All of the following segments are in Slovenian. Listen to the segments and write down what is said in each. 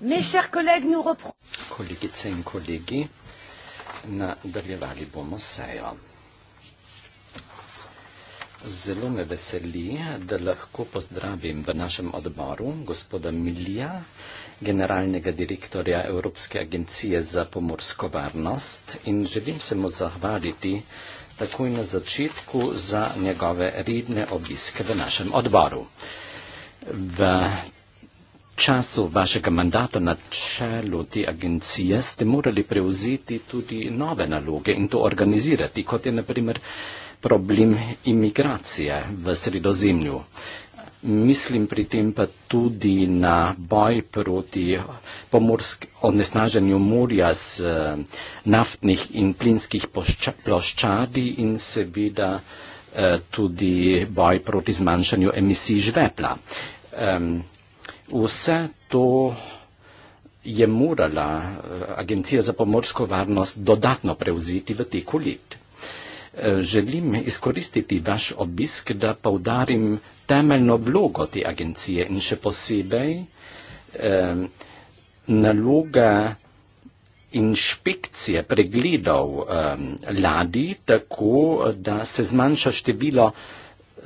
Mes chers collègues, nous reprenons. Kolegice in kolegi, nadaljevali bomo sejo. Zelo me veseli, da lahko pozdravim v našem odboru gospoda Milija, generalnega direktorja Evropske agencije za pomorsko varnost in želim se mu zahvaliti takoj na začetku za njegove redne obiske v našem odboru. V času vašega mandata na čelu te agencije ste morali prevzeti tudi nove naloge in to organizirati, kot je naprimer problem imigracije v sredozemlju. Mislim pri tem pa tudi na boj proti onesnaženju morja z eh, naftnih in plinskih ploščadi in seveda eh, tudi boj proti zmanjšanju emisij žvepla vse to je morala eh, Agencija za pomorsko varnost dodatno prevzeti v teku let. Eh, želim izkoristiti vaš obisk, da povdarim temeljno vlogo te agencije in še posebej eh, naloga inšpekcije pregledov eh, ladi, tako da se zmanjša število eh,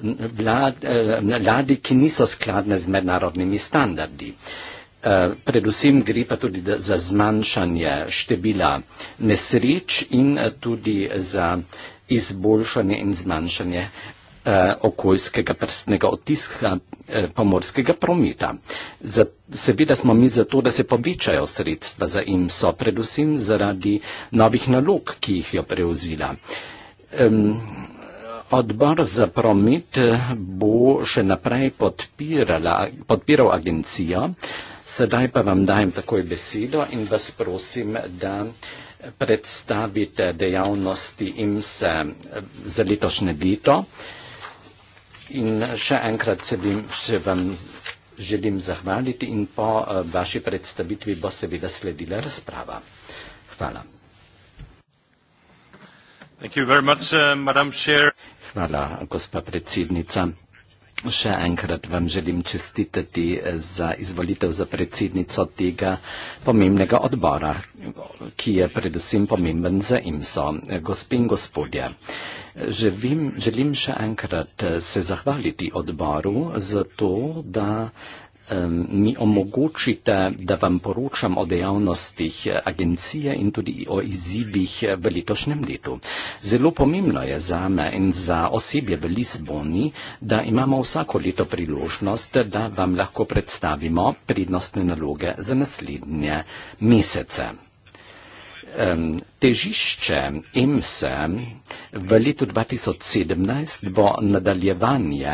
Eh, vladi, ki niso skladne z mednarodnimi standardi. Eh, predvsem gre pa tudi za zmanjšanje števila nesreč in eh, tudi za izboljšanje in zmanjšanje okoljskega prstnega otiska pomorskega prometa. Seveda smo mi za to, da se povečajo sredstva za IMSO, predvsem zaradi novih nalog, ki jih je prevzila. Odbor za promet bo še naprej podpiral agencijo. Sedaj pa vam dajem takoj besedo in vas prosim, da predstavite dejavnosti IMSE eh, za letošnje leto. In še enkrat se vam, se vam želim zahvaliti in po eh, vaši predstavitvi bo seveda sledila razprava. Hvala. Thank you very much, uh, Madam Chair. Hvala, gospa predsednica. Še enkrat vam želim čestitati eh, za izvolitev za predsednico tega pomembnega odbora, ki je predvsem pomemben za IMSO. Eh, gospe in gospodje, želim še enkrat eh, se zahvaliti odboru za to, da um, mi omogočite, da vam poročam o dejavnostih eh, agencije in tudi o izzivih eh, v letošnjem letu. Zelo pomembno je za me in za osebje v Lizboni, da imamo vsako leto priložnost, da vam lahko predstavimo prednostne naloge za naslednje mesece. Um, težišče EMSE v letu 2017 bo nadaljevanje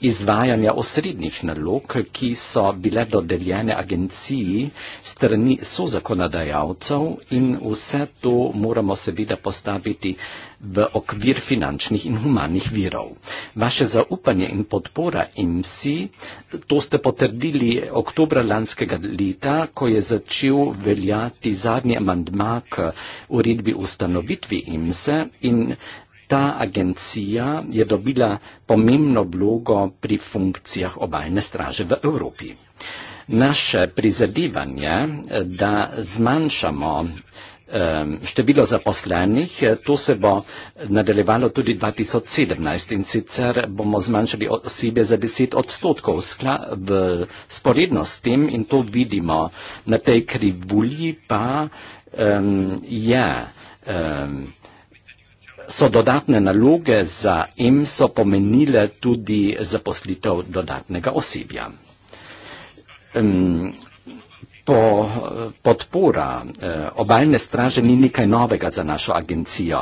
izvajanja osrednjih nalog, ki so bile dodeljene agenciji strani sozakonodajalcev in vse to moramo seveda postaviti v okvir finančnih in humanih virov. Vaše zaupanje in podpora IMSI, to ste potrdili oktobra lanskega leta, ko je začel veljati zadnji amandmak uredbi ustanovitvi IMSE in ta agencija je dobila pomembno vlogo pri funkcijah obajne straže v Evropi. Naše prizadevanje, da zmanjšamo število zaposlenih, to se bo nadaljevalo tudi 2017 in sicer bomo zmanjšali osebe za 10 odstotkov v sporedno s tem in to vidimo na tej krivulji pa um, je um, so dodatne naloge za EMSO pomenile tudi zaposlitev dodatnega osebja. Um, Po podpora e, obaljne straže ni nekaj novega za našo agencijo.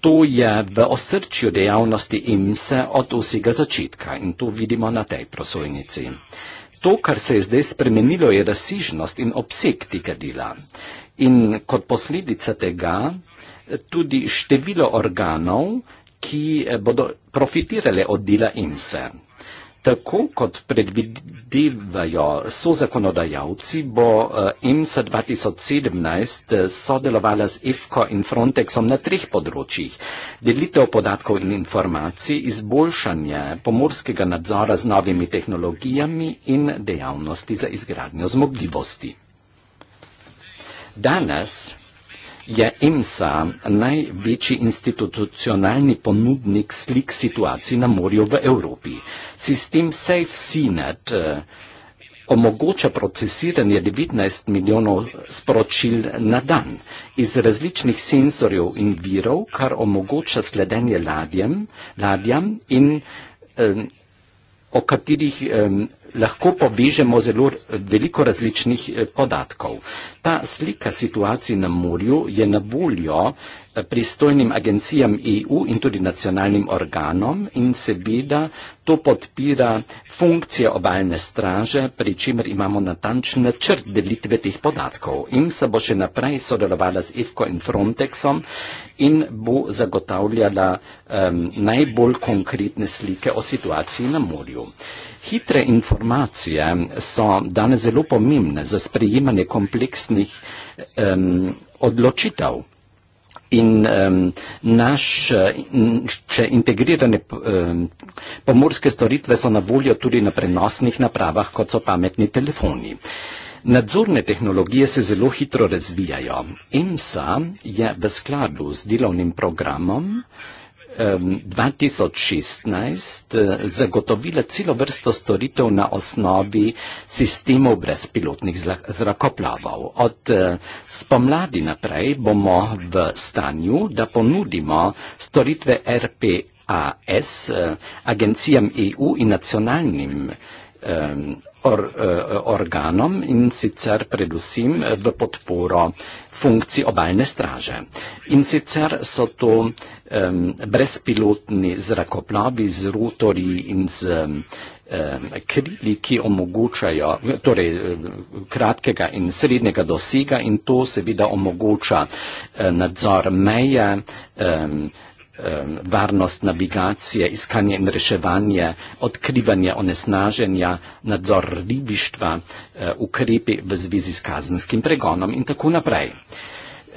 To je v osrčju dejavnosti IMSE od vsega začetka in to vidimo na tej prosojnici. To, kar se je zdaj spremenilo, je razsižnost in obseg tega dela. In kot posledica tega tudi število organov, ki eh, bodo profitirale od dela INSE. Tako kot predvidevajo so zakonodajalci, bo eh, IMSA 2017 eh, sodelovala z IFKO in Frontexom na treh področjih. Delitev podatkov in informacij, izboljšanje pomorskega nadzora z novimi tehnologijami in dejavnosti za izgradnjo zmogljivosti. Danes je IMSA največji institucionalni ponudnik slik situacij na morju v Evropi. Sistem SafeSeaNet eh, omogoča procesiranje 19 milijonov sporočil na dan iz različnih senzorjev in virov, kar omogoča sledenje ladjem, ladjam in eh, o katerih eh, lahko povežemo zelo veliko različnih eh, podatkov. Ta slika situacije na morju je na voljo pristojnim agencijam EU in tudi nacionalnim organom in seveda to podpira funkcije obaljne straže, pri čemer imamo natančen načrt delitve teh podatkov. IMSA bo še naprej sodelovala z IFCO in Frontexom in bo zagotavljala um, najbolj konkretne slike o situaciji na morju. Hitre informacije so danes zelo pomembne za sprejemanje kompleksnih um, odločitev. In um, naše uh, in, integrirane um, pomorske storitve so na voljo tudi na prenosnih napravah, kot so pametni telefoni. Nadzorne tehnologije se zelo hitro razvijajo. EMSA je v skladu z delovnim programom 2016 eh, zagotovila celo vrsto storitev na osnovi sistemov brezpilotnih zrakoplovov. Od eh, spomladi naprej bomo v stanju, da ponudimo storitve RPAS eh, agencijam EU in nacionalnim or, eh, organom in sicer predvsem eh, v podporo funkciji obaljne straže. In sicer so to um, brezpilotni zrakoplovi z rotori in z krili, ki omogočajo torej, eh, kratkega in srednjega dosega in to seveda omogoča nadzor meje. Um, varnost navigacije, iskanje in reševanje, odkrivanje onesnaženja, nadzor ribištva, eh, ukrepi v zvezi s kazenskim pregonom in tako naprej.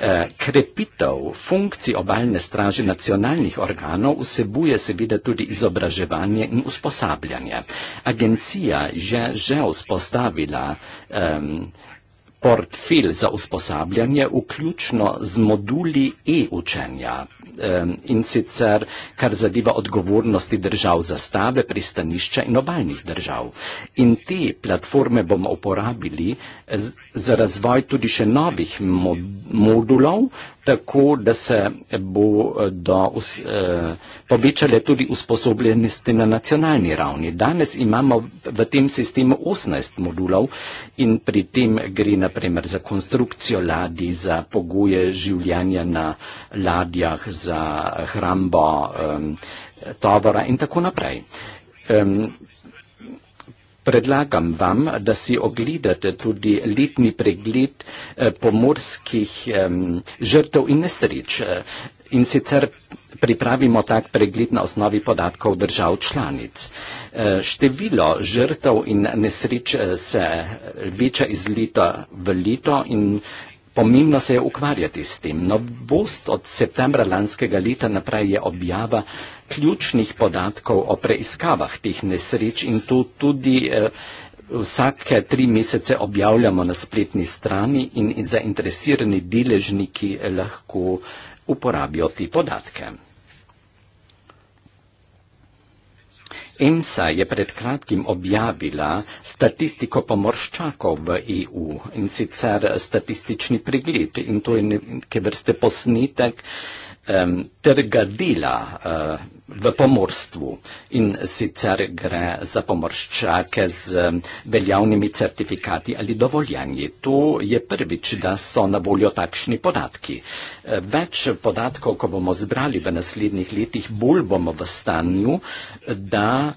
Eh, krepitev funkcij obaljne straže nacionalnih organov vsebuje seveda tudi izobraževanje in usposabljanje. Agencija je že vzpostavila um, portfelj za usposabljanje, vključno z moduli e-učenja. In sicer, kar zadeva odgovornosti držav za stave, pristanišča in obaljnih držav. In te platforme bomo uporabili za razvoj tudi še novih modulov, tako da se bodo eh, eh, povečale tudi usposobljenosti na nacionalni ravni. Danes imamo v tem sistemu 18 modulov in pri tem gre naprimer za konstrukcijo ladi, za pogoje življenja na ladjah, za hrambo eh, tovora in tako naprej. Eh, Predlagam vam, da si ogledate tudi letni pregled eh, pomorskih žrtev in nesreč. Eh, in sicer pripravimo tak pregled na osnovi podatkov držav članic. Eh, število žrtev in nesreč se veča iz leta v leto in pomembno se je ukvarjati s tem. Novost od septembra lanskega leta naprej je objava ključnih podatkov o preiskavah teh nesreč in to tudi eh, vsake tri mesece objavljamo na spletni strani in, in zainteresirani deležniki eh, lahko uporabijo te podatke. EMSA je pred kratkim objavila statistiko pomorščakov v EU in sicer statistični pregled in to je neke vrste posnetek, eh, trgadila eh, v pomorstvu in sicer gre za pomorščake z eh, veljavnimi certifikati ali dovoljanji. Tu je prvič, da so na voljo takšni podatki. Eh, več podatkov, ko bomo zbrali v naslednjih letih, bolj bomo v stanju, da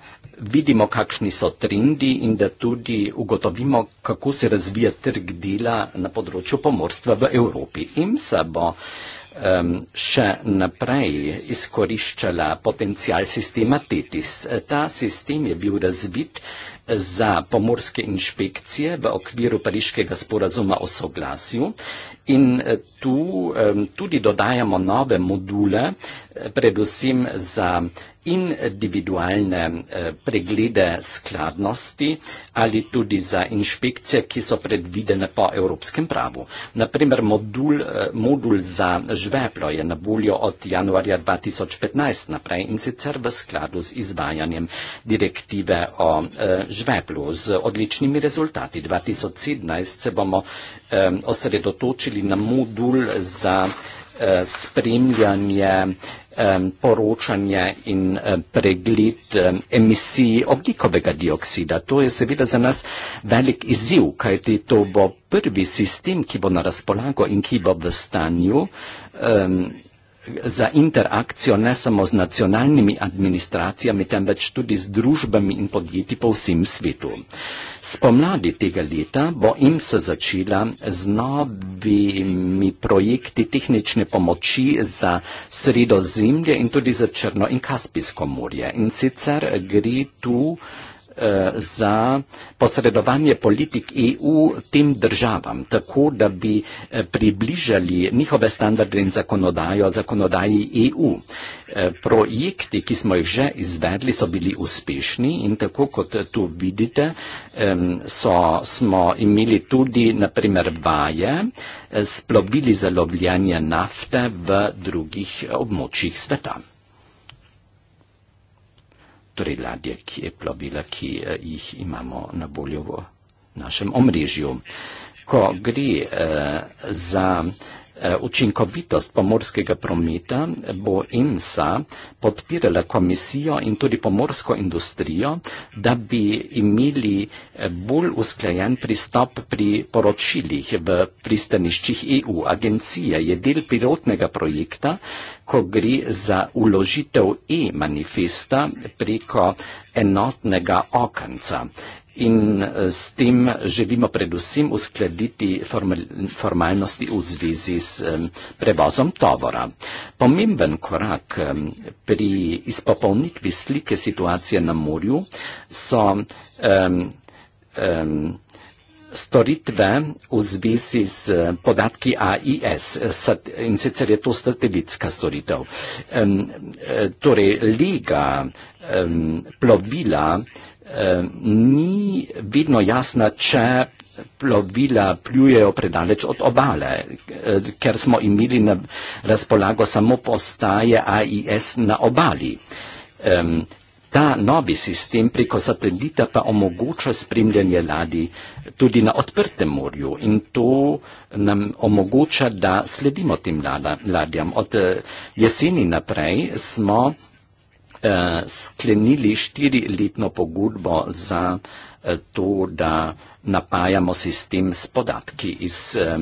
vidimo, kakšni so trendi in da tudi ugotovimo, kako se razvija trg dela na področju pomorstva v Evropi. IMSA bo eh, um, še naprej izkoriščala potencijal sistema TETIS. E, ta sistem je bil razbit za pomorske inšpekcije v okviru Pariškega sporazuma o soglasju In eh, tu tudi dodajamo nove module, eh, predvsem za individualne eh, preglede skladnosti ali tudi za inšpekcije, ki so predvidene po evropskem pravu. Naprimer, modul, modul za žveplo je na voljo od januarja 2015 naprej in sicer v skladu z izvajanjem direktive o žveplu z odličnimi rezultati. 2017 se bomo osredotočili določili na modul za eh, spremljanje, eh, poročanje in eh, pregled emisij oblikovega dioksida. To je seveda za nas velik izziv, kajti to bo prvi sistem, ki bo na razpolago in ki bo v stanju ehm, za interakcijo ne samo z nacionalnimi administracijami, temveč tudi z družbami in podjetji po vsem svetu. Spomladi tega leta bo IMSA začela z novimi projekti tehnične pomoči za sredozemlje in tudi za Črno in Kaspijsko morje. In sicer gre tu. Eh, za posredovanje politik EU tem državam, tako da bi eh, približali njihove standarde in zakonodajo zakonodaji EU. Eh, projekti, ki smo jih že izvedli, so bili uspešni in tako kot tu vidite, so, smo imeli tudi naprimer vaje, splobili zalovljanje nafte v drugih območjih sveta torej ladje, ki je plovila, ki eh, jih imamo na voljo v našem omrežju. Ko gre eh, za eh, Eh, učinkovitost pomorskega prometa bo IMSA podpirala komisijo in tudi pomorsko industrijo, da bi imeli eh, bolj usklajen pristop pri poročilih v pristaniščih EU. Agencija je del pilotnega projekta, ko gre za uložitev e-manifesta preko enotnega okanca in eh, s tem želimo predvsem uskladiti formalnosti v zvezi s prevozom tovora. Pomemben korak pri izpopolnitvi slike situacije na morju so um, um, storitve v zvezi z eh, podatki AIS eh, in sicer je to satelitska storitev. Um, torej, lega um, plovila um, ni vedno jasna, če plovila pljujejo predaleč od obale, e, ker smo imeli na razpolago samo postaje AIS na obali. Ta novi sistem preko satelita pa omogoča spremljanje ladi tudi na odprtem morju in to nam omogoča, da sledimo tem ladjam. Od e, jeseni naprej smo Eh, sklenili štiriletno pogodbo za eh, to, da napajamo sistem s podatki iz eh,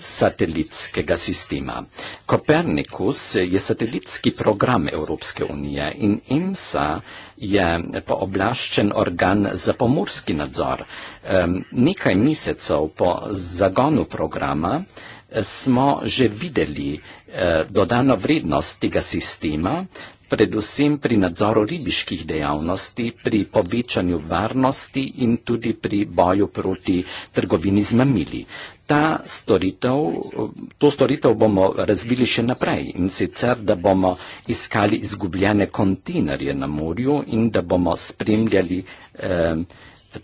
satelitskega sistema. Kopernikus je satelitski program Evropske unije in EMSA je pooblaščen organ za pomorski nadzor. Nekaj mesecev po zagonu programa smo že videli dodano vrednost tega sistema, predvsem pri nadzoru ribiških dejavnosti, pri povečanju varnosti in tudi pri boju proti trgovini z mamili. Storitev, to storitev bomo razvili še naprej in sicer, da bomo iskali izgubljene kontinerje na morju in da bomo spremljali eh,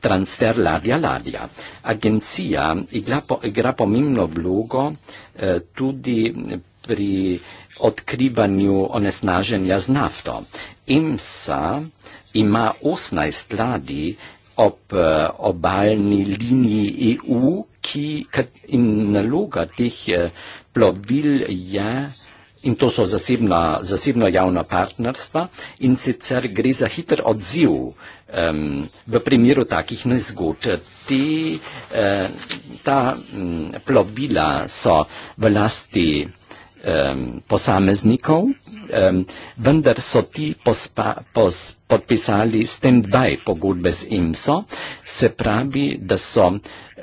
transfer ladja-ladja. Agencija igra, igra pomembno vlogo eh, tudi pri otkrivanju onesnaženja z nafto. IMSA ima 18 ladij ob uh, eh, obaljni liniji EU ki, kat, in naloga teh uh, plovil je, in to so zasebna, zasebno javna partnerstva, in sicer gre za hiter odziv um, v primeru takih nezgod. Te, uh, ta um, plovila so v lasti um, posameznikov, um, vendar so ti pospa, pos, podpisali stand-by pogodbe z IMSO, se pravi, da so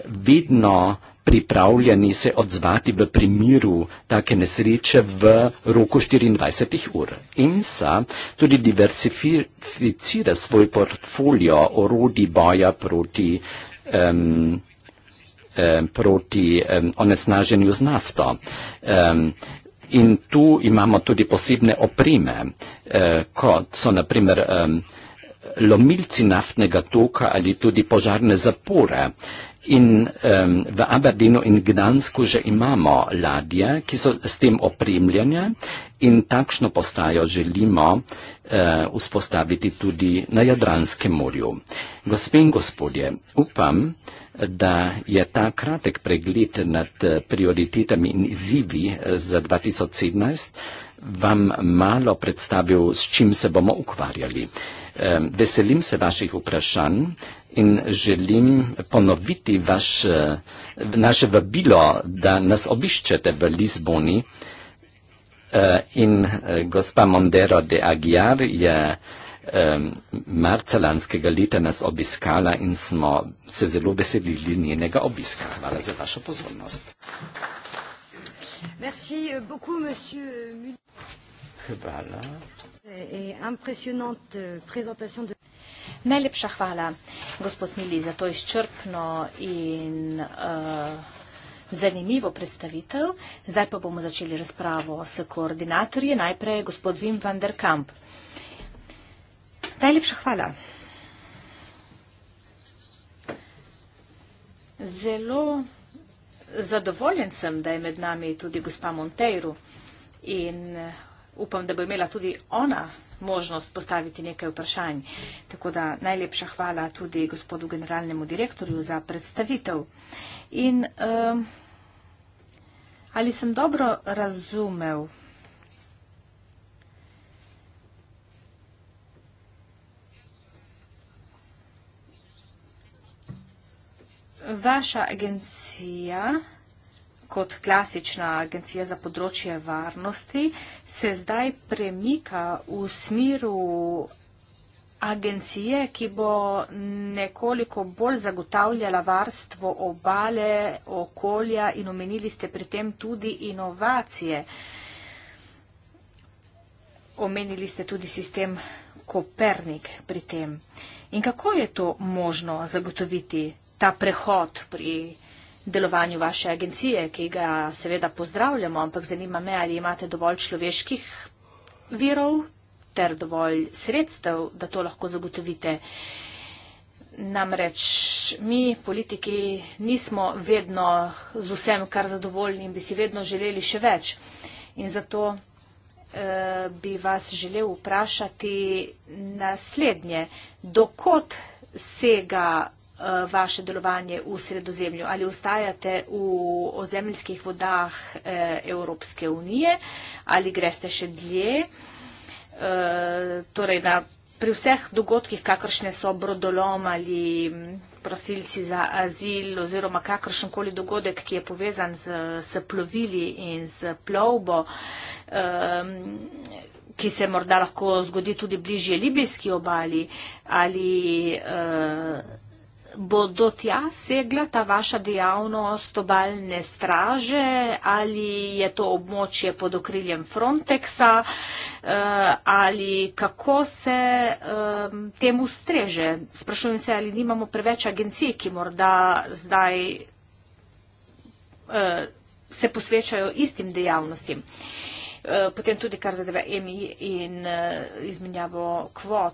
vedno pripravljeni se odzvati v primiru take nesreče v roku 24 ur. IMSA tudi diversificira svoj portfolio orodij boja proti, um, um, proti um, onesnaženju z nafto. Um, In tu imamo tudi posebne opreme, eh, kot so naprimer eh, lomilci naftnega toka ali tudi požarne zapore. In um, v Aberdeenu in Gdansku že imamo ladje, ki so s tem opremljene in takšno postajo želimo uh, vzpostaviti tudi na Jadranskem morju. Gospe in gospodje, upam, da je ta kratek pregled nad e, prioritetami in izzivi e, za 2017 vam malo predstavil, s čim se bomo ukvarjali. Um, veselim se vaših vprašanj in želim ponoviti vaš, eh, naše vabilo, da nas obiščete v Lizboni. Eh, in eh, gospa Mondero de Aguiar je marca lanskega leta nas obiskala in smo se zelo veselili njenega obiska. Hvala za vašo pozornost. Merci beaucoup, monsieur Hvala in impresionante euh, prezentacijo. Najlepša hvala, gospod Mili, za to izčrpno in uh, zanimivo predstavitev. Zdaj pa bomo začeli razpravo s koordinatorji. Najprej gospod Wim van der Kamp. Najlepša hvala. Zelo zadovoljen sem, da je med nami tudi gospa Monteiro in upam, da bo imela tudi ona možnost postaviti nekaj vprašanj. Tako da najlepša hvala tudi gospodu generalnemu direktorju za predstavitev. In um, ali sem dobro razumel? Vaša agencija kot klasična agencija za področje varnosti, se zdaj premika v smeru agencije, ki bo nekoliko bolj zagotavljala varstvo obale, okolja in omenili ste pri tem tudi inovacije. Omenili ste tudi sistem Kopernik pri tem. In kako je to možno zagotoviti ta prehod pri delovanju vaše agencije, ki ga seveda pozdravljamo, ampak zanima me, ali imate dovolj človeških virov ter dovolj sredstev, da to lahko zagotovite. Namreč mi, politiki, nismo vedno z vsem kar zadovoljni in bi si vedno želeli še več. In zato eh, bi vas želel vprašati naslednje, dokot sega Eh, vaše delovanje v sredozemlju? Ali ostajate v ozemljskih vodah eh, Evropske unije? Ali greste še dlje? Eh, torej, na, pri vseh dogodkih, kakršne so brodolom ali mm, prosilci za azil oziroma kakršenkoli dogodek, ki je povezan z, z plovili in z plovbo, um, ki se morda lahko zgodi tudi bližje libijski obali ali uh, bo do tja segla ta vaša dejavnost obalne straže ali je to območje pod okriljem Frontexa eh, ali kako se eh, temu streže? Sprašujem se, ali nimamo preveč agencij, ki morda zdaj eh, se posvečajo istim dejavnostim. Potem tudi kar zadeva EMI in izmenjavo kvot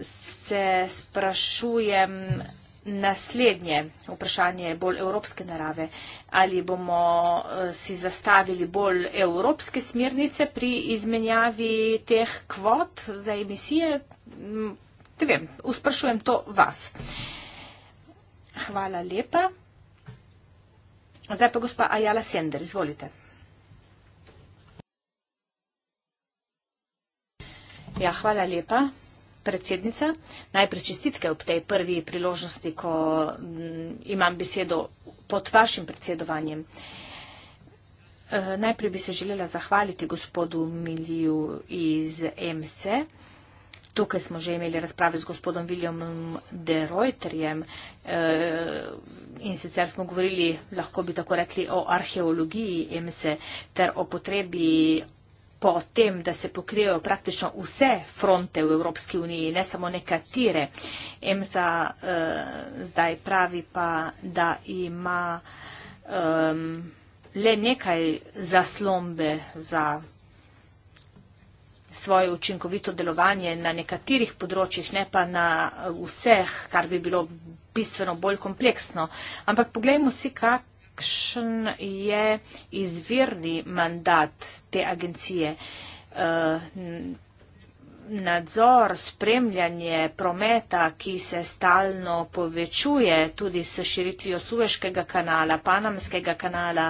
se sprašujem naslednje vprašanje bolj evropske narave. Ali bomo eh, si zastavili bolj evropske smernice pri izmenjavi teh kvot za emisije? Te mm, vem, usprašujem to vas. Hvala lepa. Zdaj pa gospa Ajala Sender, izvolite. Ja, hvala lepa predsednica. Najprej čestitke ob tej prvi priložnosti, ko mm, imam besedo pod vašim predsedovanjem. Eh, najprej bi se želela zahvaliti gospodu Miliju iz MC. Tukaj smo že imeli razprave z gospodom Williamom de Reuterjem eh, in sicer smo govorili, lahko bi tako rekli, o arheologiji MS ter o potrebi po tem, da se pokrijejo praktično vse fronte v Evropski uniji, ne samo nekatere. EMSA eh, zdaj pravi pa, da ima eh, le nekaj zaslombe za svoje učinkovito delovanje na nekaterih področjih, ne pa na vseh, kar bi bilo bistveno bolj kompleksno. Ampak poglejmo si, kak kakšen je izvirni mandat te agencije? Eh, nadzor, spremljanje prometa, ki se stalno povečuje tudi s širitvijo Suveškega kanala, Panamskega kanala,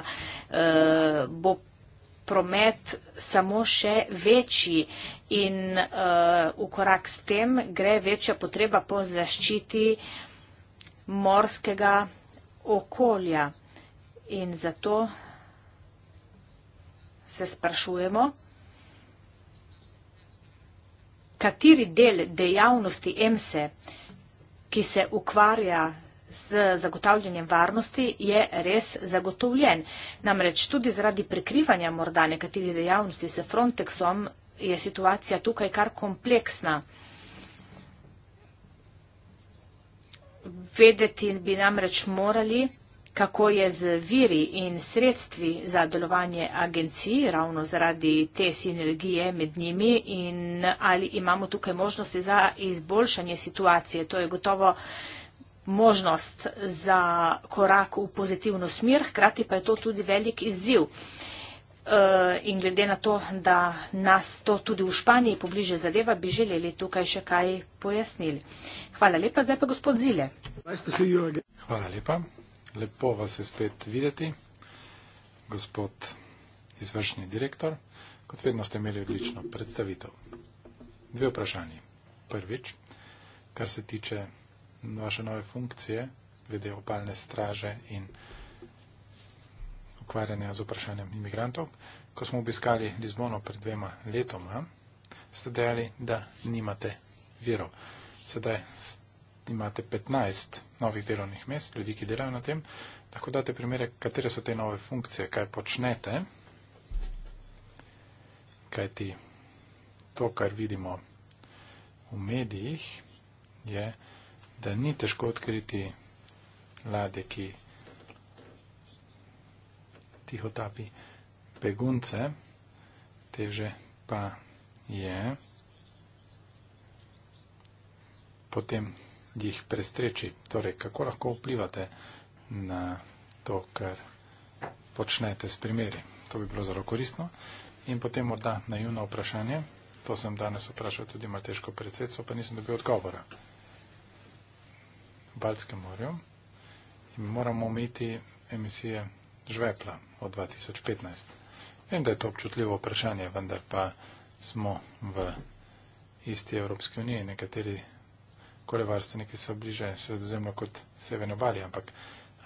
eh, bo promet samo še večji in eh, v korak s tem gre večja potreba po zaščiti morskega okolja. In zato se sprašujemo, kateri del dejavnosti EMSE, ki se ukvarja z zagotavljanjem varnosti, je res zagotovljen. Namreč tudi zaradi prikrivanja morda nekaterih dejavnosti s Frontexom je situacija tukaj kar kompleksna. Vedeti bi namreč morali, kako je z viri in sredstvi za delovanje agencij ravno zaradi te sinergije med njimi in ali imamo tukaj možnosti za izboljšanje situacije. To je gotovo možnost za korak v pozitivno smer, hkrati pa je to tudi velik izziv. Eh, in glede na to, da nas to tudi v Španiji pobliže zadeva, bi želeli tukaj še kaj pojasnili. Hvala lepa, zdaj pa gospod Zile. Hvala lepa. Lepo vas je spet videti, gospod izvršni direktor. Kot vedno ste imeli odlično predstavitev. Dve vprašanje. Prvič, kar se tiče vaše nove funkcije, glede opalne straže in ukvarjanja z vprašanjem imigrantov. Ko smo obiskali Lizbono pred dvema letoma, ste dejali, da nimate virov. Sedaj ste imate 15 novih delovnih mest, ljudi, ki delajo na tem. Lahko date primere, katere so te nove funkcije, kaj počnete. Kaj ti to, kar vidimo v medijih, je, da ni težko odkriti lade, ki tiho tapi begunce, teže pa je potem jih prestreči. Torej, kako lahko vplivate na to, kar počnete s primeri. To bi bilo zelo koristno. In potem morda naivno vprašanje. To sem danes vprašal tudi Malteško predsedstvo, pa nisem dobil odgovora. V Baltskem morju moramo omejiti emisije žvepla od 2015. Vem, da je to občutljivo vprašanje, vendar pa smo v isti Evropski uniji, nekateri okoljevarstveniki so bliže sredozemlju kot severno obali, ampak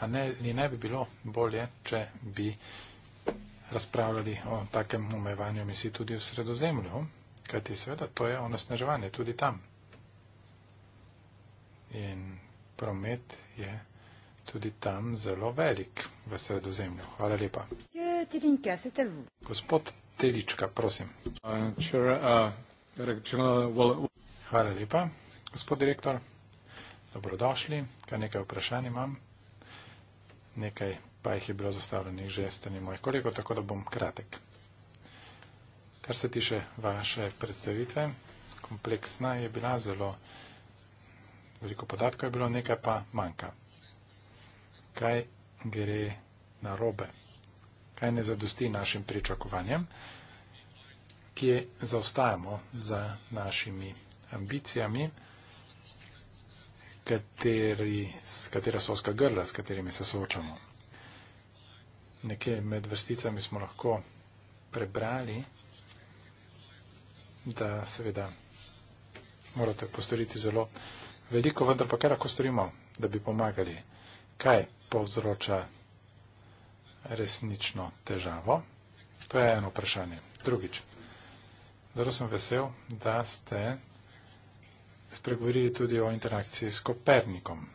ne, ni ne bi bilo bolje, če bi razpravljali o takem omejevanju emisij tudi v sredozemlju, kajti seveda to je onesnaževanje tudi tam. In promet je tudi tam zelo velik v sredozemlju. Hvala lepa. Gospod Telička, prosim. Uh, uh, Hvala lepa. Gospod direktor, dobrodošli, kar nekaj vprašanj imam. Nekaj pa jih je bilo zastavljenih že strani mojih kolegov, tako da bom kratek. Kar se tiče vaše predstavitve, kompleksna je bila zelo, veliko podatkov je bilo, nekaj pa manjka. Kaj gre na robe? Kaj ne zadosti našim pričakovanjem? Kje zaostajamo za našimi ambicijami? Kaj ne zadosti našim pričakovanjem? kateri, s katera so oska grla, s katerimi se soočamo. Nekje med vrsticami smo lahko prebrali, da seveda morate postoriti zelo veliko, vendar pa kaj lahko storimo, da bi pomagali, kaj povzroča resnično težavo. To je eno vprašanje. Drugič, zelo sem vesel, da ste spregovorili tudi o interakciji s Kopernikom.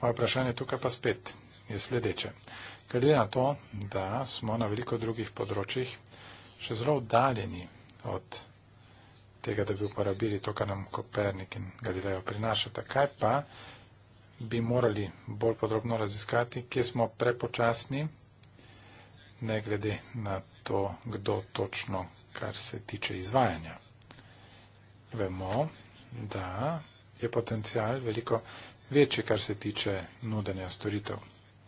Moje vprašanje tukaj pa spet je sledeče. Glede na to, da smo na veliko drugih področjih še zelo oddaljeni od tega, da bi uporabili to, kar nam Kopernik in Galileo prinašata, kaj pa bi morali bolj podrobno raziskati, kje smo prepočasni, ne glede na to, kdo točno, kar se tiče izvajanja. Vemo, da je potencial veliko večji, kar se tiče nudenja storitev.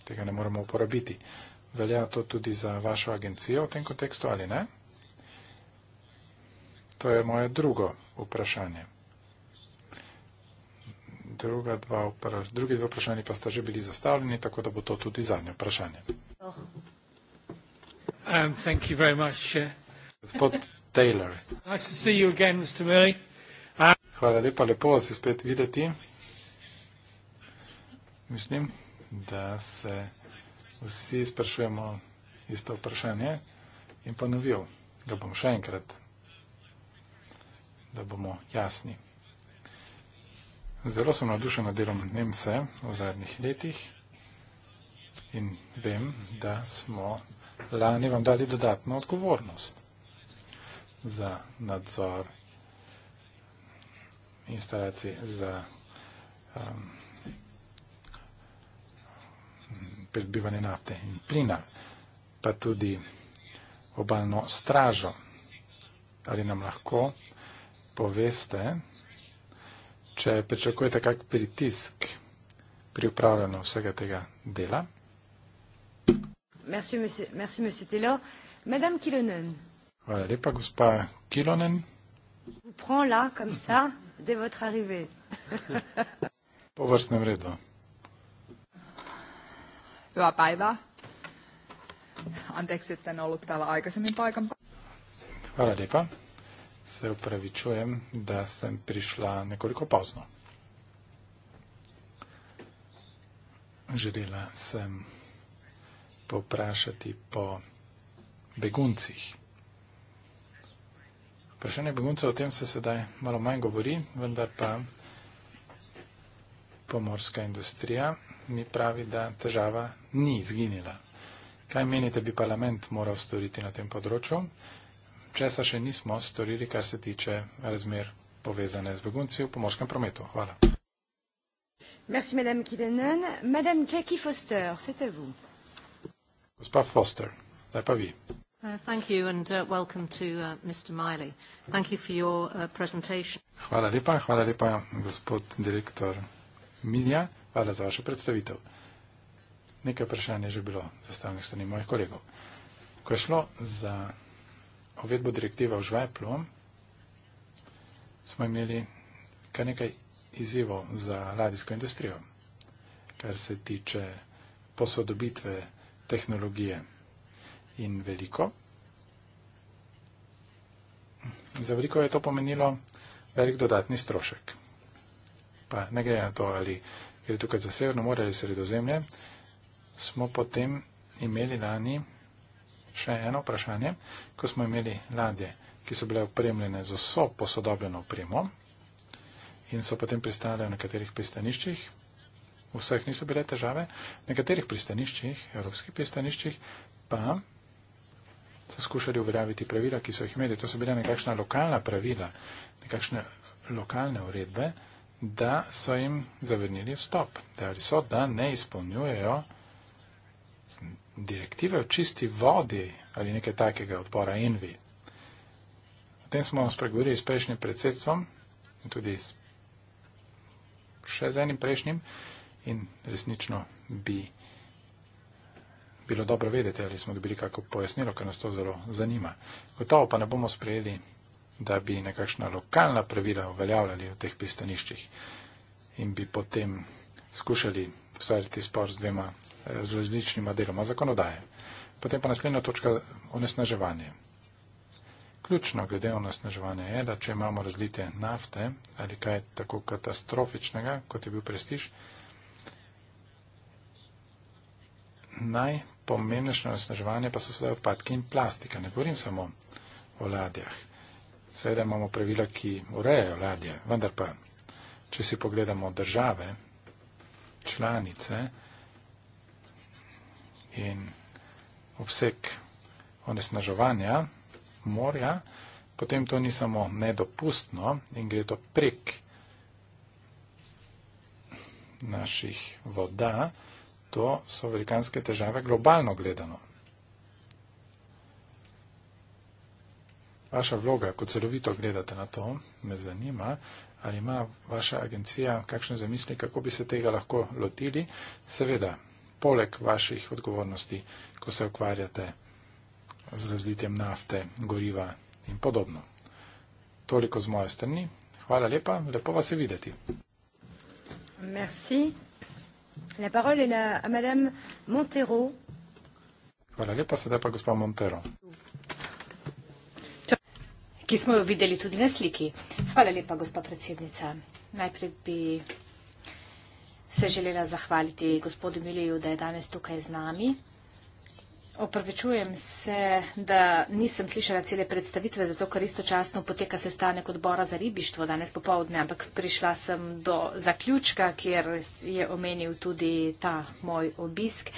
Tega ne moremo uporabiti. Velja to tudi za vašo agencijo v tem kontekstu ali ne? To je moje drugo vprašanje. Druga dva upra... Drugi dve vprašanji pa sta že bili zastavljeni, tako da bo to tudi zadnje vprašanje. Uh, Gospod Taylor. Nice to see you again, Mr. Murray. Hvala lepa, lepo vas je spet videti. Mislim, da se vsi sprašujemo isto vprašanje in ponovil, da bom še enkrat, da bomo jasni. Zelo sem nadušen nad delom Nemce v zadnjih letih in vem, da smo lani vam dali dodatno odgovornost za nadzor instalacije za um, pridobivanje nafte in plina, pa tudi obalno stražo. Ali nam lahko poveste, če pričakujete kak pritisk pri upravljanju vsega tega dela? Merci, monsieur, merci, monsieur Madame Kilonen. Hvala lepa, gospa Kilonen. Prend là, comme ça dès votre arrivée. Po vrstnem redu. Hyvää päivää. Anteeksi, että en ollut täällä aikaisemmin paikan päällä. Hyvää Se upravičujem, da sem prišla nekoliko pozno. Želela sem poprašati po beguncih. Vprašanje beguncev o tem se sedaj malo manj govori, vendar pa pomorska industrija mi pravi, da težava ni izginila. Kaj menite, bi parlament moral storiti na tem področju? Česa še nismo storili, kar se tiče razmer povezane z begunci v pomorskem prometu? Hvala. Merci, madame Kilenen. Madame Jackie Foster, c'est à vous. Gospa Foster, zdaj pa vi. Uh, thank you and uh, welcome to uh, Mr. Miley. Thank you for your uh, presentation. Hvala lepa, hvala lepa, gospod direktor Minja, hvala za vašo predstavitev. Nekaj vprašanj je že bilo zastavljenih strani mojih kolegov. Ko je šlo za uvedbo direktive v žveplu, smo imeli kar nekaj izzivov za ladijsko industrijo, kar se tiče posodobitve tehnologije in veliko. Za veliko je to pomenilo velik dodatni strošek. Pa ne gre na to, ali gre tukaj za severno more ali sredozemlje, smo potem imeli lani še eno vprašanje, ko smo imeli ladje, ki so bile opremljene z vso posodobljeno opremo in so potem pristale v nekaterih pristaniščih. V vseh niso bile težave, v nekaterih pristaniščih, evropskih pristaniščih, pa so skušali uveljaviti pravila, ki so jih imeli. To so bila nekakšna lokalna pravila, nekakšne lokalne uredbe, da so jim zavrnili vstop. Dejali so, da ne izpolnjujejo direktive o čisti vodi ali nekaj takega odpora Envi. O tem smo spregovorili s prejšnjim predsedstvom in tudi s še z enim prejšnjim in resnično bi bilo dobro vedeti, ali smo dobili kako pojasnilo, ker nas to zelo zanima. Gotovo pa ne bomo sprejeli, da bi nekakšna lokalna pravila uveljavljali v teh pristaniščih in bi potem skušali ustvariti spor z dvema eh, z različnima deloma zakonodaje. Potem pa naslednja točka onesnaževanje. Ključno glede onesnaževanja je, da če imamo razlite nafte ali kaj tako katastrofičnega, kot je bil prestiž, naj pomenišno osnaževanje pa so sedaj odpadki in plastika. Ne govorim samo o ladjah. Seveda imamo pravila, ki urejajo ladje, vendar pa, če si pogledamo države, članice in obseg onesnaževanja morja, potem to ni samo nedopustno in gre to prek naših voda, To so velikanske težave globalno gledano. Vaša vloga, ko celovito gledate na to, me zanima, ali ima vaša agencija kakšne zamisli, kako bi se tega lahko lotili. Seveda, poleg vaših odgovornosti, ko se ukvarjate z razlitjem nafte, goriva in podobno. Toliko z moje strani. Hvala lepa, lepo vas je videti. Merci. La parole est là à Madame Montero. Hvala lepa, sedaj pa gospod Montero. Ki smo jo videli tudi na sliki. Hvala lepa, gospod predsednica. Najprej bi se želela zahvaliti gospodu Miliju, da je danes tukaj z nami. Opravičujem se, da nisem slišala cele predstavitve, zato ker istočasno poteka sestanek odbora za ribištvo danes popovdne, ampak prišla sem do zaključka, kjer je omenil tudi ta moj obisk.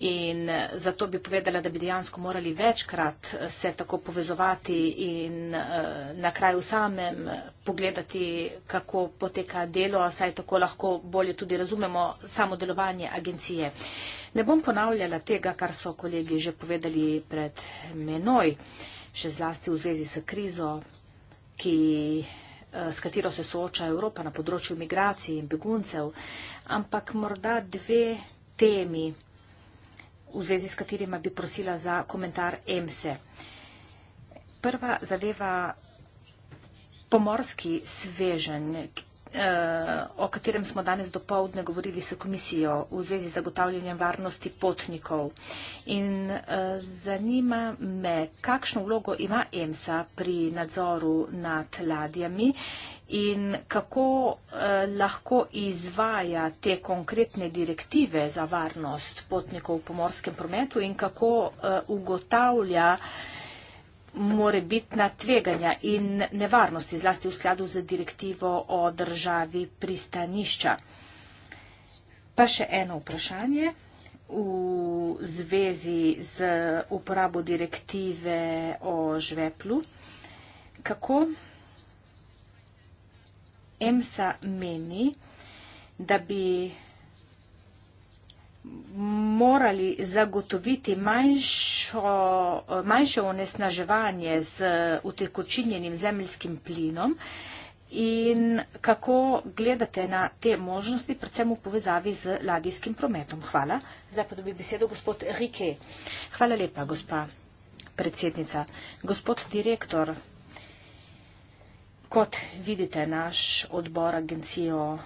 In zato bi povedala, da bi dejansko morali večkrat se tako povezovati in eh, na kraju samem pogledati, kako poteka delo, saj tako lahko bolje tudi razumemo samo delovanje agencije. Ne bom ponavljala tega, kar so kolegi že povedali pred menoj, še zlasti v zvezi s krizo, ki, eh, s katero se sooča Evropa na področju migracij in beguncev, ampak morda dve temi, v zvezi s katerima bi prosila za komentar EMSE. Prva zadeva pomorski svežen, eh, o katerem smo danes do povdne govorili s komisijo v zvezi z zagotavljanjem varnosti potnikov. In eh, zanima me, kakšno vlogo ima EMSA pri nadzoru nad ladjami in kako eh, lahko izvaja te konkretne direktive za varnost potnikov v pomorskem prometu in kako ugotavlja, more bitna tveganja in nevarnosti zlasti v skladu z direktivo o državi pristanišča. Pa še eno vprašanje v zvezi z uporabo direktive o žveplu. Kako EMSA meni, da bi morali zagotoviti manjšo, manjše onesnaževanje z utekočinjenim zemljskim plinom in kako gledate na te možnosti, predvsem v povezavi z ladijskim prometom. Hvala. Zdaj pa dobi besedo gospod Rike. Hvala lepa, gospa predsednica. Gospod direktor, kot vidite, naš odbor agencijo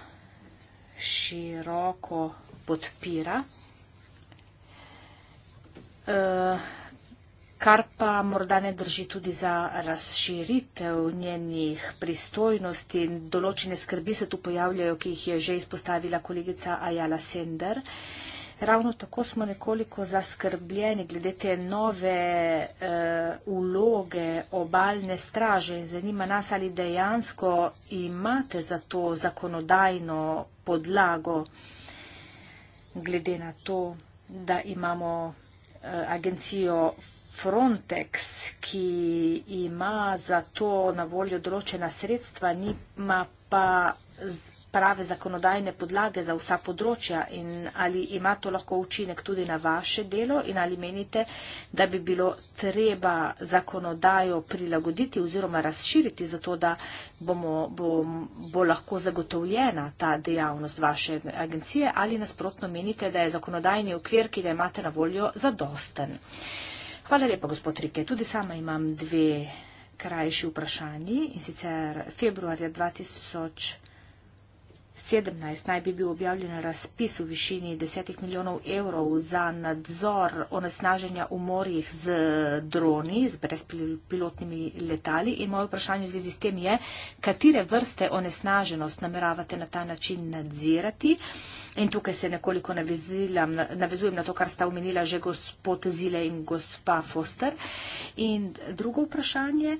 široko podpira. Eh, kar pa morda ne drži tudi za razširitev njenih pristojnosti in določene skrbi se tu pojavljajo, ki jih je že izpostavila kolegica Ajala Sender. Ravno tako smo nekoliko zaskrbljeni glede te nove uloge eh, uh, obalne straže in zanima nas, ali dejansko imate za to zakonodajno podlago glede na to, da imamo eh, agencijo Frontex, ki ima za to na voljo določena sredstva, nima pa prave zakonodajne podlage za vsa področja in ali ima to lahko učinek tudi na vaše delo in ali menite, da bi bilo treba zakonodajo prilagoditi oziroma razširiti za to, da bomo, bo, bo lahko zagotovljena ta dejavnost vaše agencije ali nasprotno menite, da je zakonodajni okvir, ki ga imate na voljo, zadosten. Hvala lepa, gospod Rike. Tudi sama imam dve krajši vprašanji in sicer februarja 2000. 2017 naj bi bil objavljen razpis v višini 10 milijonov evrov za nadzor onesnaženja v morjih z droni, z brezpilotnimi letali. In moje vprašanje v zvezi s tem je, katere vrste onesnaženost nameravate na ta način nadzirati. In tukaj se nekoliko navezujem na to, kar sta omenila že gospod Zile in gospa Foster. In drugo vprašanje.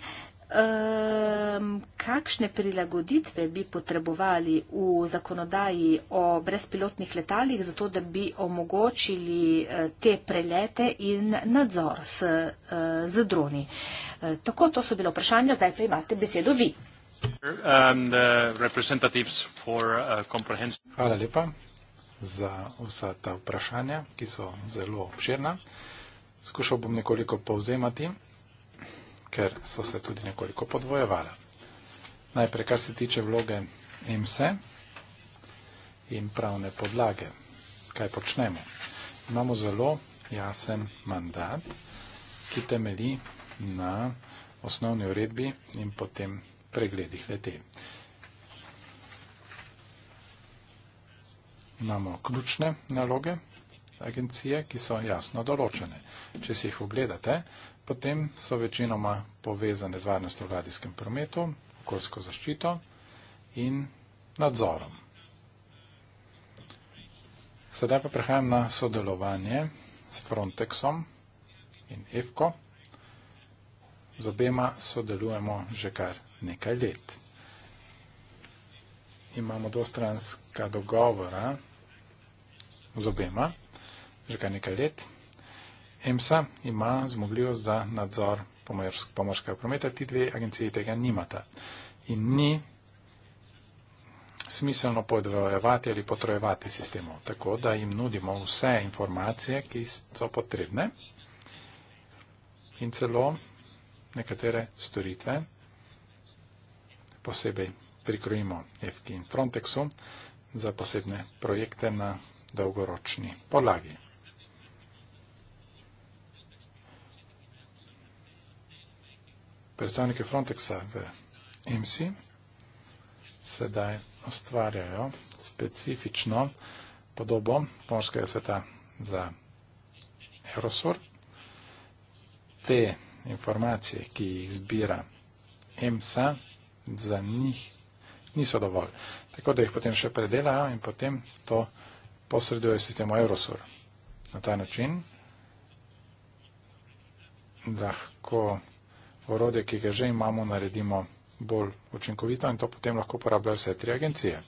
Um, kakšne prilagoditve bi potrebovali v zakonodaji o brezpilotnih letalih, zato da bi omogočili eh, te prelete in nadzor z, eh, z droni? Eh, tako, to so bile vprašanja, zdaj pa imate besedo vi. Uh, uh, Hvala lepa za vsa ta vprašanja, ki so zelo obširna. Skušal bom nekoliko povzemati ker so se tudi nekoliko podvojevala. Najprej, kar se tiče vloge IMSE in pravne podlage, kaj počnemo. Imamo zelo jasen mandat, ki temeli na osnovni uredbi in potem pregledih lete. Imamo ključne naloge agencije, ki so jasno določene. Če si jih ogledate, potem so večinoma povezane z varnostjo v radijskem prometu, okoljsko zaščito in nadzorom. Sedaj pa prehajam na sodelovanje s Frontexom in EFKO. Z obema sodelujemo že kar nekaj let. Imamo dostranska dogovora z obema že kar nekaj let. EMSA ima zmogljivost za nadzor pomorskega prometa, ti dve agenciji tega nimata. In ni smiselno podvojevati ali potrojevati sistemov, tako da jim nudimo vse informacije, ki so potrebne in celo nekatere storitve, posebej prikrojimo EFK in Frontexu za posebne projekte na dolgoročni podlagi. predstavniki Frontexa v EMSI sedaj ustvarjajo specifično podobo pomorskega sveta za Eurosur. Te informacije, ki jih zbira EMSA, za njih niso dovolj. Tako da jih potem še predelajo in potem to posredujejo sistemu Eurosur. Na ta način lahko orodje, ki ga že imamo, naredimo bolj učinkovito in to potem lahko uporabljajo vse tri agencije.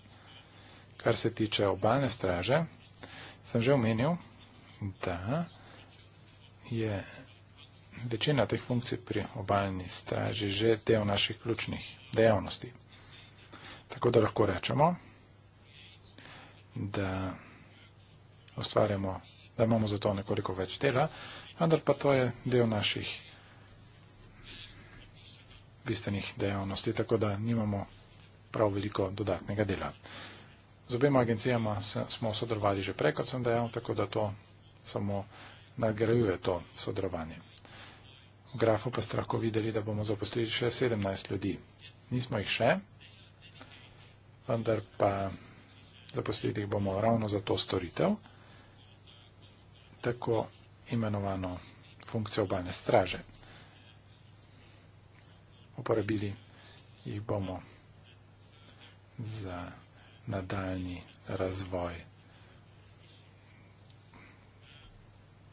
Kar se tiče obalne straže, sem že omenil, da je večina teh funkcij pri obalni straži že del naših ključnih dejavnosti. Tako da lahko rečemo, da ustvarjamo, da imamo za to nekoliko več dela, vendar pa to je del naših bistvenih dejavnosti, tako da nimamo prav veliko dodatnega dela. Z obema agencijama smo sodelovali že prej, kot sem dejal, tako da to samo nagrajuje to sodelovanje. V grafu pa ste lahko videli, da bomo zaposlili še 17 ljudi. Nismo jih še, vendar pa zaposlili jih bomo ravno za to storitev, tako imenovano funkcijo obalne straže uporabili, jih bomo za nadaljni razvoj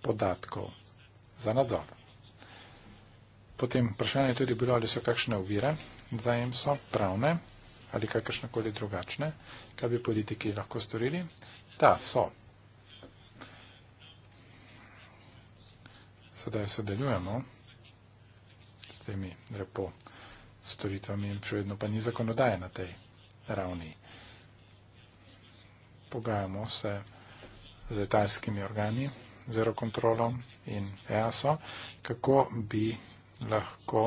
podatkov za nadzor. Potem vprašanje je tudi bilo, ali so kakšne ovire za EMSO, pravne ali kakršnekoli drugačne, kaj bi politiki lahko storili. Da, so. Sedaj sodelujemo s temi repo storitvami in še vedno pa ni zakonodaje na tej ravni. Pogajamo se z letalskimi organi, z aerokontrolom in EASO, kako bi lahko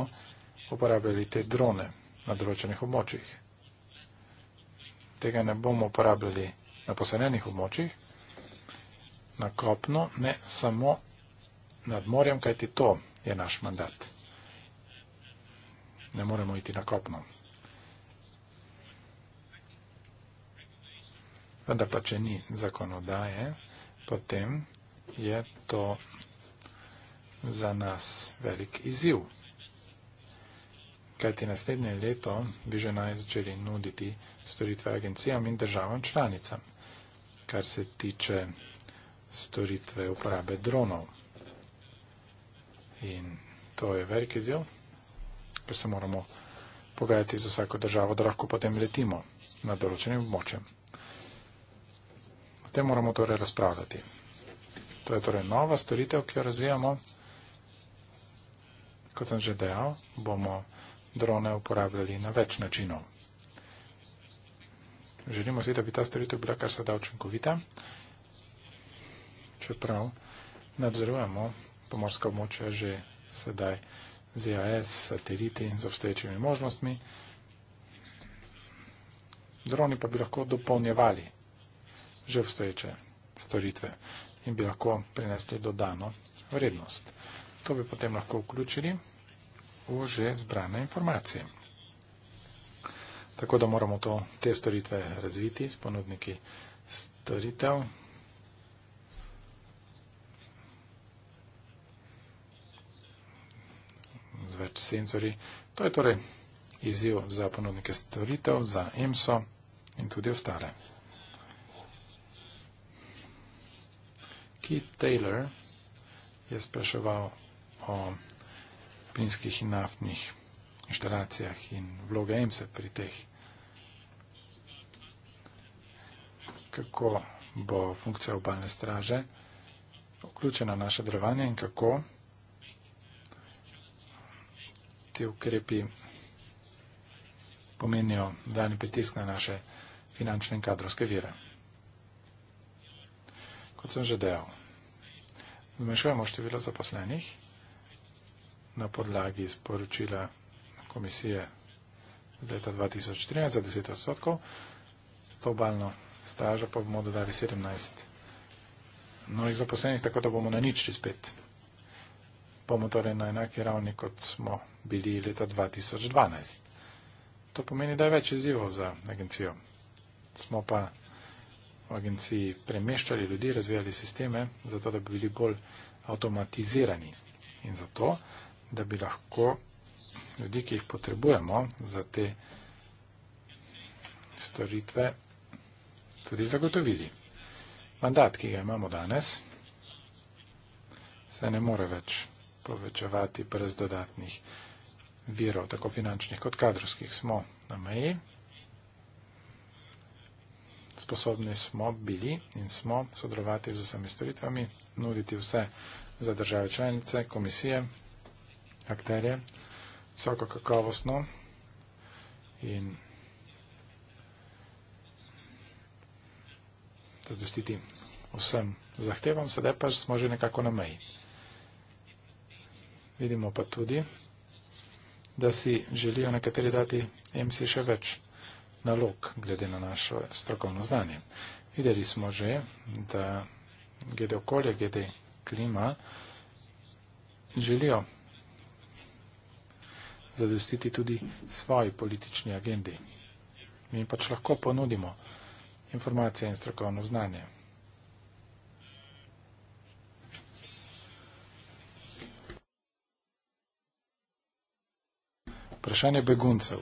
uporabljali te drone na določenih območjih. Tega ne bomo uporabljali na poselenih območjih, na kopno, ne samo nad morjem, kajti to je naš mandat ne moremo iti na kopno. Vendar pa, če ni zakonodaje, potem je to za nas velik izziv. Kajti naslednje leto bi že naj začeli nuditi storitve agencijam in državam članicam, kar se tiče storitve uporabe dronov. In to je velik izjav ker se moramo pogajati za vsako državo, da lahko potem letimo na določenem območju. O tem moramo torej razpravljati. To je torej nova storitev, ki jo razvijamo. Kot sem že dejal, bomo drone uporabljali na več načinov. Želimo si, da bi ta storitev bila kar se da učinkovita, čeprav nadzorujemo pomorska območja že sedaj z IAS, e sateliti z obstoječimi možnostmi. Droni pa bi lahko dopolnjevali že obstoječe storitve in bi lahko prinesli dodano vrednost. To bi potem lahko vključili v že zbrane informacije. Tako da moramo to, te storitve razviti s ponudniki storitev. z več senzori. To je torej izziv za ponudnike storitev, za EMSO in tudi ostale. Keith Taylor je spraševal o plinskih in naftnih inštalacijah in vloge EMSO pri teh. Kako bo funkcija obalne straže vključena v naše delovanje in kako bo ti ukrepi pomenijo dani pritisk na naše finančne in kadrovske vire. Kot sem že dejal, zmanjšujemo število zaposlenih na podlagi sporočila komisije z leta 2013 za 10 odstotkov. To obalno stražo pa bomo dodali 17 novih zaposlenih, tako da bomo na nič čez pet bomo torej na enaki ravni, kot smo bili leta 2012. To pomeni, da je več izzivov za agencijo. Smo pa v agenciji premeščali ljudi, razvijali sisteme, zato da bi bili bolj avtomatizirani in zato, da bi lahko ljudi, ki jih potrebujemo za te storitve, tudi zagotovili. Mandat, ki ga imamo danes, se ne more več povečevati brez dodatnih virov, tako finančnih kot kadrovskih. Smo na meji, sposobni smo bili in smo sodelovati z vsemi storitvami, nuditi vse za države članice, komisije, akterje, vsako kakovostno in zadostiti vsem zahtevam, sedaj pa smo že nekako na meji. Vidimo pa tudi, da si želijo nekateri dati MC še več nalog glede na našo strokovno znanje. Videli smo že, da glede okolja, glede klima želijo zadostiti tudi svoji politični agendi. Mi pač lahko ponudimo informacije in strokovno znanje. vprašanje beguncev.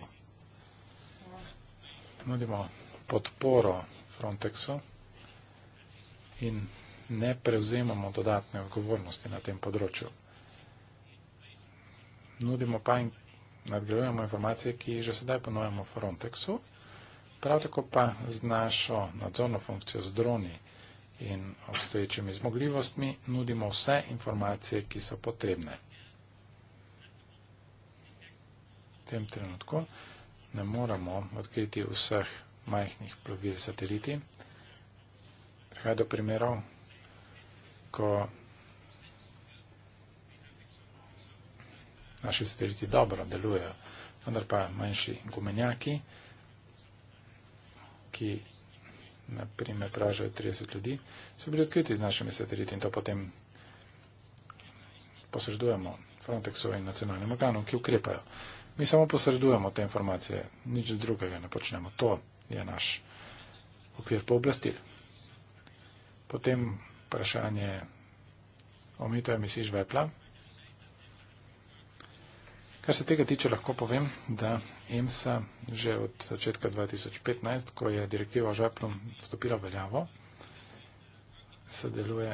Nudimo podporo Frontexu in ne prevzemamo dodatne odgovornosti na tem področju. Nudimo pa in nadgrajujemo informacije, ki že sedaj ponujemo Frontexu, prav tako pa z našo nadzorno funkcijo z droni in obstoječimi zmogljivostmi nudimo vse informacije, ki so potrebne. tem trenutku ne moremo odkriti vseh majhnih plovil sateliti. Prihaja do primerov, ko naši sateliti dobro delujejo, vendar pa manjši gumenjaki, ki naprimer pražajo 30 ljudi, so bili odkriti z našimi sateliti in to potem posredujemo Frontexu in nacionalnim organom, ki ukrepajo. Mi samo posredujemo te informacije, nič drugega ne počnemo. To je naš okvir pooblastil. Potem vprašanje omito emisij žvepla. Kar se tega tiče, lahko povem, da EMSA že od začetka 2015, ko je direktiva o žveplu stopila v veljavo, sodeluje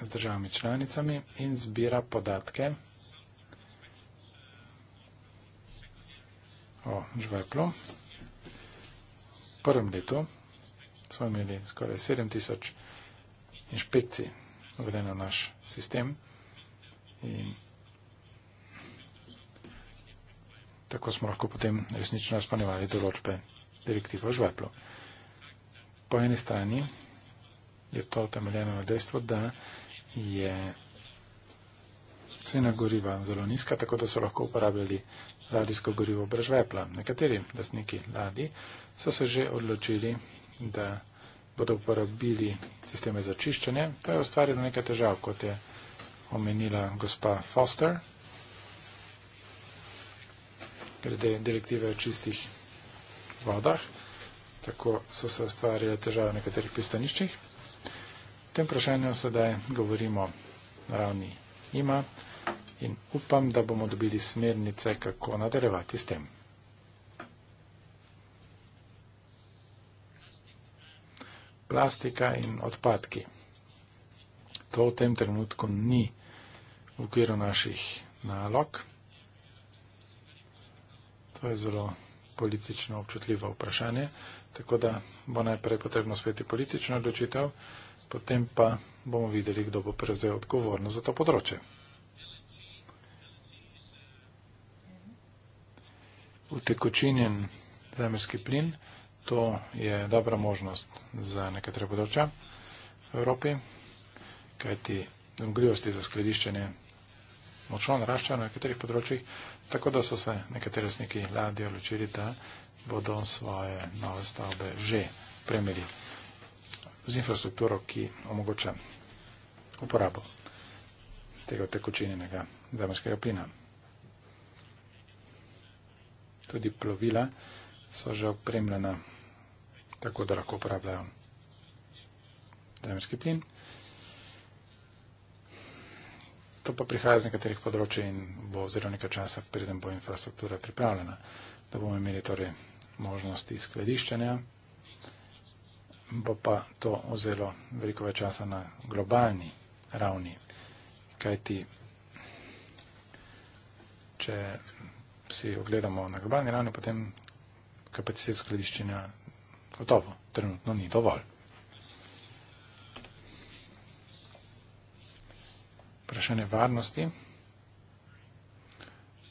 z državami članicami in zbira podatke o žveplu. V prvem letu smo imeli skoraj 7000 inšpekcij uvedeno v naš sistem in tako smo lahko potem resnično izpolnjevali določbe direktive o žveplu. Po eni strani je to temeljeno na dejstvo, da je cena goriva zelo nizka, tako da so lahko uporabljali ladijsko gorivo Bražvepla. Nekateri lasniki ladi so se že odločili, da bodo uporabili sisteme za čiščenje. To je ustvarilo nekaj težav, kot je omenila gospa Foster, glede direktive o čistih vodah. Tako so se ustvarile težave v nekaterih pristaniščih. V tem vprašanju sedaj govorimo na ravni ima in upam, da bomo dobili smernice, kako nadaljevati s tem. Plastika in odpadki. To v tem trenutku ni v okviru naših nalog. To je zelo politično občutljivo vprašanje, tako da bo najprej potrebno sveti politično odločitev, potem pa bomo videli, kdo bo prevzel odgovornost za to področje. utekočinjen zemljski plin. To je dobra možnost za nekatere področja v Evropi, kajti zmogljivosti za skladiščenje močno naraščajo na nekaterih področjih, tako da so se nekateri resniki ladje odločili, da bodo svoje nove stavbe že premeli z infrastrukturo, ki omogoča uporabo tega tekočinjenega zemljskega plina tudi plovila so že opremljena tako, da lahko uporabljajo zemljski plin. To pa prihaja z nekaterih področji in bo oziroma nekaj časa, preden bo infrastruktura pripravljena, da bomo imeli torej možnosti skladiščenja. Bo pa to vzelo veliko več časa na globalni ravni, kajti če si ogledamo na globalni ravni, potem kapacitet skladiščenja gotovo trenutno ni dovolj. Vprašanje varnosti.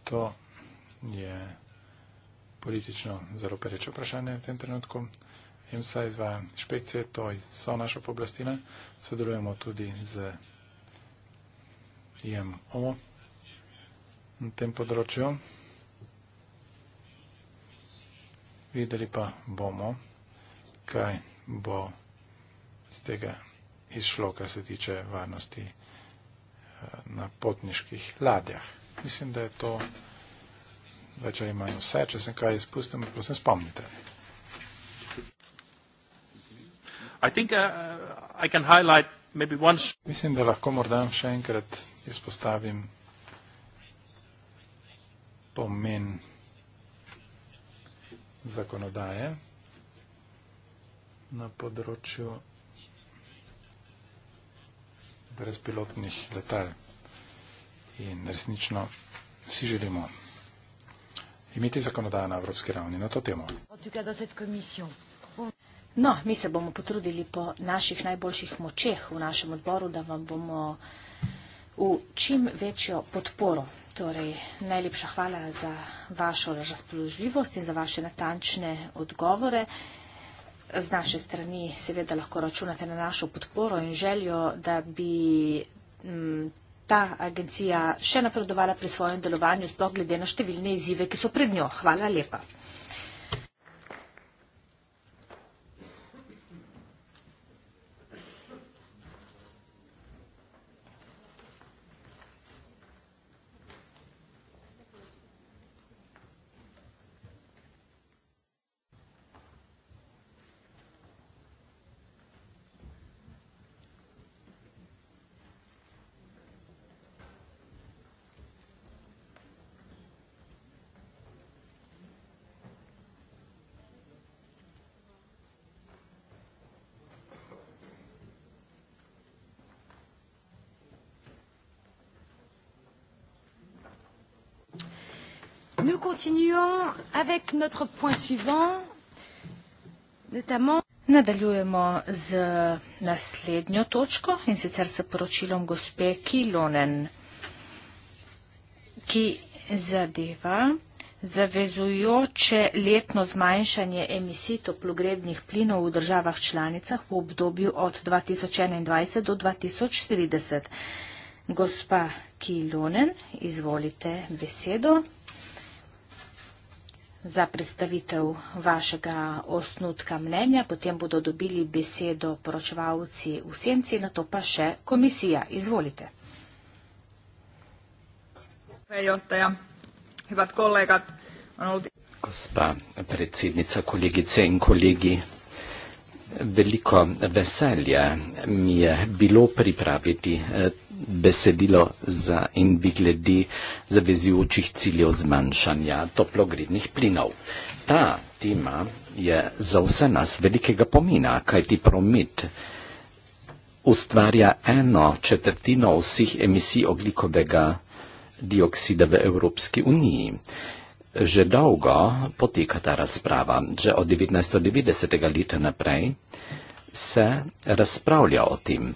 To je politično zelo pereče vprašanje v tem trenutku. EMSA izvaja inšpekcije, to so naša pooblastila. Sodelujemo tudi z IMO na tem področju. videli pa bomo, kaj bo z tega izšlo, kar se tiče varnosti eh, na potniških ladjah. Mislim, da je to več ali manj vse. Če sem kaj izpustil, me prosim spomnite. Think, uh, Mislim, da lahko morda še enkrat izpostavim pomen zakonodaje na področju brezpilotnih letal. In resnično vsi želimo imeti zakonodajo na evropski ravni na to temo. No, mi se bomo potrudili po naših najboljših močeh v našem odboru, da vam bomo v čim večjo podporo. Torej, najlepša hvala za vašo razpoložljivost in za vaše natančne odgovore. Z naše strani seveda lahko računate na našo podporo in željo, da bi mm, ta agencija še napredovala pri svojem delovanju, sploh glede na številne izzive, ki so pred njo. Hvala lepa. continuons avec notre point suivant, notamment. Nadaljujemo z naslednjo točko in sicer s poročilom gospe Kilonen, ki zadeva zavezujoče letno zmanjšanje emisij toplogrednih plinov v državah članicah v obdobju od 2021 do 2030. Gospa Kilonen, izvolite besedo za predstavitev vašega osnutka mnenja, potem bodo dobili besedo poročevalci v senci, na to pa še komisija. Izvolite. Gospa predsednica, kolegice in kolegi, veliko veselja mi je bilo pripraviti eh, besedilo za in bi glede zavezujočih ciljev zmanjšanja toplogrednih plinov. Ta tema je za vse nas velikega pomena, kajti promet ustvarja eno četrtino vseh emisij oglikovega dioksida v Evropski uniji. Že dolgo poteka ta razprava, že od 1990. leta naprej se razpravlja o tem.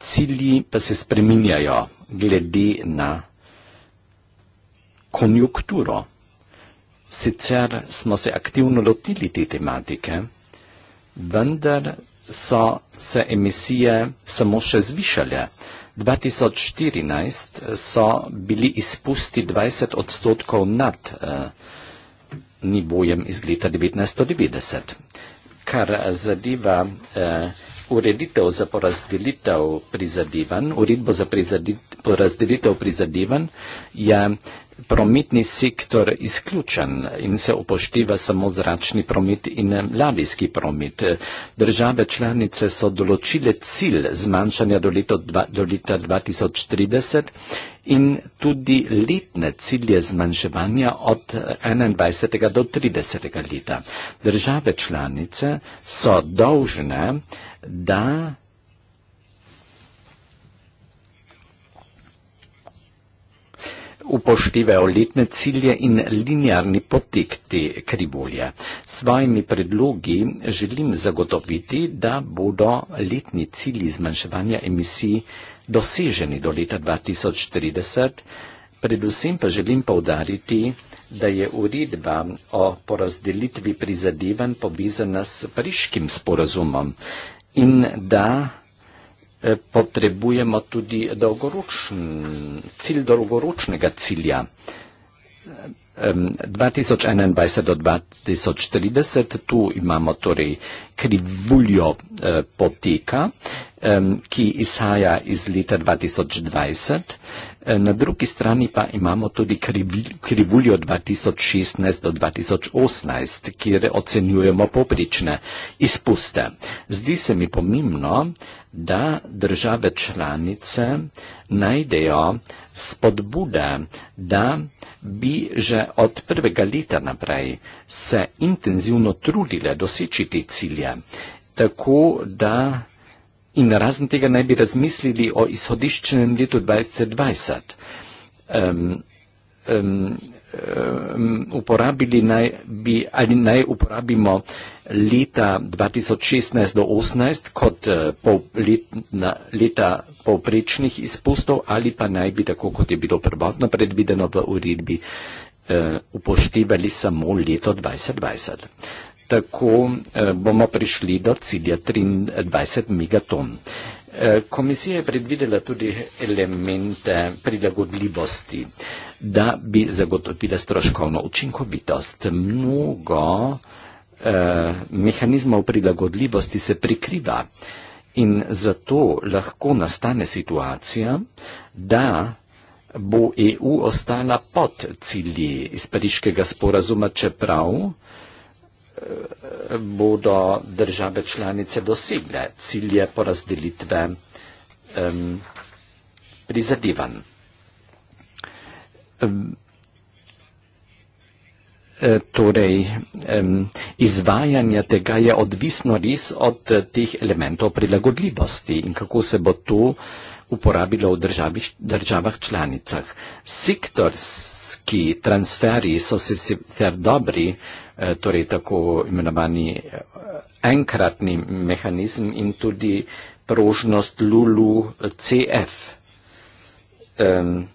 Cilji pa se spreminjajo glede na konjunkturo. Sicer smo se aktivno lotili te tematike, vendar so se emisije samo še zvišale. 2014 so bili izpusti 20 odstotkov nad eh, nivojem iz leta 1990 kar zadeva eh, ureditev za porazdelitev prizadevanj, uredbo za porazdelitev prizadevanj, je prometni sektor izključen in se upošteva samo zračni promet in eh, ladijski promet. Države članice so določile cilj zmanjšanja do, leto dva, do leta 2030 in tudi letne cilje zmanjševanja od 21. Eh, do 30. leta. Države članice so dolžne, da upoštevajo letne cilje in linearni potek te krivulje. S svojimi predlogi želim zagotoviti, da bodo letni cilji zmanjševanja emisij doseženi do leta 2030, predvsem pa želim povdariti, da je uredba o porazdelitvi prizadevanj povezana s priškim sporazumom in da eh, potrebujemo tudi cilj dolgoročnega cilja. 2021 do 2030, tu imamo torej krivuljo eh, poteka ki izhaja iz leta 2020. Na drugi strani pa imamo tudi krivuljo 2016 do 2018, kjer ocenjujemo poprične izpuste. Zdi se mi pomembno, da države članice najdejo spodbude, da bi že od prvega leta naprej se intenzivno trudile doseči te cilje, tako da in razen tega naj bi razmislili o izhodiščnem letu 2020. Um, um, uporabili naj bi ali naj uporabimo leta 2016 do 2018 kot eh, pol letna, leta povprečnih izpustov ali pa naj bi tako, kot je bilo prvotno predvideno v uredbi, eh, upoštevali samo leto 2020 tako eh, bomo prišli do cilja 23 megaton. Eh, komisija je predvidela tudi elemente prilagodljivosti, da bi zagotovila stroškovno učinkovitost. Mnogo eh, mehanizmov prilagodljivosti se prikriva in zato lahko nastane situacija, da bo EU ostala pod cilji iz pariškega sporazuma, čeprav bodo države članice dosegle cilje porazdelitve um, prizadevanj. Um, torej, um, izvajanje tega je odvisno res od teh elementov prilagodljivosti in kako se bo to uporabilo v državih, državah članicah. Sektorski transferi so se, se dobri, Eh, torej tako imenovani eh, enkratni mehanizem in tudi prožnost Lulu CF. Um,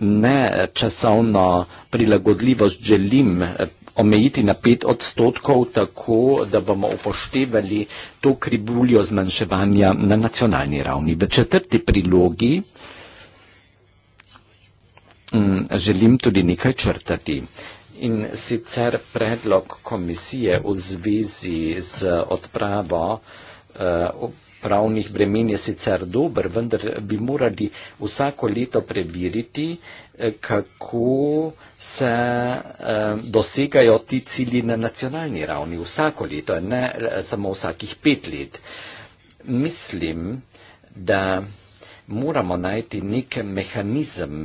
ne časovno prilagodljivost želim eh, omejiti na pet odstotkov, tako da bomo upoštevali to kribuljo zmanjševanja na nacionalni ravni. V četrti prilogi um, želim tudi nekaj črtati. Uh, in sicer predlog komisije v zvezi z odpravo eh, pravnih bremen je sicer dober, vendar bi morali vsako leto preveriti, eh, kako se eh, dosegajo ti cilji na nacionalni ravni. Vsako leto, ne samo vsakih pet let. Mislim, da moramo najti nek mehanizem,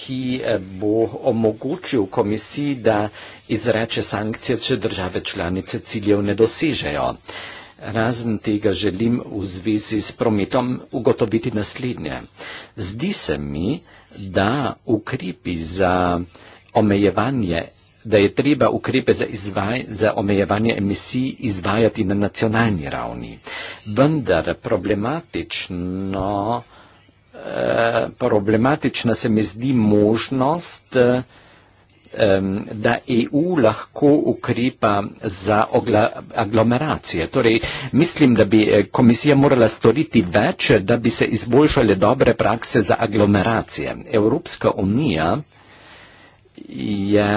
ki eh, bo omogočil komisiji, da izreče sankcije, če države članice ciljev ne dosežejo. Razen tega želim v zvezi s prometom ugotoviti naslednje. Zdi se mi, da ukrepi za omejevanje da je treba ukrepe za, izvaj, za omejevanje emisij izvajati na nacionalni ravni. Vendar problematično problematična se mi zdi možnost, eh, da EU lahko ukrepa za aglomeracije. Torej, mislim, da bi eh, komisija morala storiti več, da bi se izboljšale dobre prakse za aglomeracije. Evropska unija je,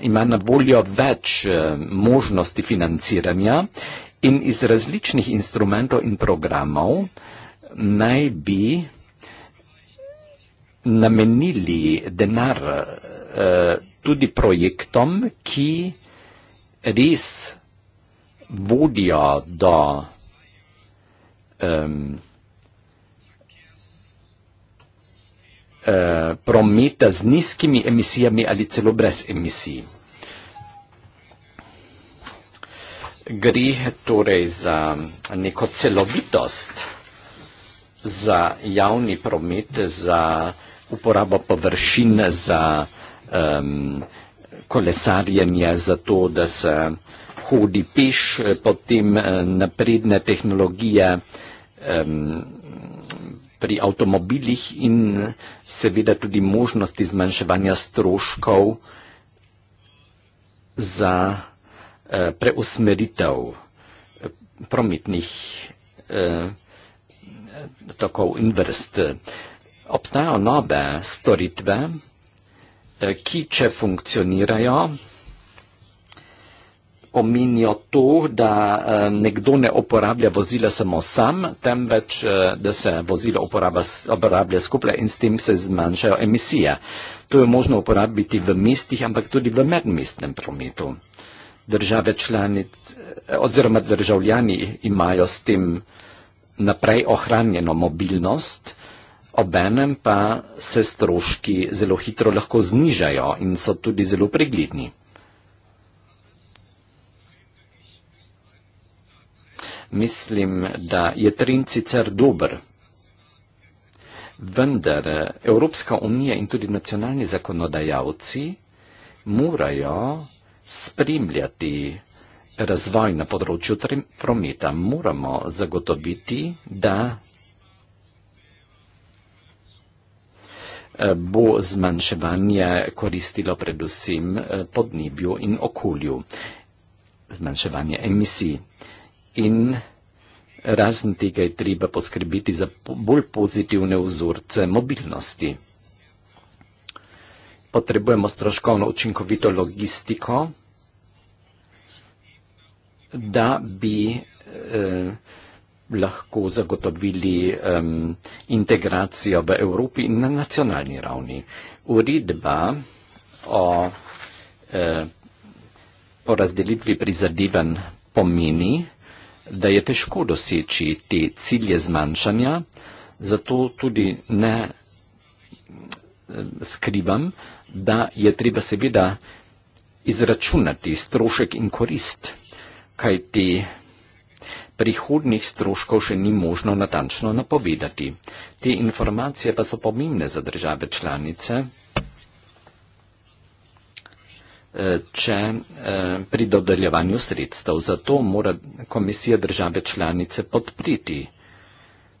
ima na voljo več eh, možnosti financiranja in iz različnih instrumentov in programov naj bi namenili denar uh, tudi projektom, ki res vodijo do um, uh, prometa z nizkimi emisijami ali celo brez emisij. Gre torej za neko celovitost za javni promet, za uporabo površin za um, kolesarjenje, za to, da se hodi peš, potem eh, napredne tehnologije um, pri avtomobilih in seveda tudi možnosti zmanjševanja stroškov za uh, preusmeritev eh, prometnih uh, tokov in vrst. Uh, obstajajo nove storitve, eh, ki če funkcionirajo, pominjo to, da eh, nekdo ne uporablja vozila samo sam, temveč, eh, da se vozilo uporablja, uporablja skupaj in s tem se zmanjšajo emisije. To je možno uporabiti v mestih, ampak tudi v medmestnem prometu. Države članic oziroma državljani imajo s tem naprej ohranjeno mobilnost, obenem pa se stroški zelo hitro lahko znižajo in so tudi zelo pregledni. Mislim, da je trend sicer dober, vendar Evropska unija in tudi nacionalni zakonodajalci morajo spremljati razvoj na področju prometa. Moramo zagotoviti, da Eh, bo zmanjševanje koristilo predvsem eh, podnebju in okolju, zmanjševanje emisij. In razen tega je treba poskrbiti za bolj pozitivne vzorce mobilnosti. Potrebujemo stroškovno učinkovito logistiko, da bi eh, lahko zagotovili um, integracijo v Evropi in na nacionalni ravni. Uredba o eh, razdelitvi prizadevanj pomeni, da je težko doseči te cilje zmanjšanja, zato tudi ne skrivam, da je treba seveda izračunati strošek in korist, kaj ti prihodnih stroškov še ni možno natančno napovedati. Te informacije pa so pomembne za države članice, eh, če eh, pri dodeljevanju sredstev. Zato mora komisija države članice podpriti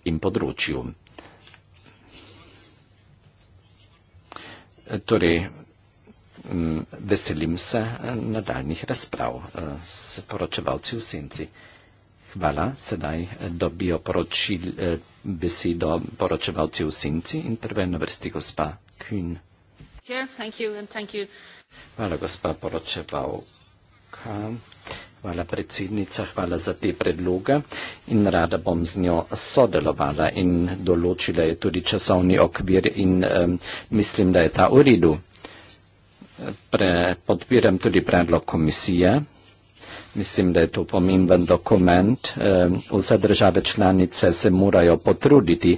in področju. Eh, torej, mm, veselim se nadaljnih razprav s poročevalci v Senci. Hvala. Sedaj eh, dobijo poročil, eh, besedo poročevalci v Sinci in prve na vrsti gospa Kvin. Hvala, gospa poročevalka. Hvala, predsednica. Hvala za te predloge in rada bom z njo sodelovala in določila je tudi časovni okvir in um, mislim, da je ta v redu. Podpiram tudi predlog komisije Mislim, da je to pomemben dokument. Ehm, vse države članice se morajo potruditi,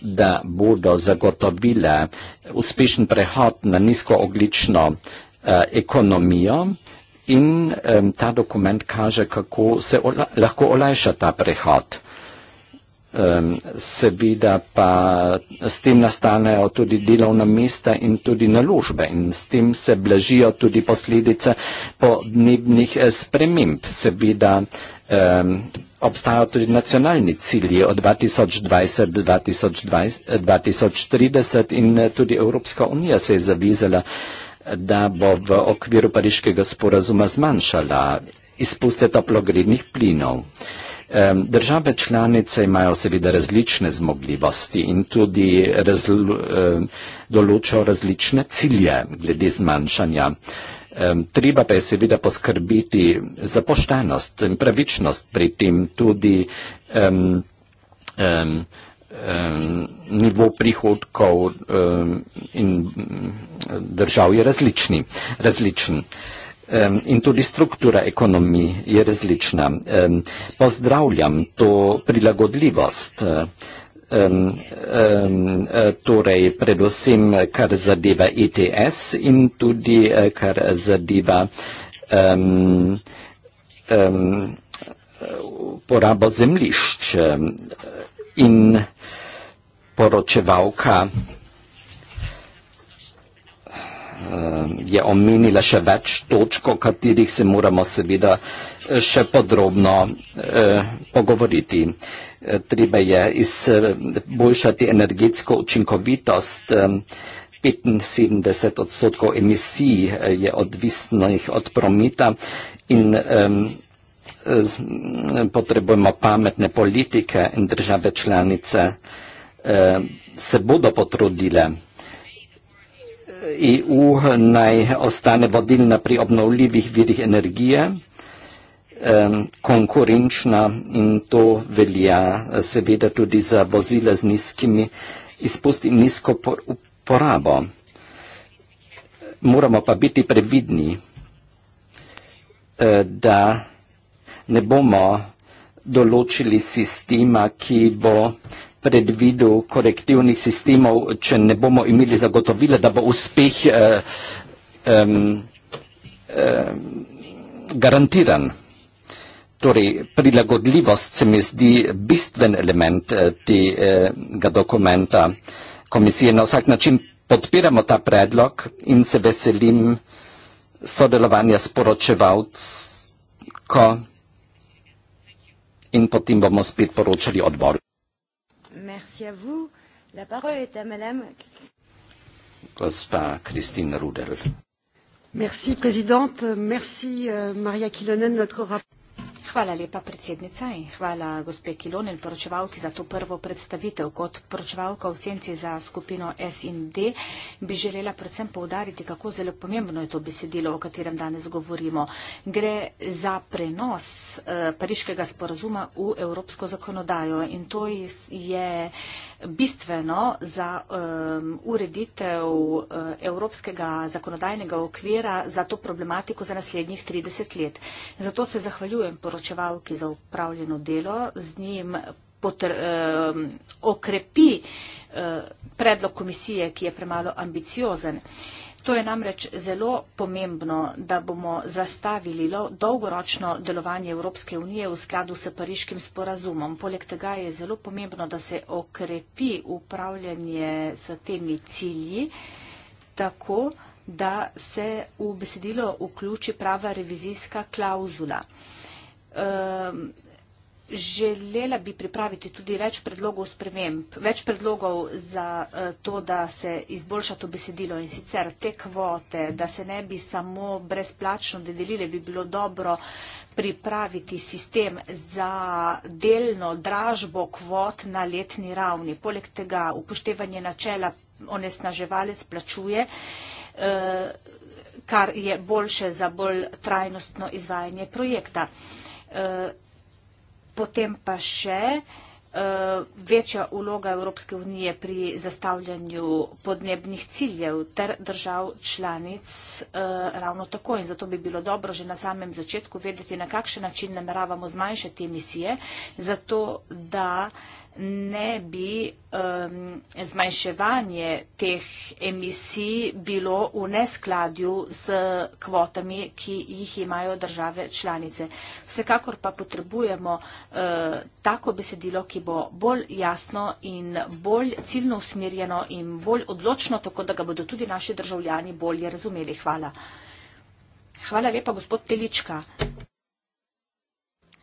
da bodo zagotovile uspešen prehod na nizkooglično eh, ekonomijo in ehm, ta dokument kaže, kako se lahko olajša ta prehod. Um, Seveda pa s tem nastanejo tudi delovna mesta in tudi naložbe in s tem se blažijo tudi posledice podnebnih eh, sprememb. Seveda um, obstajajo tudi nacionalni cilji od 2020 do 2030 in eh, tudi Evropska unija se je zavizala, da bo v okviru pariškega sporazuma zmanjšala izpuste toplogrednih plinov. Države članice imajo seveda različne zmogljivosti in tudi določajo različne cilje glede zmanjšanja. Treba pa je seveda poskrbiti za poštenost in pravičnost pri tem tudi um, um, um, nivo prihodkov um, in držav je različni. različni um, in tudi struktura ekonomij je različna. Um, pozdravljam to prilagodljivost, um, um, torej predvsem kar zadeva ETS in tudi eh, kar zadeva um, um, porabo zemlišč in poročevalka je omenila še več točk, o katerih se moramo seveda eh, še podrobno eh, pogovoriti. Eh, treba je izboljšati energetsko učinkovitost. 75 odstotkov emisij je odvisnih od prometa in potrebujemo pametne politike in države članice se bodo potrudile EU naj ostane vodilna pri obnovljivih virih energije, konkurenčna in to velja seveda tudi za vozila z nizkimi izpusti in nizko uporabo. Moramo pa biti previdni, eh, da ne bomo določili sistema, ki bo predvidel korektivnih sistemov, če ne bomo imeli zagotovile, da bo uspeh eh, um, eh, garantiran. Torej, prilagodljivost se mi zdi bistven element eh, tega eh, dokumenta komisije. Na vsak način podpiramo ta predlog in se veselim sodelovanja s poročevalcem in potem bomo spet poročali odboru à vous. La parole est à madame Gospin Christine Rudel. Merci présidente, merci euh, Maria Kilonen notre rapport. Hvala lepa predsednica in hvala gospe Kilonen, poročevalki, za to prvo predstavitev. Kot poročevalka v senci za skupino S&D bi želela predvsem povdariti, kako zelo pomembno je to besedilo, o katerem danes govorimo. Gre za prenos eh, pariškega sporazuma v evropsko zakonodajo in to je, je bistveno za um, ureditev uh, evropskega zakonodajnega okvira za to problematiko za naslednjih 30 let. Zato se zahvaljujem poročevalki za upravljeno delo, z njim potr, um, okrepi uh, predlog komisije, ki je premalo ambiciozen. Uh, To je namreč zelo pomembno, da bomo zastavili dolgoročno delovanje Evropske unije v skladu s pariškim sporazumom. Poleg tega je zelo pomembno, da se okrepi upravljanje s temi cilji tako, da se v besedilo vključi prava revizijska klauzula. Uh, ehm, Želela bi pripraviti tudi več predlogov sprememb, več predlogov za eh, to, da se izboljša to besedilo in sicer te kvote, da se ne bi samo brezplačno dedelile, bi bilo dobro pripraviti sistem za delno dražbo kvot na letni ravni. Poleg tega upoštevanje načela onesnaževalec plačuje eh, kar je boljše za bolj trajnostno izvajanje projekta. Eh, Potem pa še eh, večja vloga Evropske unije pri zastavljanju podnebnih ciljev ter držav članic eh, ravno tako. In zato bi bilo dobro že na samem začetku vedeti, na kakšen način nameravamo zmanjšati emisije, zato da ne bi um, zmanjševanje teh emisij bilo v neskladju z kvotami, ki jih imajo države članice. Vsekakor pa potrebujemo uh, tako besedilo, ki bo bolj jasno in bolj ciljno usmirjeno in bolj odločno, tako da ga bodo tudi naši državljani bolje razumeli. Hvala. Hvala lepa, gospod Telička.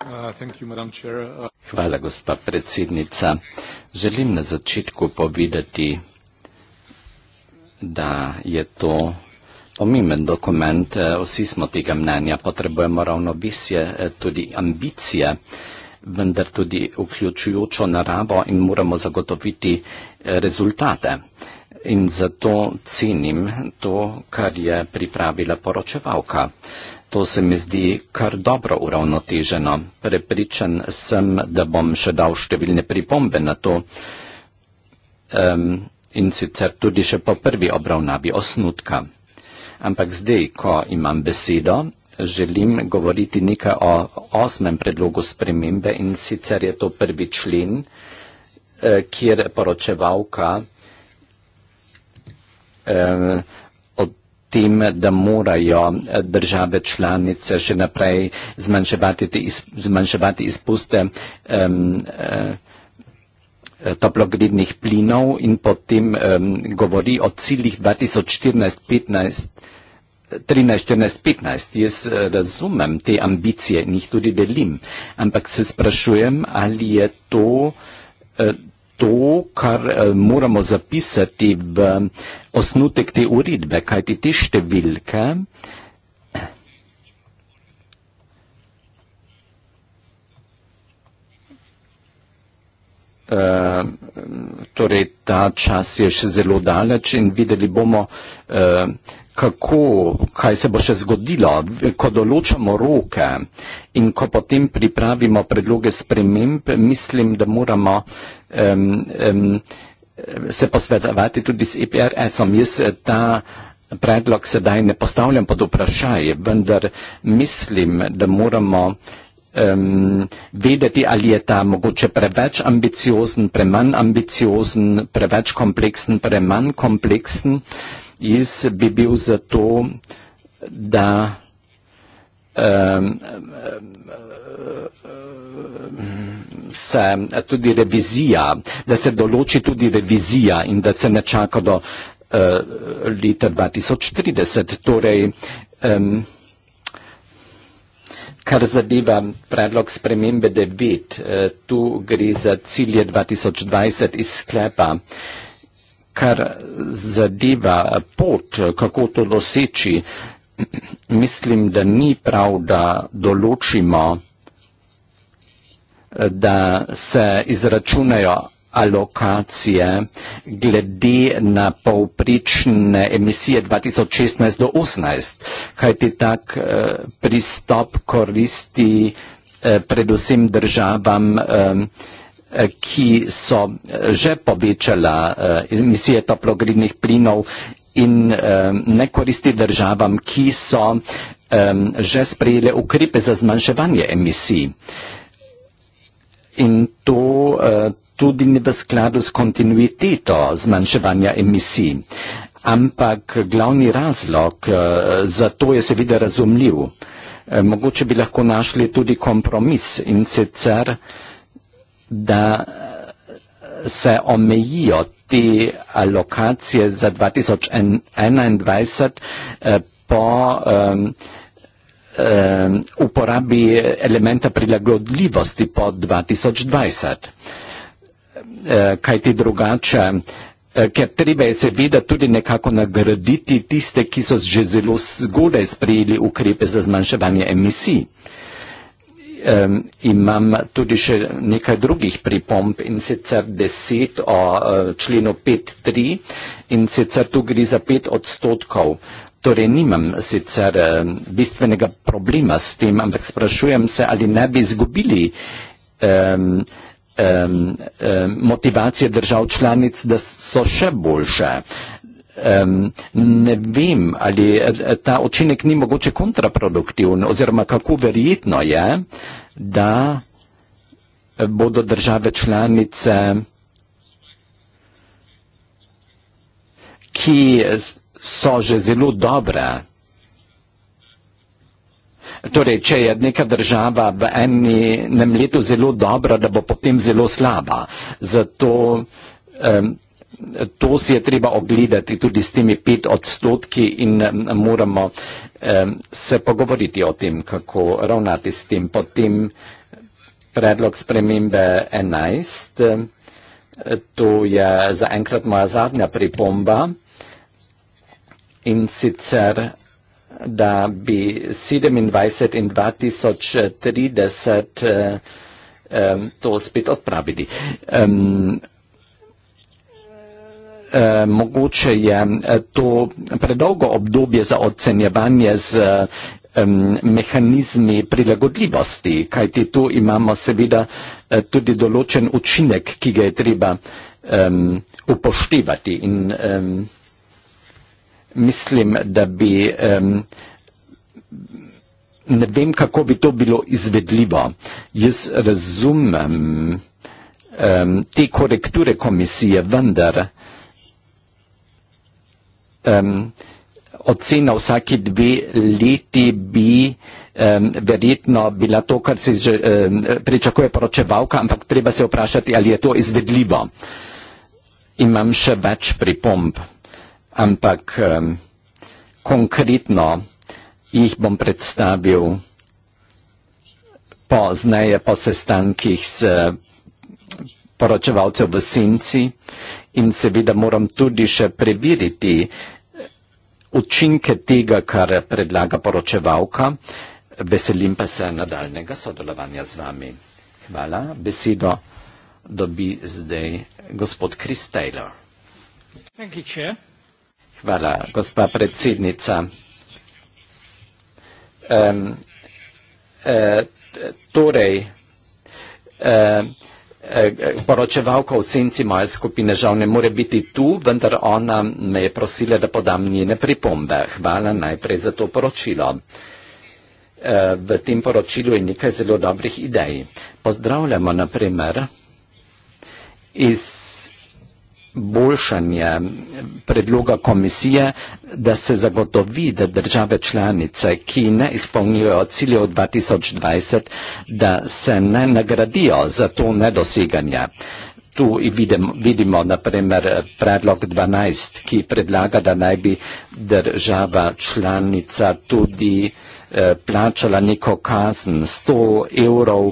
Uh, uh, Hvala, gospa predsednica. Želim na začetku povedati, da je to pomemben dokument. Eh, vsi smo tega mnenja, potrebujemo ravno visje, eh, tudi ambicije, vendar tudi vključujočo naravo in moramo zagotoviti eh, rezultate. In zato cenim to, kar je pripravila poročevalka. To se mi zdi kar dobro uravnoteženo. Prepričan sem, da bom še dal številne pripombe na to. Um, in sicer tudi še po prvi obravnavi osnutka. Ampak zdaj, ko imam besedo, želim govoriti nekaj o osmem predlogu spremembe in sicer je to prvi člen, eh, kjer poročevalka eh, tem, da morajo eh, države članice še naprej zmanjševati, zmanjševati izpuste um, toplogrednih plinov in potem um, govori o ciljih 2014-2015. Jaz eh, razumem te ambicije in jih tudi delim, ampak se sprašujem, ali je to to, kar eh, moramo zapisati v eh, osnutek te uredbe, kajti te številke Uh, torej, ta čas je še zelo daleč in videli bomo, uh, kako, kaj se bo še zgodilo, ko določamo roke in ko potem pripravimo predloge sprememb, mislim, da moramo um, um, se posvetovati tudi s EPRS-om. Jaz eh, ta predlog sedaj ne postavljam pod vprašaj, vendar mislim, da moramo um, vedeti, ali je ta mogoče preveč ambiciozen, premanj ambiciozen, preveč kompleksen, premanj kompleksen jaz bi bil za to, da um, se tudi revizija, da se določi tudi revizija in da se ne čaka do uh, leta 2030. Torej, um, kar zadeva predlog spremembe 9, uh, eh, tu gre za cilje 2020 iz sklepa. Uh, kar zadeva pot, kako to doseči, mislim, da ni prav, da določimo, da se izračunajo alokacije glede na povprečne emisije 2016 do 2018, kajti tak eh, pristop koristi eh, predvsem državam eh, ki so eh, že povečala eh, emisije toplogrednih plinov in eh, ne koristi državam, ki so že sprejele ukrepe za zmanjševanje emisij. In to tudi ni v skladu s kontinuiteto zmanjševanja emisij. Ampak glavni razlog za to je seveda razumljiv. Mogoče bi lahko našli tudi kompromis in sicer da eh, se omejijo te alokacije za 2021 eh, po uporabi elementa prilagodljivosti po 2020. Kaj ti drugače? Eh, ker treba je seveda tudi nekako nagraditi tiste, ki so že zelo zgodaj sprejeli ukrepe za zmanjševanje emisij um, imam tudi še nekaj drugih pripomb in sicer deset o uh, členu 5.3 in sicer tu gre za pet odstotkov. Torej nimam sicer um, bistvenega problema s tem, ampak sprašujem se, ali ne bi izgubili um, um, um, motivacije držav članic, da so še boljše. Um, um, ne vem, ali eh, ta učinek ni mogoče kontraproduktivn oziroma kako verjetno je, da bodo države članice, ki so že zelo dobre, Torej, če je neka država v enem letu zelo dobra, da bo potem zelo slaba. Zato um, to si je treba ogledati tudi s temi pet odstotki in moramo eh, se pogovoriti o tem, kako ravnati s tem. Potem predlog spremembe 11, to je zaenkrat moja zadnja pripomba in sicer da bi 27 in 2030 eh, to spet odpravili. Um, eh, mogoče je eh, to predolgo obdobje za ocenjevanje z eh, mehanizmi prilagodljivosti, kajti tu imamo seveda eh, tudi določen učinek, ki ga je treba um, upoštevati. In um, mislim, da bi, um, ne vem, kako bi to bilo izvedljivo. Jaz razumem um, te korekture komisije, vendar um, ocena vsake dve leti bi um, verjetno bila to, kar se že, um, pričakuje poročevalka, ampak treba se vprašati, ali je to izvedljivo. Imam še več pripomb, ampak um, konkretno jih bom predstavil poznaje po sestankih s poročevalcev v Senci in seveda moram tudi še preveriti eh, učinke tega, kar predlaga poročevalka. Veselim pa se nadaljnega sodelovanja z vami. Hvala. Besedo dobi zdaj gospod Chris Taylor. Hvala, gospa predsednica. Um, uh, torej, uh, Eh, eh, poročevalko v senci moje skupine žal ne more biti tu, vendar ona me je prosila, da podam njene pripombe. Hvala najprej za to poročilo. Eh, v tem poročilu je nekaj zelo dobrih idej. Pozdravljamo naprimer iz izboljšanje predloga komisije, da se zagotovi, da države članice, ki ne izpolnjujejo ciljev 2020, da se ne nagradijo za to nedoseganje. Tu vidimo, vidimo naprimer predlog 12, ki predlaga, da naj bi država članica tudi eh, plačala neko kazen 100 evrov eh,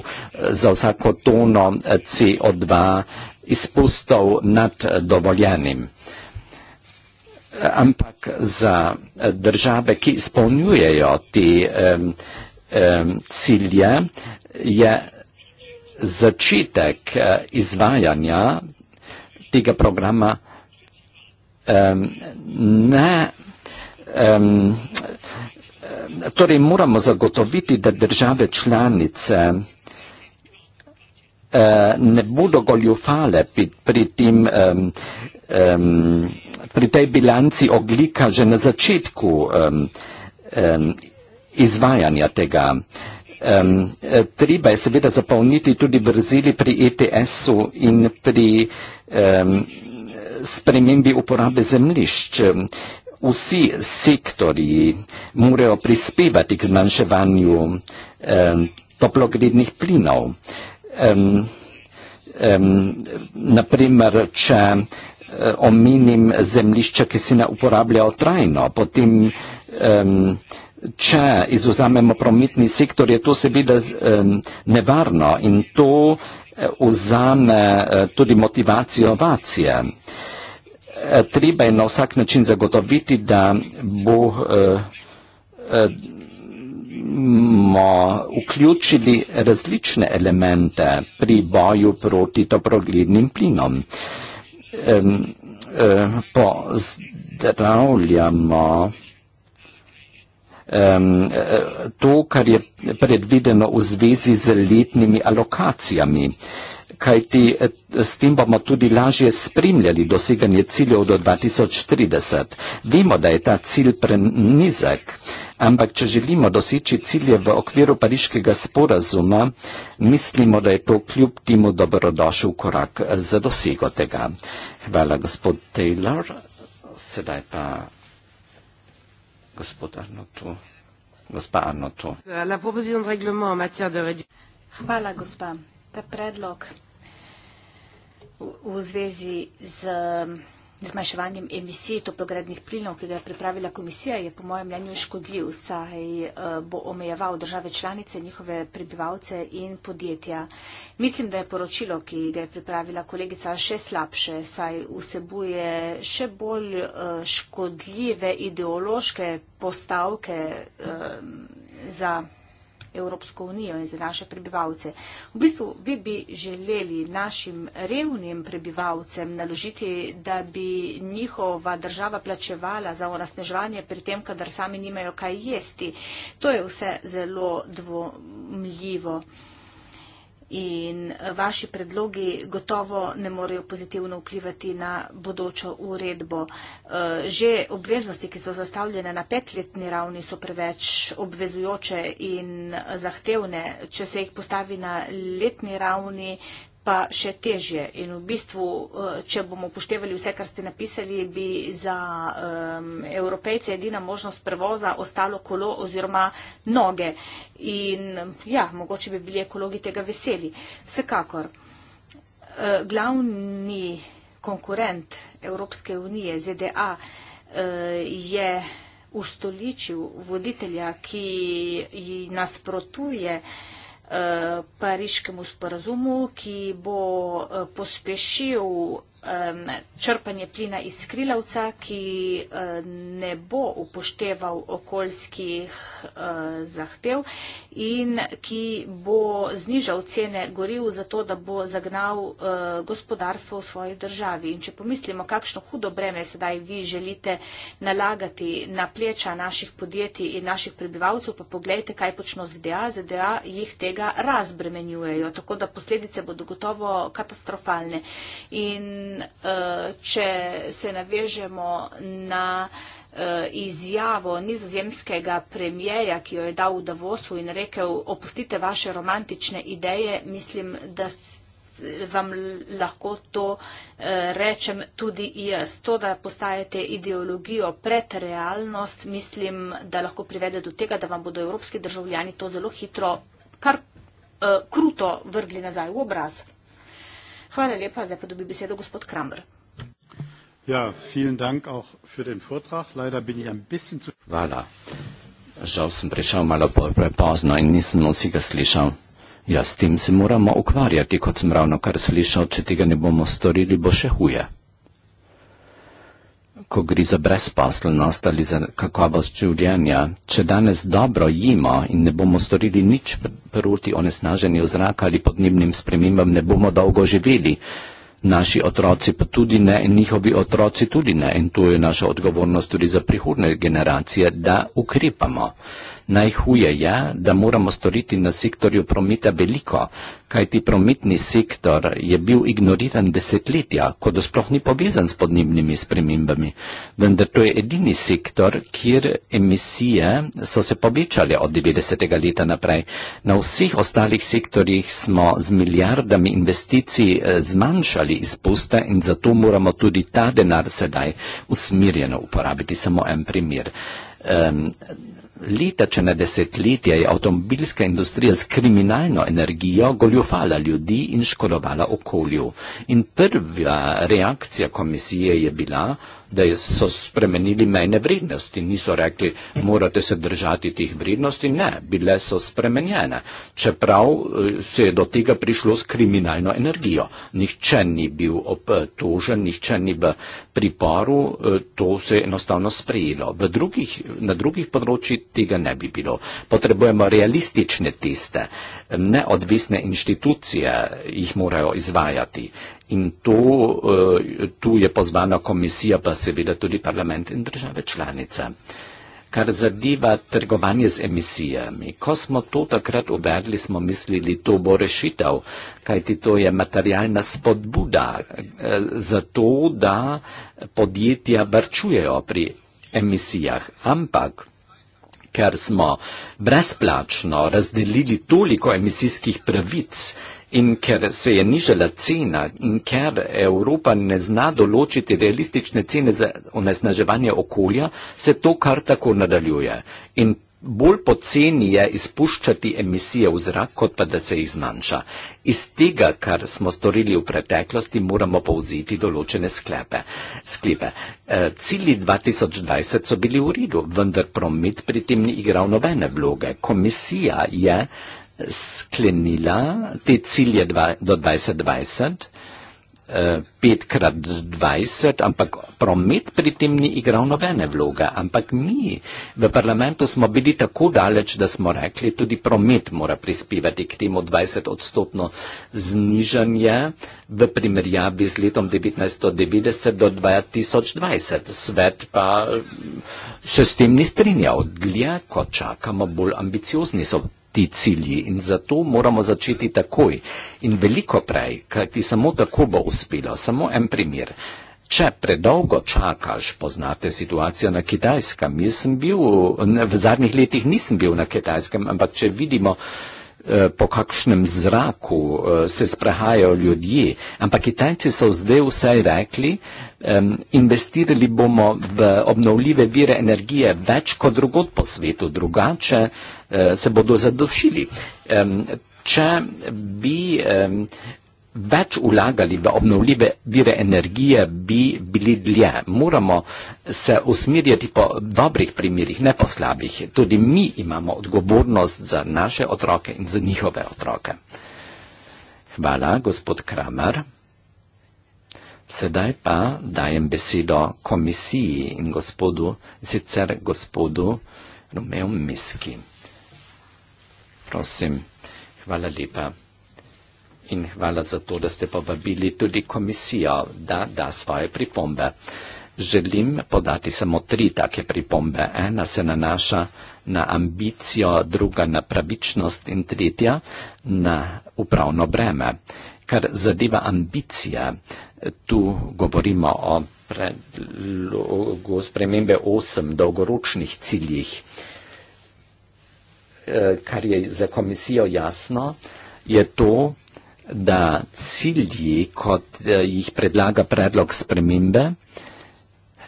za vsako tono eh, CO2 izpustov nad dovoljenim. Ampak za države, ki izpolnjujejo ti um, um, cilje, je začetek eh, izvajanja tega programa um, ne. Um, torej moramo zagotoviti, da države članice Eh, ne bodo goljufale pri, pri tem um, um, pri tej bilanci oglika že na začetku um, um, izvajanja tega. Um, treba je seveda zapolniti tudi vrzili pri ETS-u in pri um, spremembi uporabe zemljišč. Vsi sektori morajo prispevati k zmanjševanju um, toplogrednih plinov um, um, naprimer, če eh, omenim zemlišče, ki se ne uporablja trajno, potem um, če izuzamemo prometni sektor, je to seveda um, nevarno in to eh, vzame eh, tudi motivacijo vacije. Treba je na vsak način zagotoviti, da bo uh, uh, smo vključili različne elemente pri boju proti toproglednim plinom. Um, um, pozdravljamo um, to, kar je predvideno v zvezi z letnimi alokacijami kajti eh, s tem bomo tudi lažje spremljali doseganje ciljev do 2030. Vemo, da je ta cilj prenizek, ampak če želimo doseči cilje v okviru pariškega sporazuma, mislimo, da je to kljub temu dobrodošel korak eh, za dosego tega. Hvala, gospod Taylor. Sedaj pa gospod Arnotu. Gospa Arnotu. Hvala, gospa. Ta predlog v zvezi z zmanjševanjem emisij toplogrednih plinov, ki ga je pripravila komisija, je po mojem mnenju škodljiv, saj eh, bo omejeval države članice, njihove prebivalce in podjetja. Mislim, da je poročilo, ki ga je pripravila kolegica, še slabše, saj vsebuje še bolj eh, škodljive ideološke postavke eh, za. Evropsko unijo in za naše prebivalce. V bistvu vi bi želeli našim revnim prebivalcem naložiti, da bi njihova država plačevala za onasneževanje pri tem, kadar sami nimajo kaj jesti. To je vse zelo dvomljivo in vaši predlogi gotovo ne morejo pozitivno vplivati na bodočo uredbo. Eh, že obveznosti, ki so zastavljene na petletni ravni, so preveč obvezujoče in zahtevne. Če se jih postavi na letni ravni, pa še težje. In v bistvu, eh, če bomo upoštevali vse, kar ste napisali, bi za um, evropejce edina možnost prevoza ostalo kolo oziroma noge. In ja, mogoče bi bili ekologi tega veseli. Vsekakor, eh, glavni konkurent Evropske unije, ZDA, eh, je ustoličil voditelja, ki ji nasprotuje. Eh, pariškemu sporazumu, ki bo eh, pospešil um, črpanje plina iz skrilavca, ki uh, ne bo upošteval okoljskih uh, zahtev in ki bo znižal cene goriv za to, da bo zagnal uh, gospodarstvo v svoji državi. In če pomislimo, kakšno hudo breme sedaj vi želite nalagati na pleča naših podjetij in naših prebivalcev, pa pogledajte, kaj počno ZDA. ZDA jih tega razbremenjujejo, tako da posledice bodo gotovo katastrofalne. In Eh, če se navežemo na eh, izjavo nizozemskega premijeja, ki jo je dal v Davosu in rekel, opustite vaše romantične ideje, mislim, da vam lahko to eh, rečem tudi jaz. To, da postajate ideologijo pred realnost, mislim, da lahko privede do tega, da vam bodo evropski državljani to zelo hitro, kar kruto vrgli nazaj v obraz. Hvala lepa. Zdaj pa dobi besedo gospod Kramer. Ja, vielen Dank auch für den Vortrag. Leider bin ich ein bisschen zu... Hvala. Žal sem prišel malo prepozno in nisem vsi ga slišal. Ja, s tem se moramo ukvarjati, kot sem ravno kar slišal, če tega ne bomo storili, bo še huje ko gre za brezposelnost ali za kakovost življenja. Če danes dobro jimo in ne bomo storili nič proti onesnaženju zraka ali podnebnim spremembam, ne bomo dolgo živeli. Naši otroci pa tudi ne in njihovi otroci tudi ne. In to je naša odgovornost tudi za prihodne generacije, da ukrepamo. Najhuje je, da moramo storiti na sektorju prometa veliko, kajti prometni sektor je bil ignoriran desetletja, ko sploh ni povezan s podnebnimi spremembami. Vendar to je edini sektor, kjer emisije so se povečale od 90. leta naprej. Na vseh ostalih sektorjih smo z milijardami investicij eh, zmanjšali izpuste in zato moramo tudi ta denar sedaj usmirjeno uporabiti. Samo en primer. Um, Leta, če ne desetletja, je avtomobilska industrija s kriminalno energijo goljufala ljudi in škodovala okolju. In prva reakcija komisije je bila, da so spremenili mejne vrednosti. Niso rekli, morate se držati tih vrednosti. Ne, bile so spremenjene. Čeprav eh, se je do tega prišlo s kriminalno energijo. Nihče ni bil obtožen, nihče ni v priporu. Eh, to se je enostavno sprejelo. Drugih, na drugih področjih tega ne bi bilo. Potrebujemo realistične teste. Neodvisne inštitucije jih morajo izvajati in to, eh, tu je pozvana komisija, pa seveda tudi parlament in države članice. Kar zadeva trgovanje z emisijami. Ko smo to takrat uvedli, smo mislili, da bo to rešitev, kajti to je materialna spodbuda eh, za to, da podjetja vrčujejo pri emisijah. Ampak, ker smo brezplačno razdelili toliko emisijskih pravic, In ker se je nižala cena in ker Evropa ne zna določiti realistične cene za onesnaževanje okolja, se to kar tako nadaljuje. In bolj poceni je izpuščati emisije v zrak, kot pa da se jih zmanjša. Iz tega, kar smo storili v preteklosti, moramo povziti določene sklepe. sklepe. E, cilji 2020 so bili v redu, vendar promet pri tem ni igral nobene vloge. Komisija je sklenila te cilje dva, do 2020, pet krat 20, ampak promet pri tem ni igral nobene vloge. Ampak mi v parlamentu smo bili tako daleč, da smo rekli, tudi promet mora prispevati k temu 20 odstotno znižanje v primerjavi z letom 1990 do 2020. Svet pa se s tem ni strinjal. Dlje, ko čakamo, bolj ambiciozni so ti cilji in zato moramo začeti takoj in veliko prej, kajti samo tako bo uspelo. Samo en primer. Če predolgo čakaš, poznate situacijo na kitajskem, jaz sem bil, v zadnjih letih nisem bil na kitajskem, ampak če vidimo, Eh, po kakšnem zraku eh, se sprehajajo ljudje, ampak Kitajci so zdaj vsaj rekli, investirali bomo v obnovljive vire energije več kot drugod po svetu, drugače eh, se bodo zadošili. Če bi več vlagali v obnovljive vire energije, bi bili dlje. Moramo se usmirjati po dobrih primerjih, ne po slabih. Tudi mi imamo odgovornost za naše otroke in za njihove otroke. Hvala, gospod Kramer. Sedaj pa dajem besedo komisiji in gospodu, sicer gospodu Romeo Miski. Prosim, hvala lepa in hvala za to, da ste povabili tudi komisijo, da da svoje pripombe. Želim podati samo tri take pripombe. Ena se nanaša na ambicijo, druga na pravičnost in tretja na upravno breme. Kar zadeva ambicije, tu govorimo o predlogu spremembe osem dolgoročnih ciljih. E, kar je za komisijo jasno, je to, da cilji, kot eh, jih predlaga predlog spremembe,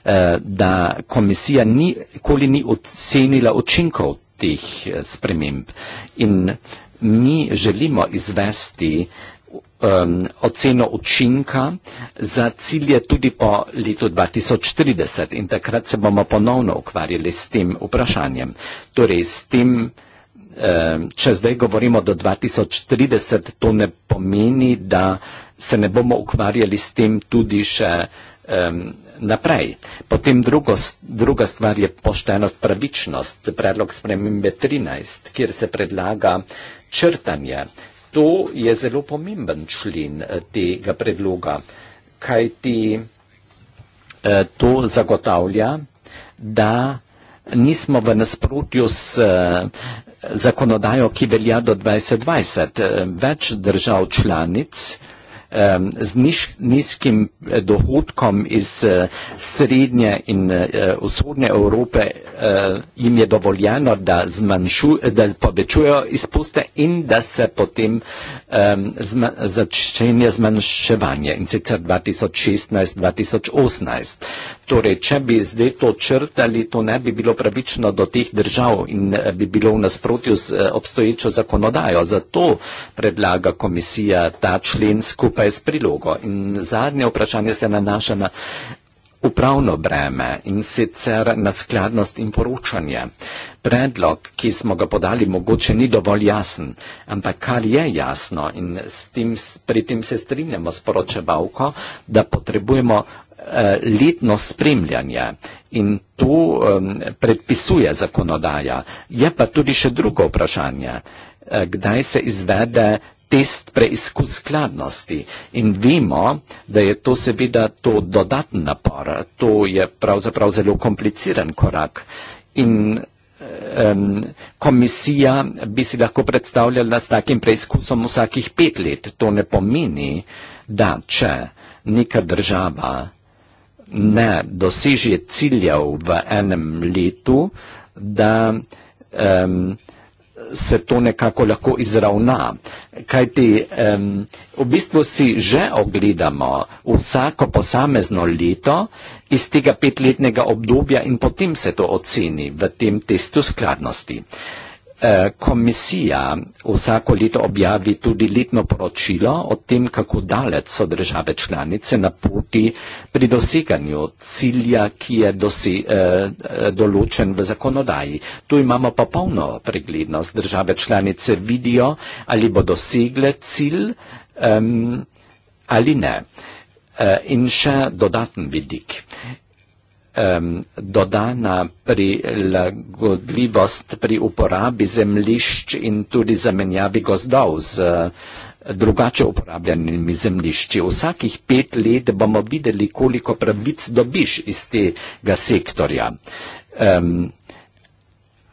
eh, da komisija nikoli ni ocenila učinkov teh eh, sprememb. In mi želimo izvesti oceno učinka za cilje tudi po letu 2030 in takrat se bomo ponovno ukvarjali s tem vprašanjem. Torej s tem vprašanjem če zdaj govorimo do 2030, to ne pomeni, da se ne bomo ukvarjali s tem tudi še um, naprej. Potem drugo, druga stvar je poštenost, pravičnost, predlog spremembe 13, kjer se predlaga črtanje. To je zelo pomemben člen eh, tega predloga, kaj ti eh, to zagotavlja, da nismo v nasprotju s eh, zakonodajo, ki velja do 2020. Eh, več držav članic z niš, nizkim eh, dohodkom iz eh, srednje in vzhodne Evrope jim je dovoljeno, da, zmanjšu, da povečujo izpuste in da se potem zma, začenje zmanjševanje in sicer 2016-2018. Torej, če bi zdaj to črtali, to ne bi bilo pravično do teh držav in eh, bi bilo v nasprotju z eh, obstoječo zakonodajo. Zato predlaga komisija ta člen skupaj s prilogo. In zadnje vprašanje se nanaša na upravno breme in sicer na skladnost in poročanje. Predlog, ki smo ga podali, mogoče ni dovolj jasen, ampak kar je jasno in tim, pri tem se strinjamo s poročevalko, da potrebujemo Eh, letno spremljanje in to predpisuje zakonodaja. Je pa tudi še drugo vprašanje, eh, kdaj se izvede test preizkus skladnosti in vemo, da je to seveda to dodatni napor, to je pravzaprav zelo kompliciran korak in um, komisija bi si lahko predstavljala s takim preizkusom vsakih pet let. To ne pomeni, da če neka država ne doseže ciljev v enem letu, da um, se to nekako lahko izravna. Kajti um, v bistvu si že ogledamo vsako posamezno leto iz tega petletnega obdobja in potem se to oceni v tem testu skladnosti. Uh, Eh, komisija vsako leto objavi tudi letno poročilo o tem, kako daleč so države članice na poti pri doseganju cilja, ki je dosi, eh, eh določen v zakonodaji. Tu imamo popolno preglednost. Države članice vidijo, ali bo dosegle cilj eh, ali ne. Eh, in še dodaten vidik dodana prilagodljivost pri uporabi zemlišč in tudi zamenjavi gozdov z eh, drugače uporabljenimi zemlišči. Vsakih pet let bomo videli, koliko pravic dobiš iz tega sektorja. Um,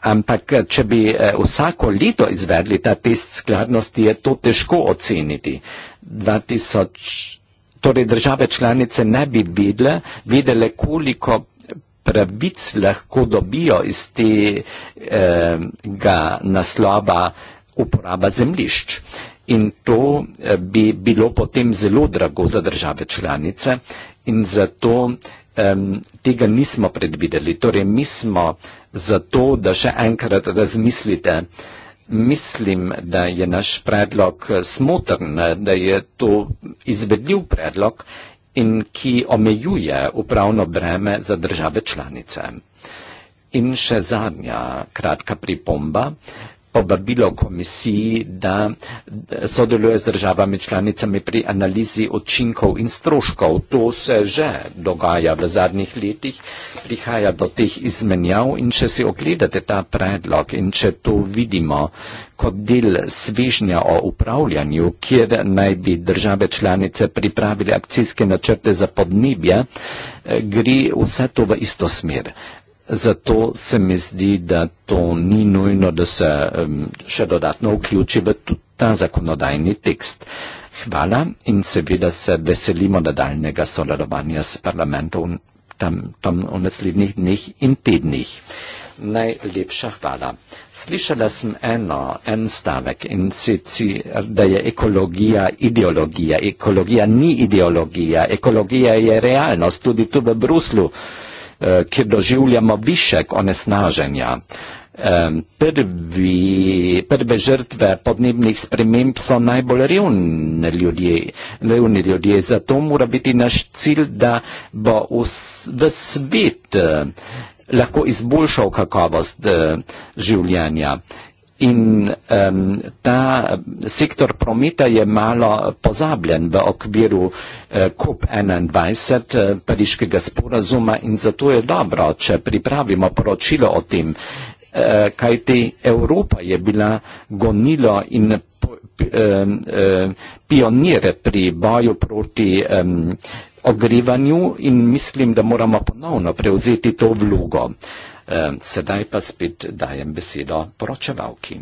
ampak, če bi eh, vsako leto izvedli ta test skladnosti, je to težko oceniti. 2000 torej države članice ne bi videle, videle koliko pravic lahko dobijo iz tega eh, naslova uporaba zemlišč. In to eh, bi bilo potem zelo drago za države članice in zato um, tega nismo predvideli. Torej, mi smo zato, da še enkrat razmislite, uh, mislim, da je naš predlog eh, smotrn, eh, da je to izvedljiv predlog in ki omejuje upravno breme za države članice. In še zadnja kratka pripomba povabilo komisiji, da eh, sodeluje z državami članicami pri analizi očinkov in stroškov. To se že dogaja v zadnjih letih, prihaja do teh izmenjav in če si ogledate ta predlog in če to vidimo kot del svežnja o upravljanju, kjer naj bi države članice pripravili akcijske načrte za podnebje, eh, gre vse to v isto smer. Zato se mi zdi, da to ni nujno, da se um, še dodatno vključi v ta zakonodajni tekst. Hvala in seveda se veselimo nadaljnega sodelovanja s parlamentom tam, tam v naslednjih dneh in tednih. Najlepša hvala. Slišala sem eno, en stavek in sicer, da je ekologija ideologija. Ekologija ni ideologija, ekologija je realnost, tudi tu v Bruslu. Eh, ki doživljamo višek onesnaženja. Eh, prvi, prve žrtve podnebnih sprememb so najbolj revni ljudje, revni ljudje, zato mora biti naš cilj, da bo v svet eh, lahko izboljšal kakovost življenja. In um, ta sektor prometa je malo pozabljen v okviru eh, COP21 uh, eh, pariškega sporazuma in zato je dobro, če pripravimo poročilo o tem, uh, kajti Evropa je bila gonilo in po, p, um, um, pionire pri boju proti um, ogrivanju in mislim, da moramo ponovno prevzeti to vlogo. Uh, Ehm, sedaj pa spet dajem besedo poročevalki.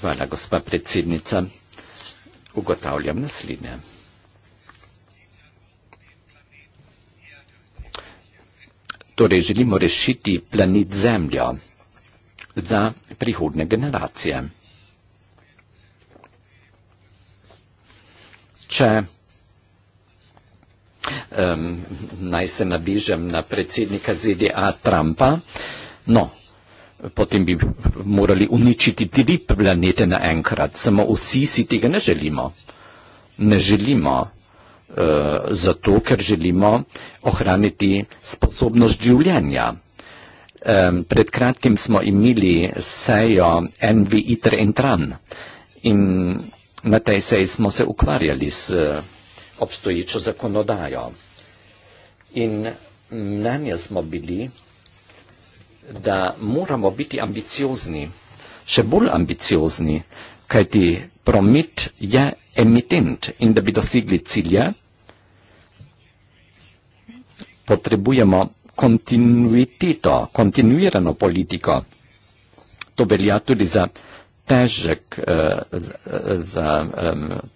Hvala, gospa predsednica. Ugotavljam naslednje. Torej želimo rešiti planet Zemljo za prihodne generacije. Če um, naj se navižem na predsednika ZDA Trumpa. No, potem bi morali uničiti tri planete naenkrat, samo vsi si tega ne želimo. Ne želimo uh, zato, ker želimo ohraniti sposobnost življenja. Um, pred kratkim smo imeli sejo NVI Trentran in na tej seji smo se ukvarjali s. Uh, obstoječo zakonodajo. In mnenje smo bili, da moramo biti ambiciozni, še bolj ambiciozni, kajti promet je emitent in da bi dosegli cilje, potrebujemo kontinuiteto, kontinuirano politiko. To velja tudi za težek, eh, eh, za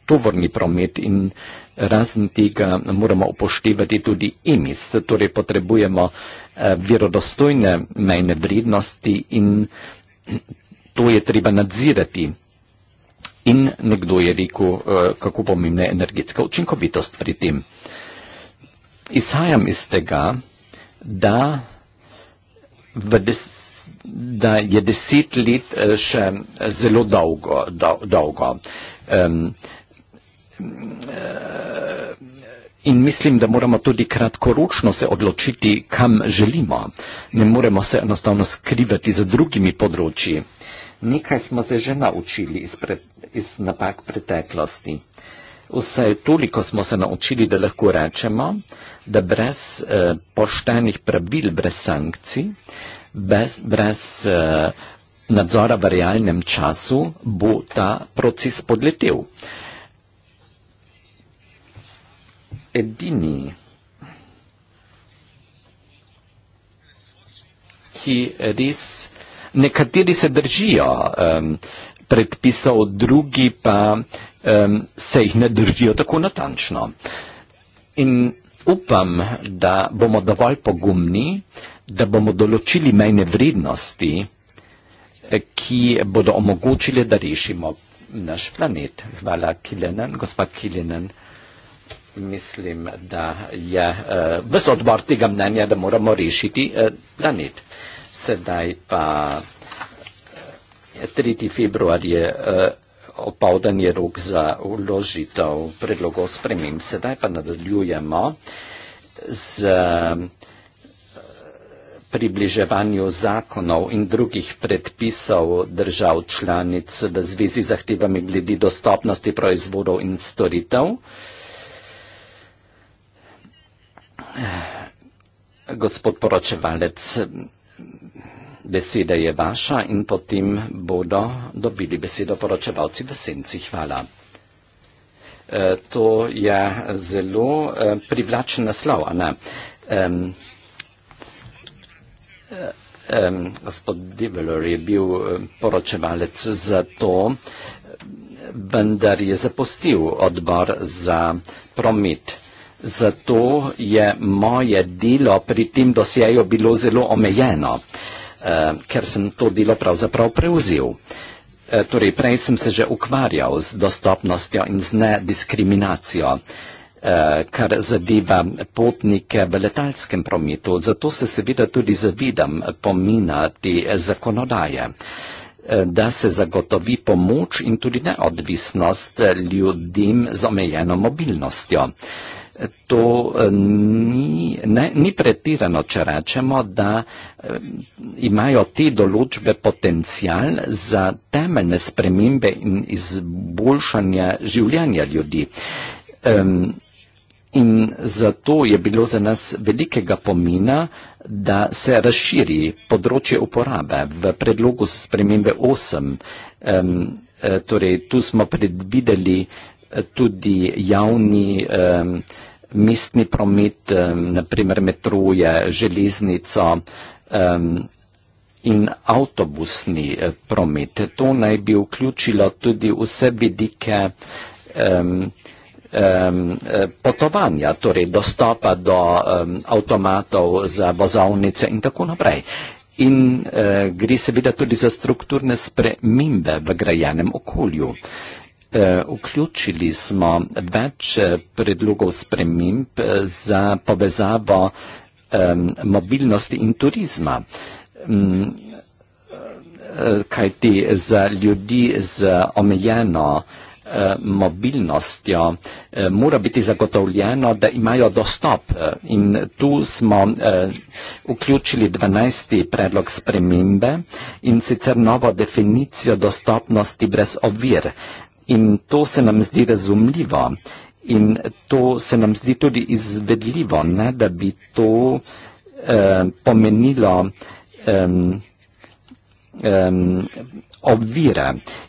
tovorni promet in tovorni promet razen tega moramo upoštevati tudi emis, torej potrebujemo eh, verodostojne mejne vrednosti in to je treba nadzirati. In nekdo je rekel, eh, kako pomembna je energetska učinkovitost pri tem. Izhajam iz tega, da, des, da je deset let eh, še zelo dolgo. Do, dolgo. Um, In mislim, da moramo tudi kratkoročno se odločiti, kam želimo. Ne moremo se enostavno skrivati za drugimi področji. Nekaj smo se že naučili iz, pre, iz napak preteklosti. Vse toliko smo se naučili, da lahko rečemo, da brez eh, poštenih pravil, brez sankcij, brez, brez eh, nadzora v realnem času bo ta proces podletel. Eh, edini, ki res nekateri se držijo um, predpisov, drugi pa um, se jih ne držijo tako natančno. In upam, da bomo dovolj pogumni, da bomo določili mejne vrednosti, ki bodo omogočile, da rešimo naš planet. Hvala, Kilenen, gospod Kilenen mislim, da je uh, ves odbor tega mnenja, da moramo rešiti uh, planet. Sedaj pa 3. Eh, februar je uh, opovdan je rok za uložitev predlogov sprememb. Sedaj pa nadaljujemo z približevanju zakonov in drugih predpisov držav članic v zvezi z zahtevami glede dostopnosti proizvodov in storitev. Uh, gospod poročevalec, beseda je vaša in potem bodo dobili besedo poročevalci v senci. Hvala. E, to je zelo e, privlačen naslov, a ne? Gospod Develor je bil e, poročevalec za to, vendar je zapustil odbor za promet zato je moje delo pri tem dosjeju bilo zelo omejeno, eh, ker sem to delo pravzaprav prevzel. Eh, torej, prej sem se že ukvarjal z dostopnostjo in z nediskriminacijo, eh, kar zadeva potnike v letalskem prometu, zato se seveda tudi zavidam pomina te zakonodaje eh, da se zagotovi pomoč in tudi neodvisnost eh, ljudem z omejeno mobilnostjo to eh, ni, ne, ni pretirano, če rečemo, da eh, imajo te določbe potencial za temeljne spremembe in izboljšanje življenja ljudi. Um, in zato je bilo za nas velikega pomena, da se razširi področje uporabe v predlogu spremembe 8. Um, eh, torej, tu smo predvideli tudi javni um, mestni promet, um, naprimer metroje, železnico um, in avtobusni e, promet. To naj bi vključilo tudi vse vidike um, um, potovanja, torej dostopa do um, avtomatov za vozovnice in tako naprej. In eh, gre seveda tudi za strukturne spremembe v grajenem okolju. Eh, vključili smo več eh, predlogov sprememb eh, za povezavo mobilnosti in turizma mm, kajti za ljudi z omejeno mobilnostjo mora biti zagotovljeno, da imajo dostop. In tu smo vključili 12. predlog spremembe in sicer novo definicijo dostopnosti brez ovir. In to se nam zdi razumljivo in to se nam zdi tudi izvedljivo, ne, da bi to eh, pomenilo eh, eh, ovire.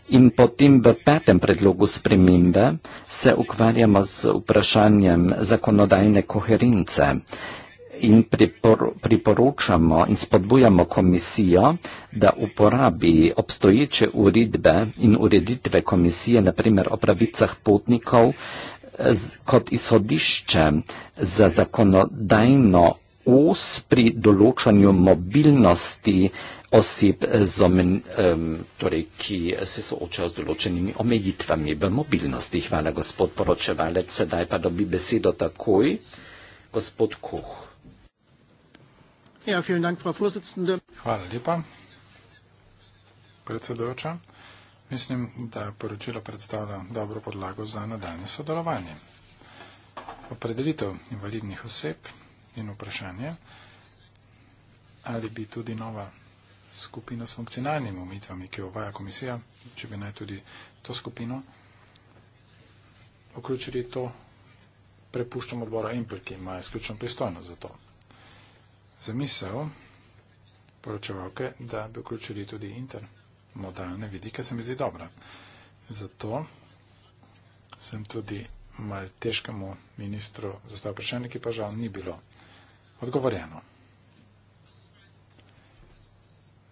In potem v petem predlogu spremembe se ukvarjamo z vprašanjem zakonodajne koherence. Eh, in pripor, priporočamo in spodbujamo komisijo, da uporabi obstoječe uredbe in ureditve komisije, naprimer o pravicah potnikov, z, kot izhodišče za zakonodajno os pri določanju mobilnosti oseb, z omen, um, torej, ki se soočajo z določenimi omejitvami v mobilnosti. Hvala, gospod poročevalec. Sedaj pa dobi besedo takoj. Gospod Koh. Ja, vielen Dank, Frau Vorsitzende. Hvala lepa, predsedujoča. Mislim, da poročilo predstavlja dobro podlago za nadaljne sodelovanje. Opredelitev invalidnih oseb in vprašanje, ali bi tudi nova skupina s funkcionalnimi umitvami, ki jo uvaja komisija, če bi naj tudi to skupino, vključili to, prepuščam odbora Impel, ki ima izključno pristojnost za to zamisel poročevalke, da bi vključili tudi intermodalne vidike, se mi zdi dobra. Zato sem tudi mal težkemu ministru zastavil vprašanje, ki pa žal ni bilo odgovorjeno.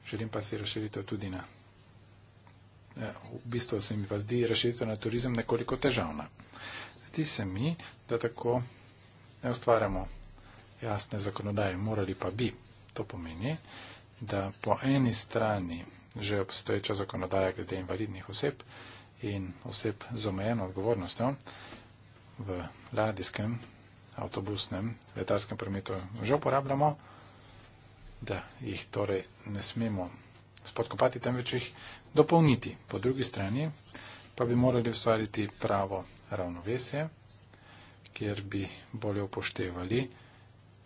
Želim pa si razširitev tudi na. Eh, v bistvu se mi pa zdi razširitev na turizem nekoliko težavna. Zdi se mi, da tako ne ustvarjamo jasne zakonodaje, morali pa bi. To pomeni, da po eni strani že obstoječa zakonodaja glede invalidnih oseb in oseb z omejeno odgovornostjo v ladijskem, avtobusnem, letarskem prometu že uporabljamo, da jih torej ne smemo spodkopati, temveč jih dopolniti. Po drugi strani pa bi morali ustvariti pravo ravnovesje, kjer bi bolje upoštevali,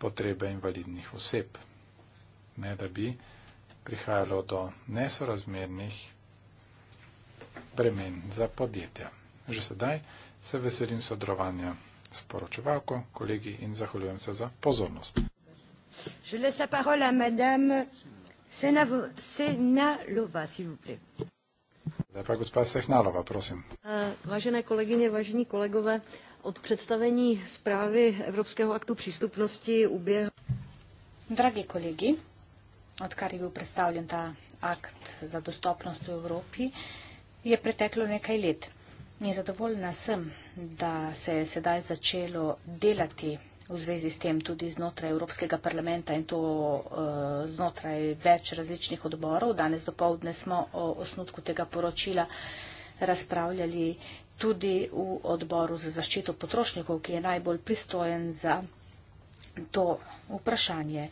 potrebe invalidnih oseb, ne da bi prihajalo do nesorazmernih bremen za podjetja. Že sedaj se veselim sodelovanja s poročevalko, kolegi in zahvaljujem se za pozornost. Lepa gospa Sehnalova, prosim. Uh, vážené kolegyne, vážení kolegové, uh, Od predstavení zprávy Evropského aktu přístupnosti uběh... Dragi kolegi, odkar je bil predstavljen ta akt za dostopnost v Evropi, je preteklo nekaj let. In zadovoljna sem, da se je sedaj začelo delati v zvezi s tem tudi znotraj Evropskega parlamenta in to eh, znotraj več različnih odborov. Danes do povdne smo o osnutku tega poročila razpravljali tudi v odboru za zaščito potrošnikov, ki je najbolj pristojen za to vprašanje.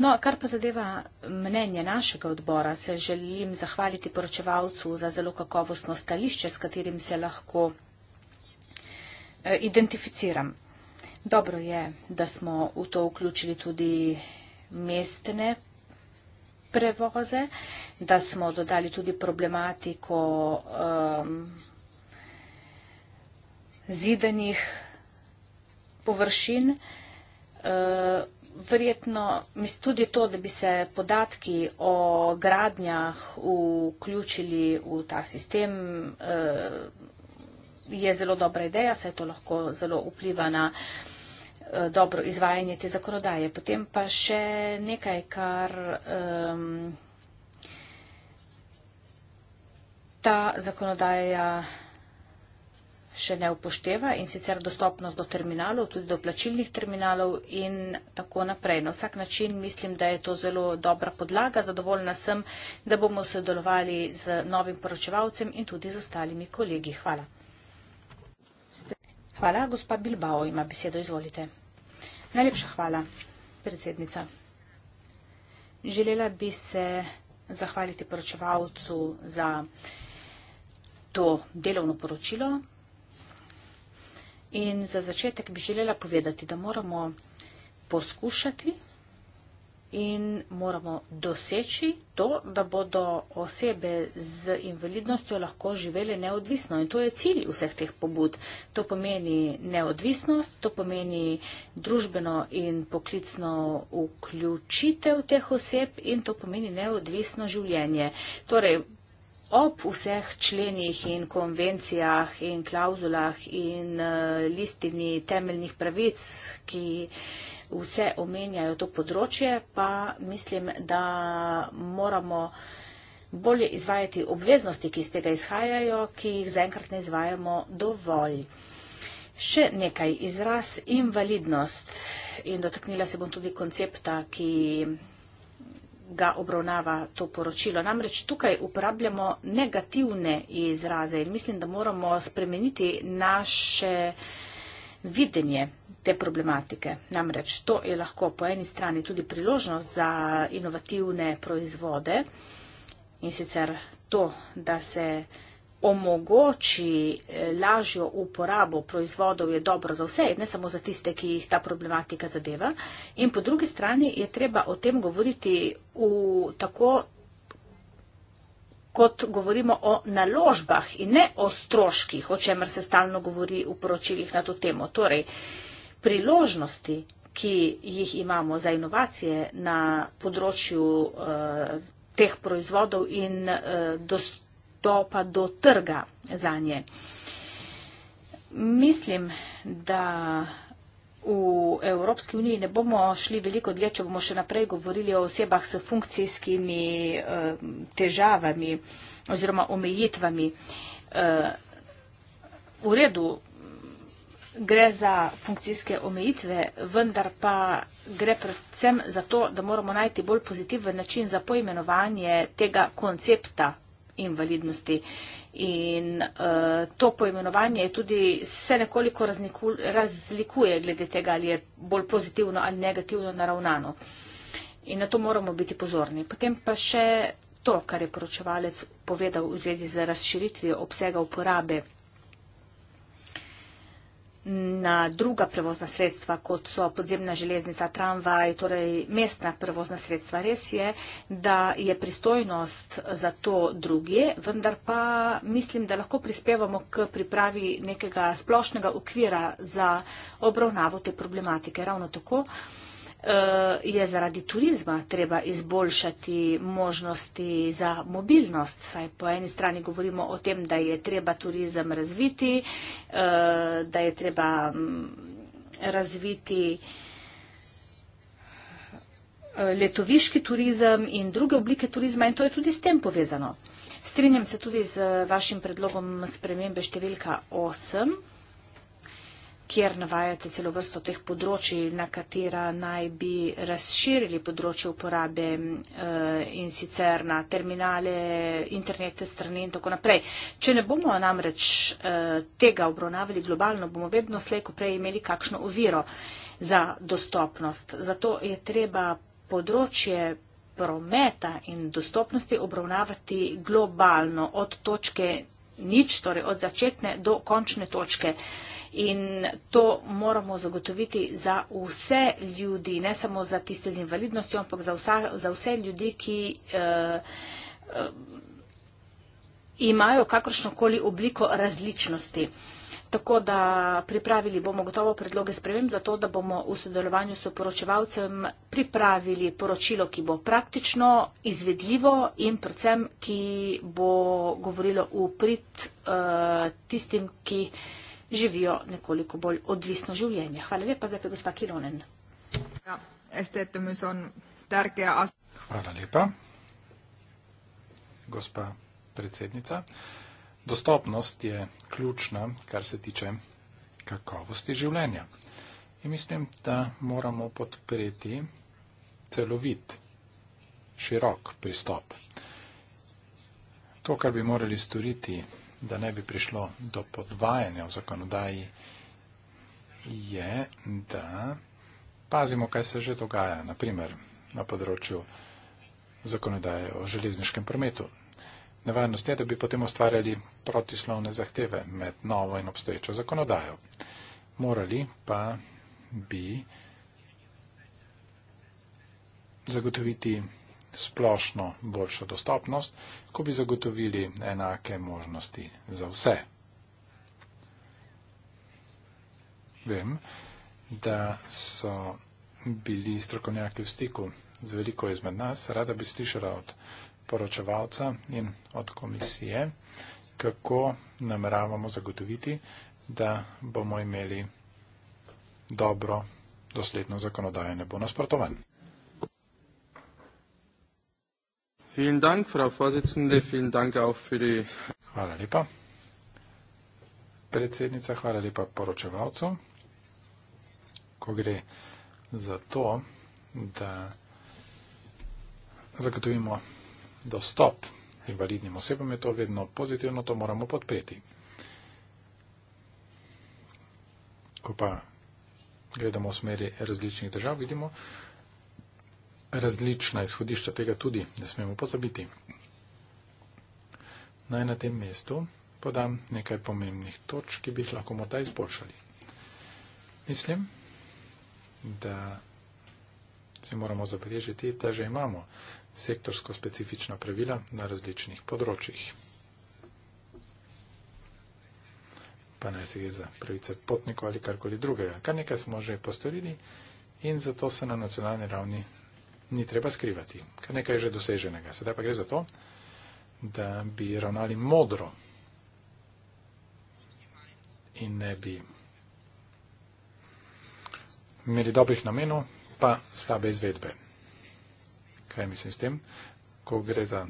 No, kar pa zadeva mnenje našega odbora, se želim zahvaliti poročevalcu za zelo kakovostno stališče, s katerim se lahko eh, identificiram. Dobro je, da smo v to vključili tudi mestne prevoze, da smo dodali tudi problematiko. Um, zidanih površin. Eh, verjetno tudi to, da bi se podatki o gradnjah vključili v ta sistem, eh, je zelo dobra ideja, saj to lahko zelo vpliva na eh, dobro izvajanje te zakonodaje. Potem pa še nekaj, kar um, ta zakonodaja še ne upošteva in sicer dostopnost do terminalov, tudi do plačilnih terminalov in tako naprej. Na vsak način mislim, da je to zelo dobra podlaga. Zadovoljna sem, da bomo sodelovali z novim poročevalcem in tudi z ostalimi kolegi. Hvala. Hvala. Gospa Bilbao ima besedo. Izvolite. Najlepša hvala, predsednica. Želela bi se zahvaliti poročevalcu za to delovno poročilo, In za začetek bi želela povedati, da moramo poskušati in moramo doseči to, da bodo osebe z invalidnostjo lahko živele neodvisno. In to je cilj vseh teh pobud. To pomeni neodvisnost, to pomeni družbeno in poklicno vključitev teh oseb in to pomeni neodvisno življenje. Torej, ob vseh členih in konvencijah in klauzulah in eh, listini temeljnih pravic, ki vse omenjajo to področje, pa mislim, da moramo bolje izvajati obveznosti, ki iz tega izhajajo, ki jih zaenkrat ne izvajamo dovolj. Še nekaj izraz invalidnost in dotaknila se bom tudi koncepta, ki ga obravnava to poročilo. Namreč tukaj uporabljamo negativne izraze in mislim, da moramo spremeniti naše videnje te problematike. Namreč to je lahko po eni strani tudi priložnost za inovativne proizvode in sicer to, da se omogoči eh, lažjo uporabo proizvodov je dobro za vse, ne samo za tiste, ki jih ta problematika zadeva. In po drugi strani je treba o tem govoriti v tako kot govorimo o naložbah in ne o stroških, o čemer se stalno govori v poročilih na to temo. Torej, priložnosti, ki jih imamo za inovacije na področju eh, teh proizvodov in eh, dostopnosti, dostopa do trga za nje. Mislim, da v Evropski uniji ne bomo šli veliko dlje, če bomo še naprej govorili o osebah s funkcijskimi eh, težavami oziroma omejitvami. Eh, v redu gre za funkcijske omejitve, vendar pa gre predvsem za to, da moramo najti bolj pozitiven način za poimenovanje tega koncepta invalidnosti. In uh, to poimenovanje tudi se nekoliko razniku, razlikuje glede tega, ali je bolj pozitivno ali negativno naravnano. In na to moramo biti pozorni. Potem pa še to, kar je poročevalec povedal v zvezi z razširitvijo obsega uporabe na druga prevozna sredstva, kot so podzemna železnica, tramvaj, torej mestna prevozna sredstva. Res je, da je pristojnost za to druge, vendar pa mislim, da lahko prispevamo k pripravi nekega splošnega ukvira za obravnavo te problematike. Ravno tako. Eh, je zaradi turizma treba izboljšati možnosti za mobilnost. Saj po eni strani govorimo o tem, da je treba turizem razviti, eh, da je treba mm, razviti eh, letoviški turizem in druge oblike turizma in to je tudi s tem povezano. Strinjam se tudi z vašim predlogom spremembe številka 8 kjer navajate celo vrsto teh področji, na katera naj bi razširili področje uporabe eh, in sicer na terminale, internete, strani in tako naprej. Če ne bomo namreč eh, tega obravnavali globalno, bomo vedno slejko prej imeli kakšno oviro za dostopnost. Zato je treba področje prometa in dostopnosti obravnavati globalno od točke nič, torej od začetne do končne točke in to moramo zagotoviti za vse ljudi, ne samo za tiste z invalidnostjo, ampak za, vsa, za vse ljudi, ki uh, uh, imajo kakršnokoli obliko različnosti. Tako da pripravili bomo gotovo predloge sprejem za to, da bomo v sodelovanju s poročevalcem pripravili poročilo, ki bo praktično, izvedljivo in predvsem, ki bo govorilo v prid uh, tistim, ki uh, živijo nekoliko bolj odvisno življenje. Hvala lepa za pego gospa Kironen. Ja, Hvala lepa. Gospa predsednica, dostopnost je ključna, kar se tiče kakovosti življenja. In mislim, da moramo podpreti celovit, širok pristop. To, kar bi morali storiti da ne bi prišlo do podvajanja v zakonodaji, je, da pazimo, kaj se že dogaja, naprimer na področju zakonodaje o železniškem prometu. Nevarnost je, da bi potem ustvarjali protislovne zahteve med novo in obstoječo zakonodajo. Morali pa bi zagotoviti splošno boljšo dostopnost ko bi zagotovili enake možnosti za vse. Vem, da so bili strokovnjaki v stiku z veliko izmed nas. Rada bi slišala od poročevalca in od komisije, kako nameravamo zagotoviti, da bomo imeli dobro, dosledno zakonodajo ne bo nasprotovan. Vielen Dank, Frau Vorsitzende. Vielen Dank auch für die. Hvala lepa. Predsednica, hvala lepa poročevalcu. Ko gre za to, da zagotovimo dostop invalidnim osebam, je to vedno pozitivno, to moramo podpreti. Ko pa gledamo v smeri različnih držav, vidimo, različna izhodišča tega tudi ne smemo pozabiti. Naj na tem mestu podam nekaj pomembnih točk, ki bi jih lahko morda izboljšali. Mislim, da si moramo zabeležiti, da že imamo sektorsko specifična pravila na različnih področjih. Pa naj se gre za pravice potnikov ali karkoli drugega. Kar nekaj smo že postorili in zato se na nacionalni ravni ni treba skrivati, ker nekaj je že doseženega. Sedaj pa gre za to, da bi ravnali modro in ne bi imeli dobrih namenov, pa slabe izvedbe. Kaj mislim s tem? Ko gre za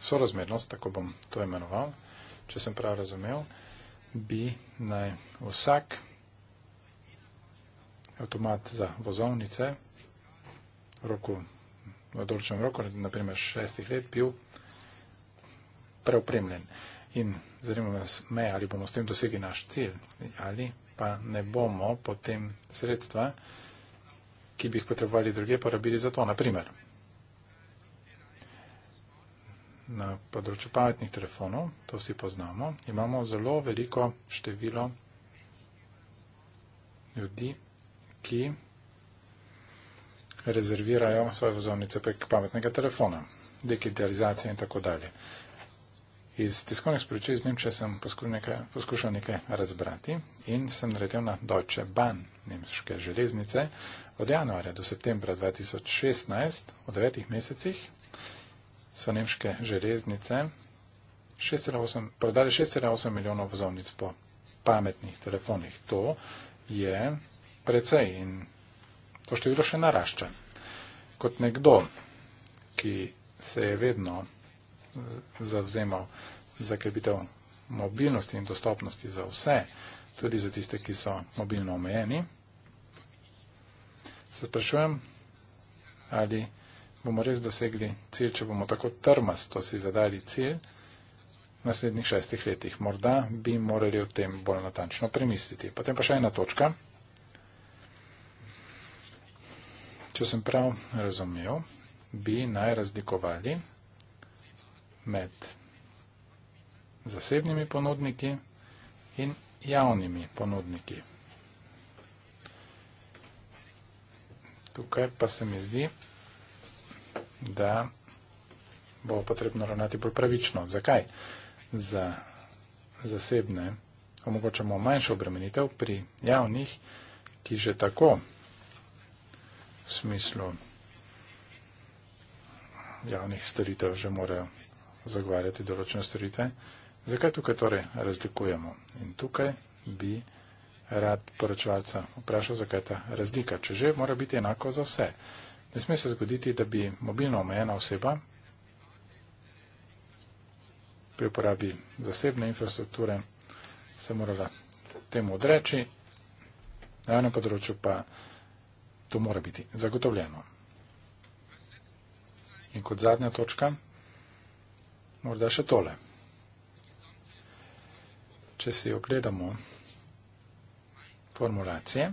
sorazmernost, tako bom to imenoval, če sem prav razumel, bi naj vsak avtomat za vozovnice roku, v določenem roku, naprimer šestih let, bil preopremljen. In zanima me, ali bomo s tem dosegli naš cilj, ali pa ne bomo potem sredstva, ki bi jih potrebovali druge, porabili za to. Naprimer, na področju pametnih telefonov, to vsi poznamo, imamo zelo veliko število ljudi, ki rezervirajo svoje vozovnice prek pametnega telefona, digitalizacije in tako dalje. Iz tiskovnih sporočil iz Nemčije sem poskušal nekaj, poskušal nekaj razbrati in sem naletel na Deutsche Bahn, nemške železnice, od januarja do septembra 2016, v devetih mesecih, so nemške železnice 6,8, prodali 6,8 milijonov vozovnic po pametnih telefonih. To je precej in to število še narašča. Kot nekdo, ki se je vedno eh, zavzemal za krepitev mobilnosti in dostopnosti za vse, tudi za tiste, ki so mobilno omejeni, se sprašujem, ali bomo res dosegli cilj, če bomo tako trmasto si zadali cilj v naslednjih šestih letih. Morda bi morali o tem bolj natančno premisliti. Potem pa še ena točka. če sem prav razumel, bi naj razlikovali med zasebnimi ponudniki in javnimi ponudniki. Tukaj pa se mi zdi, da bo potrebno ravnati bolj pravično. Zakaj? Za zasebne omogočamo manjšo obremenitev pri javnih, ki že tako smislu javnih storitev že morajo zagovarjati določene storitve. Zakaj tukaj torej razlikujemo? In tukaj bi rad poročevalca vprašal, zakaj ta razlika. Če že mora biti enako za vse. Ne sme se zgoditi, da bi mobilno omejena oseba pri uporabi zasebne infrastrukture se morala temu odreči, na javnem področju pa to mora biti zagotovljeno. In kot zadnja točka, morda še tole. Če si ogledamo formulacije,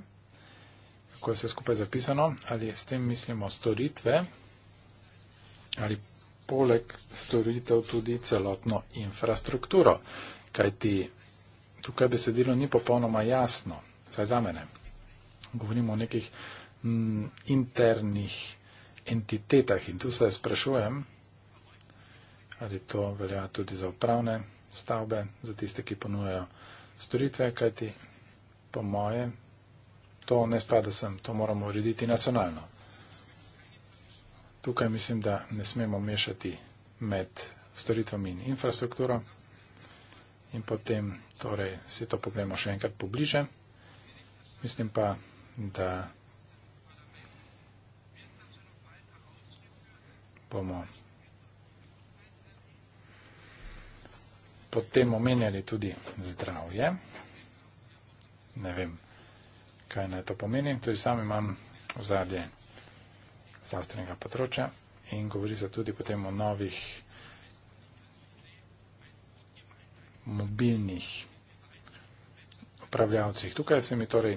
kako je vse skupaj zapisano, ali s tem mislimo storitve, ali poleg storitev tudi celotno infrastrukturo, kajti tukaj besedilo ni popolnoma jasno, saj za mene. Govorimo o nekih internih entitetah in tu se sprašujem, ali to velja tudi za upravne stavbe, za tiste, ki ponujajo storitve, kajti po moje to ne spada sem, to moramo urediti nacionalno. Tukaj mislim, da ne smemo mešati med storitvami in infrastrukturo in potem torej si to poglemo še enkrat pobliže. Mislim pa, da bomo potem omenjali tudi zdravje. Ne vem, kaj naj to pomeni. Tudi sam imam ozadje zdravstvenega področja in govori se tudi potem o novih mobilnih upravljavcih. Tukaj se mi torej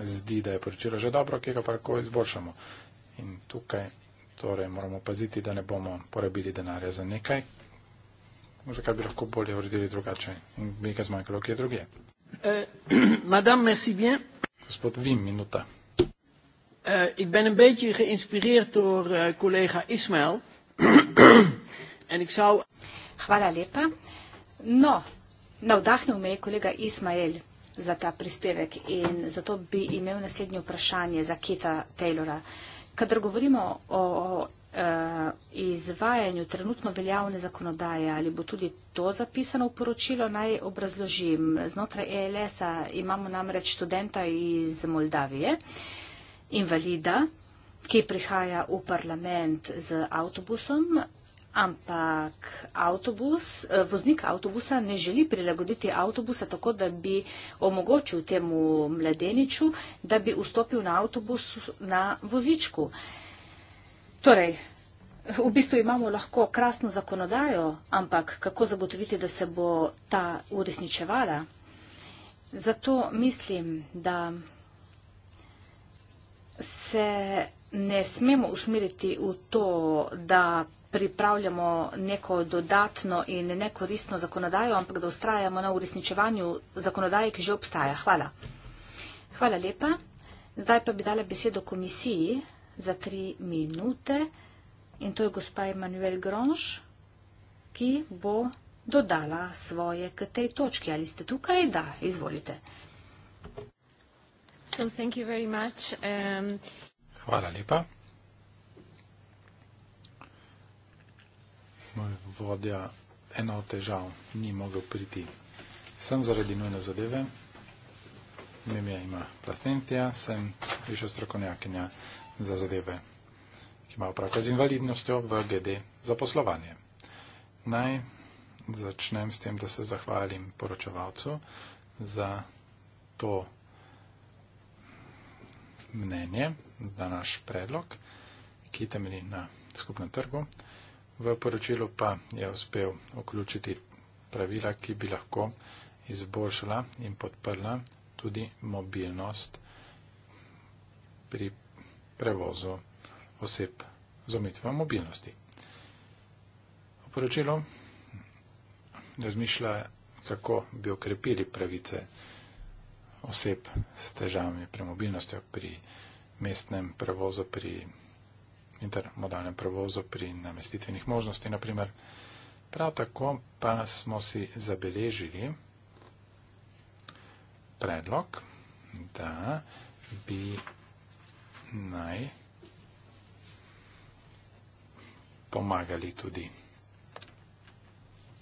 zdi, da je poročilo že dobro, ki ga pa lahko izboljšamo. In tukaj Torej, moramo paziti, da ne bomo porabili denarja za nekaj, za kar bi lahko bolje uredili drugače in bi ga zmanjkalo kje druge. Eh, Gospod Vim, minuta. Eh, ik ben een beetje geïnspireerd door uh, collega Ismail. en ik zou. Hvala lepa. No, navdahnil me je collega Ismail za ta prispevek. In zato bi imel naslednje vprašanje za Keta Taylora. Uh, Kadar govorimo o eh, izvajanju trenutno veljavne zakonodaje, ali bo tudi to zapisano v poročilo, naj obrazložim. Znotraj ELS-a imamo namreč študenta iz Moldavije, invalida, ki prihaja v parlament z avtobusom ampak avtobus, eh, voznik avtobusa ne želi prilagoditi avtobusa tako, da bi omogočil temu mladeniču, da bi vstopil na avtobus na vozičku. Torej, v bistvu imamo lahko krasno zakonodajo, ampak kako zagotoviti, da se bo ta uresničevala? Zato mislim, da se ne smemo usmeriti v to, da pripravljamo neko dodatno in nekoristno zakonodajo, ampak da ustrajamo na uresničevanju zakonodaje, ki že obstaja. Hvala. Hvala lepa. Zdaj pa bi dala besedo komisiji za tri minute in to je gospa Emanuel Gronš, ki bo dodala svoje k tej točki. Ali ste tukaj? Da, izvolite. So, thank you very much. Um... Hvala lepa. moj vodja, ena od težav, ni mogel priti. Sem zaradi nujne zadeve, ime mi je ima Platentija, sem višja strokovnjakinja za zadeve, ki ima opravka z invalidnostjo v GD za poslovanje. Naj začnem s tem, da se zahvalim poročevalcu za to mnenje, za naš predlog, ki temelji na skupnem trgu. V poročilu pa je uspel vključiti pravila, ki bi lahko izboljšala in podprla tudi mobilnost pri prevozu oseb z omitvo mobilnosti. V poročilu razmišlja, kako bi okrepili pravice oseb s težavami pri mobilnosti, pri mestnem prevozu, pri mobilnosti intermodalnem prevozu pri namestitvenih možnosti, naprimer. Prav tako pa smo si zabeležili predlog, da bi naj pomagali tudi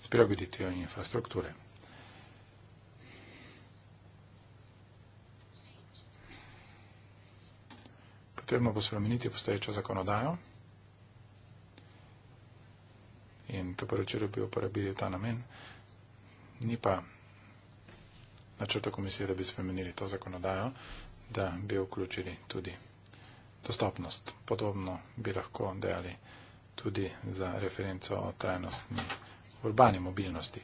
s prilagoditvijo infrastrukture. potrebno bo spremeniti postoječo zakonodajo in to poročilo bi uporabili v ta namen. Ni pa načrta komisije, da bi spremenili to zakonodajo, da bi vključili tudi dostopnost. Podobno bi lahko dejali tudi za referenco o trajnostni urbani mobilnosti.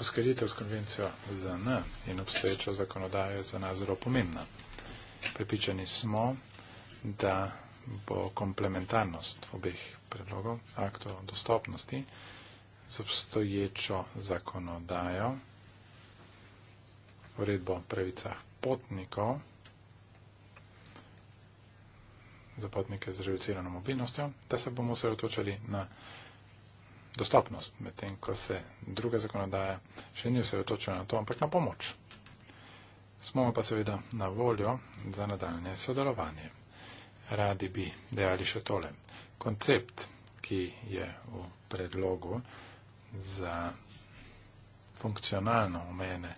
uskladitev s konvencijo ZN in obstoječo zakonodajo za nas zelo pomembna. Pripičani smo, da bo komplementarnost obeh predlogov aktov dostopnosti z obstoječo zakonodajo, uredbo o pravicah potnikov za potnike z reducirano mobilnostjo, da se bomo osredotočali na pravicah dostopnost, medtem ko se druga zakonodaja še ni osredotočila na to, ampak na pomoč. Smo pa seveda na voljo za nadaljne sodelovanje. Radi bi dejali še tole. Koncept, ki je v predlogu za funkcionalno omejene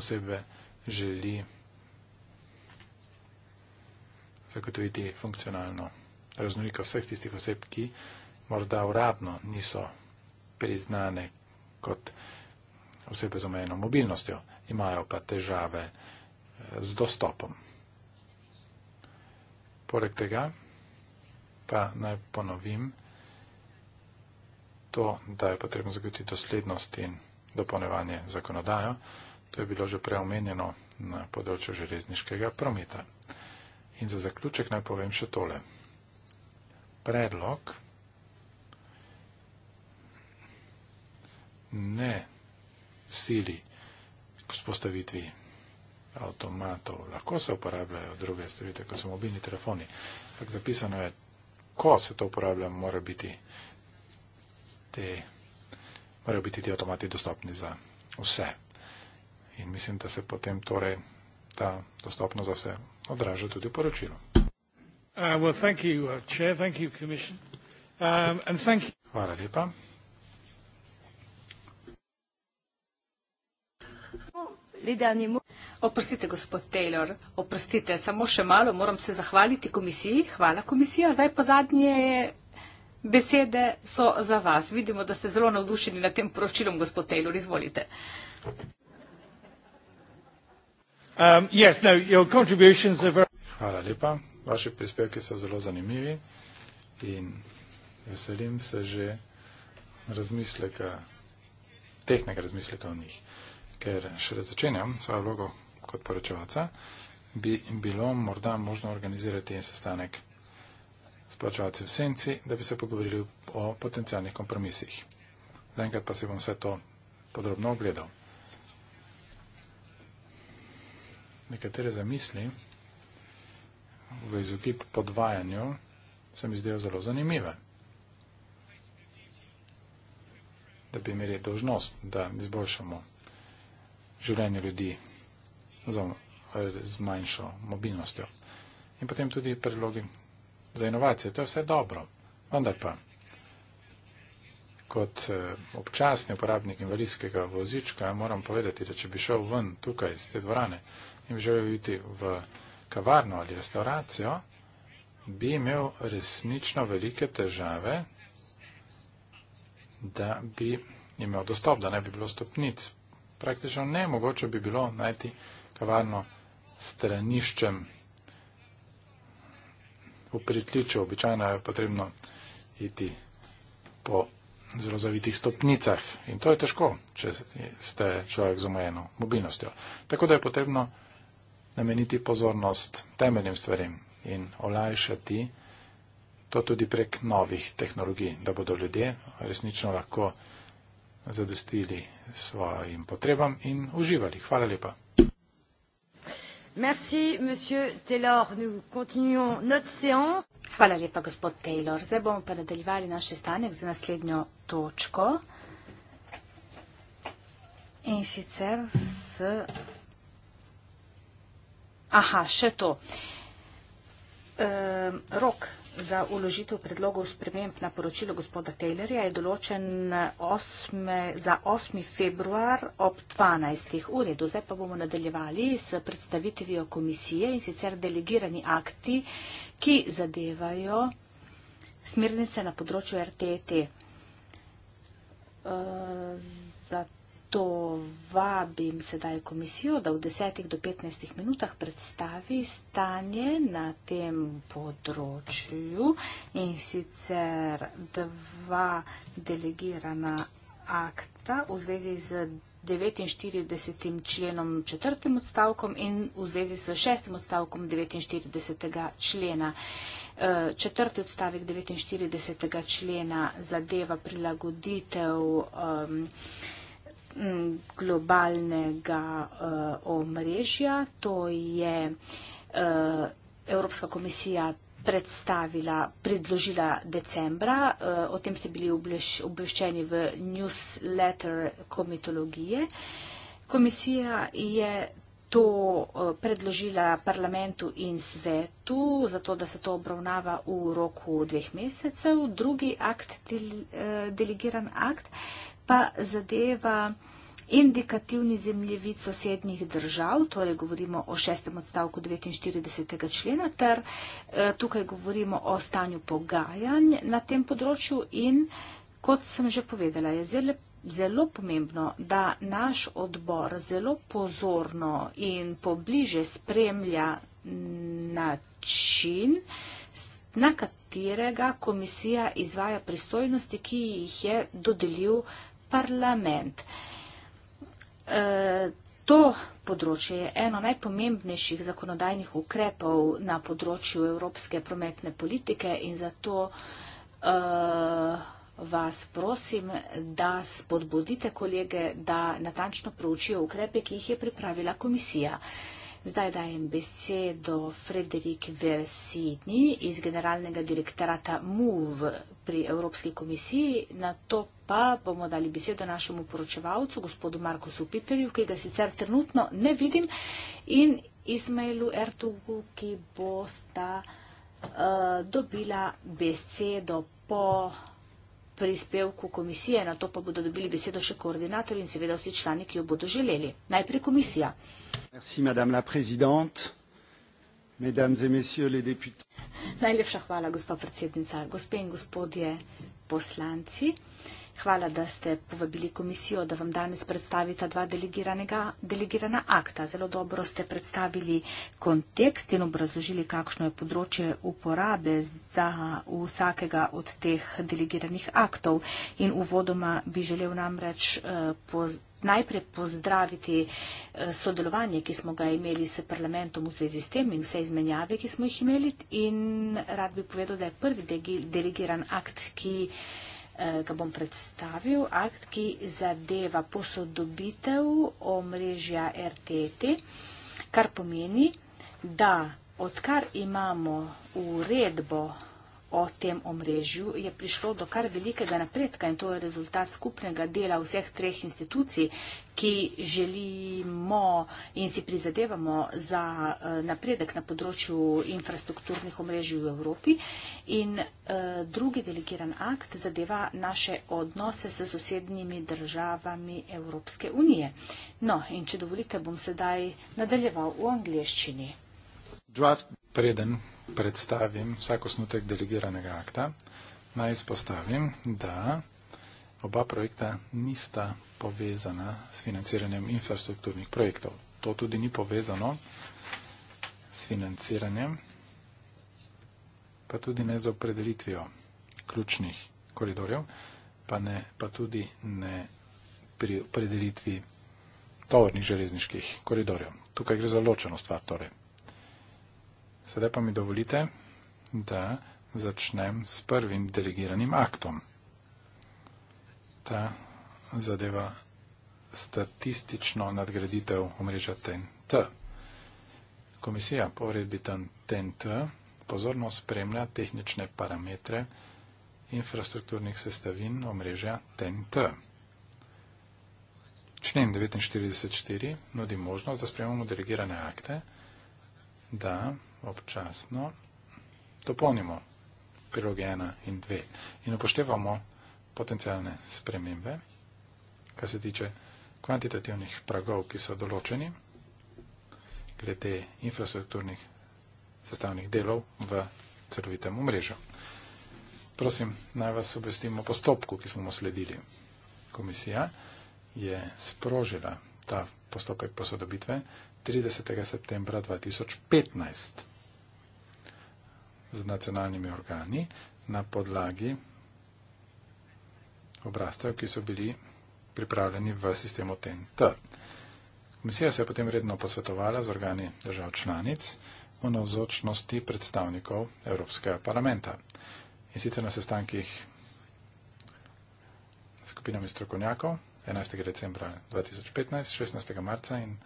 osebe, želi zagotoviti funkcionalno raznoliko vseh tistih oseb, ki morda uradno niso vsega, priznane kot osebe z omejeno mobilnostjo, imajo pa težave eh, z dostopom. Poleg tega pa naj ponovim to, da je potrebno zagotoviti doslednost in dopolnevanje zakonodajo. To je bilo že preomenjeno na področju železniškega prometa. In za zaključek naj povem še tole. Predlog ne sili k spostavitvi avtomatov. Lahko se uporabljajo druge storitve, kot so mobilni telefoni. Ampak zapisano je, ko se to uporablja, mora biti te, morajo biti ti avtomati dostopni za vse. In mislim, da se potem torej ta dostopnost za vse odraža tudi v poročilu. Uh, well, thank you, uh, chair. Thank you, commission. Um, and thank you. Hvala lepa. Le danji mu. Oprostite, gospod Taylor, oprostite, samo še malo moram se zahvaliti komisiji. Hvala komisija, zdaj pa zadnje besede so za vas. Vidimo, da ste zelo navdušeni nad tem poročilom, gospod Taylor, izvolite. Um, yes, no, your contributions are very... Hvala lepa, vaši prispevki so zelo zanimivi in veselim se že razmisleka, tehnega razmisleka o njih ker šele začenjam svojo vlogo kot poročevalca, bi bilo morda možno organizirati en sestanek s poročevalci v senci, da bi se pogovorili o potencijalnih kompromisih. Zaenkrat pa si bom vse to podrobno ogledal. Nekatere zamisli v izogib podvajanju se mi zdijo zelo zanimive da bi imeli dožnost, da izboljšamo življenje ljudi z manjšo mobilnostjo. In potem tudi predlogi za inovacije. To je vse dobro. Vendar pa, kot eh, občasni uporabnik invalidskega vozička, moram povedati, da če bi šel ven tukaj iz te dvorane in bi želel iti v kavarno ali restauracijo, bi imel resnično velike težave, da bi imel dostop, da ne bi bilo stopnic, praktično ne mogoče bi bilo najti kavarno straniščem v pritliču. Običajno je potrebno iti po zelo zavitih stopnicah in to je težko, če ste človek z omejeno mobilnostjo. Tako da je potrebno nameniti pozornost temeljnim stvarem in olajšati to tudi prek novih tehnologij, da bodo ljudje resnično lahko zadostili svojim potrebam in uživali. Hvala lepa. Merci, monsieur Taylor. Nous continuons notre séance. Hvala lepa, gospod Taylor. Zdaj bomo pa nadaljevali naš sestanek za naslednjo točko. In sicer s. Aha, še to. Um, rok za uložitev predlogov sprememb na poročilo gospoda Taylorja je določen osme, za 8. februar ob 12. uredu. Zdaj pa bomo nadaljevali s predstavitvijo komisije in sicer delegirani akti, ki zadevajo smernice na področju RTT. Uh, e zato vabim sedaj komisijo, da v 10 do 15 minutah predstavi stanje na tem področju in sicer dva delegirana akta v zvezi z 49. členom četrtim odstavkom in v zvezi s šestim odstavkom 49. člena. E, četrti odstavek 49. člena zadeva prilagoditev um, globalnega uh, omrežja. To je uh, Evropska komisija predstavila, predložila decembra. Uh, o tem ste bili obveščeni v newsletter komitologije. Komisija je to predložila parlamentu in svetu, zato da se to obravnava v roku dveh mesecev. Drugi akt, del, delegiran akt, pa zadeva indikativni zemljevid sosednjih držav, torej govorimo o šestem odstavku 49. člena, ter eh, tukaj govorimo o stanju pogajanj na tem področju in kot sem že povedala, je zelo. Zelo pomembno, da naš odbor zelo pozorno in pobliže spremlja način, na katerega komisija izvaja pristojnosti, ki jih je dodelil parlament. E, to področje je eno najpomembnejših zakonodajnih ukrepov na področju evropske prometne politike in zato e, vas prosim, da spodbudite kolege, da natančno proučijo ukrepe, ki jih je pripravila komisija. Zdaj dajem besedo Frederik Versini iz generalnega direktorata MUV pri Evropski komisiji. Na to pa bomo dali besedo našemu poročevalcu, gospodu Marku Supiperju, ki ga sicer trenutno ne vidim, in Ismailu Ertugu, ki bosta uh, dobila besedo po prispevku komisije, na to pa bodo dobili besedo še koordinator in seveda vsi člani, ki jo bodo želeli. Najprej komisija. Merci, madame la presidente. Mesdames et messieurs les députés. Najlepša hvala, gospa predsednica, gospe in gospodje poslanci. Hvala, da ste povabili komisijo, da vam danes predstavita dva delegirana akta. Zelo dobro ste predstavili kontekst in obrazložili, kakšno je področje uporabe za vsakega od teh delegiranih aktov. In uvodoma bi želel namreč eh, poz najprej pozdraviti eh, sodelovanje, ki smo ga imeli s parlamentom v zvezi s tem in vse izmenjave, ki smo jih imeli. In rad bi povedal, da je prvi delegiran akt, ki Eh, ga bom predstavil, akt, ki zadeva posodobitev omrežja RTT, kar pomeni, da odkar imamo uredbo o tem omrežju, je prišlo do kar velikega napredka in to je rezultat skupnega dela vseh treh institucij, ki želimo in si prizadevamo za eh, napredek na področju infrastrukturnih omrežij v Evropi. In eh, drugi delegiran akt zadeva naše odnose s sosednjimi državami Evropske unije. No, in če dovolite, bom sedaj nadaljeval v angliščini. Preden predstavim vsak osnutek delegiranega akta, naj izpostavim, da oba projekta nista povezana s financiranjem infrastrukturnih projektov. To tudi ni povezano s financiranjem, pa tudi ne z opredelitvijo ključnih koridorjev, pa, ne, pa tudi ne pri opredelitvi tovornih železniških koridorjev. Tukaj gre za ločeno stvar torej. Sedaj pa mi dovolite, da začnem s prvim delegiranim aktom. Ta zadeva statistično nadgraditev omrežja TNT. Komisija po vredbi TNT pozorno spremlja tehnične parametre infrastrukturnih sestavin omrežja TNT. Člen 49.4 nudi možnost, da spremamo delegirane akte, da občasno, dopolnimo priloge 1 in 2 in upoštevamo potencijalne spremembe, kar se tiče kvantitativnih pragov, ki so določeni glede infrastrukturnih sestavnih delov v celovitem omrežju. Prosim, naj vas obvestimo postopku, ki smo mu sledili. Komisija je sprožila ta postopek posodobitve 30. septembra 2015 z nacionalnimi organi na podlagi obrazcev, ki so bili pripravljeni v sistemu TNT. Komisija se je potem redno posvetovala z organi držav članic o navzočnosti predstavnikov Evropskega parlamenta. In sicer na sestankih skupinami strokovnjakov 11. decembra 2015, 16. marca in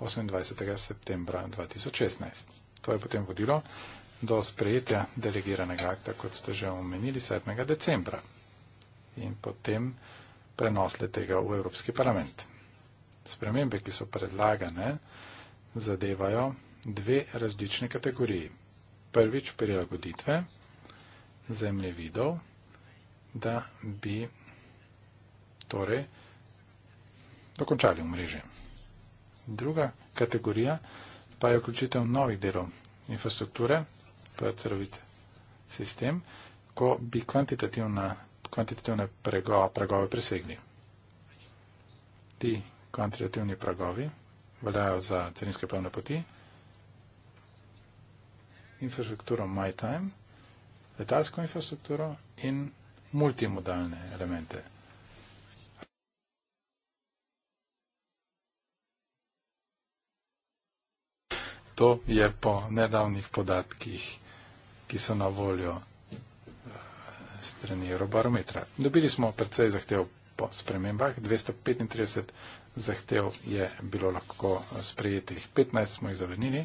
28. septembra 2016. To je potem vodilo do sprejetja delegiranega akta, kot ste že omenili, 7. decembra in potem prenosle tega v Evropski parlament. Spremembe, ki so predlagane, zadevajo dve različne kategoriji. Prvič prilagoditve zemljevidov, da bi torej dokončali v mreži. Druga kategorija pa je vključitev novih delov infrastrukture, celovit sistem, ko bi kvantitativne pragove, pragove presegli. Ti kvantitativni pragovi veljajo za celinske pravne poti, infrastrukturo MyTime, letalsko infrastrukturo in multimodalne elemente. To je po nedavnih podatkih ki so na voljo eh, strani Eurobarometra. Dobili smo precej zahtev po spremembah, 235 zahtev je bilo lahko eh, sprejetih, 15 smo jih zavrnili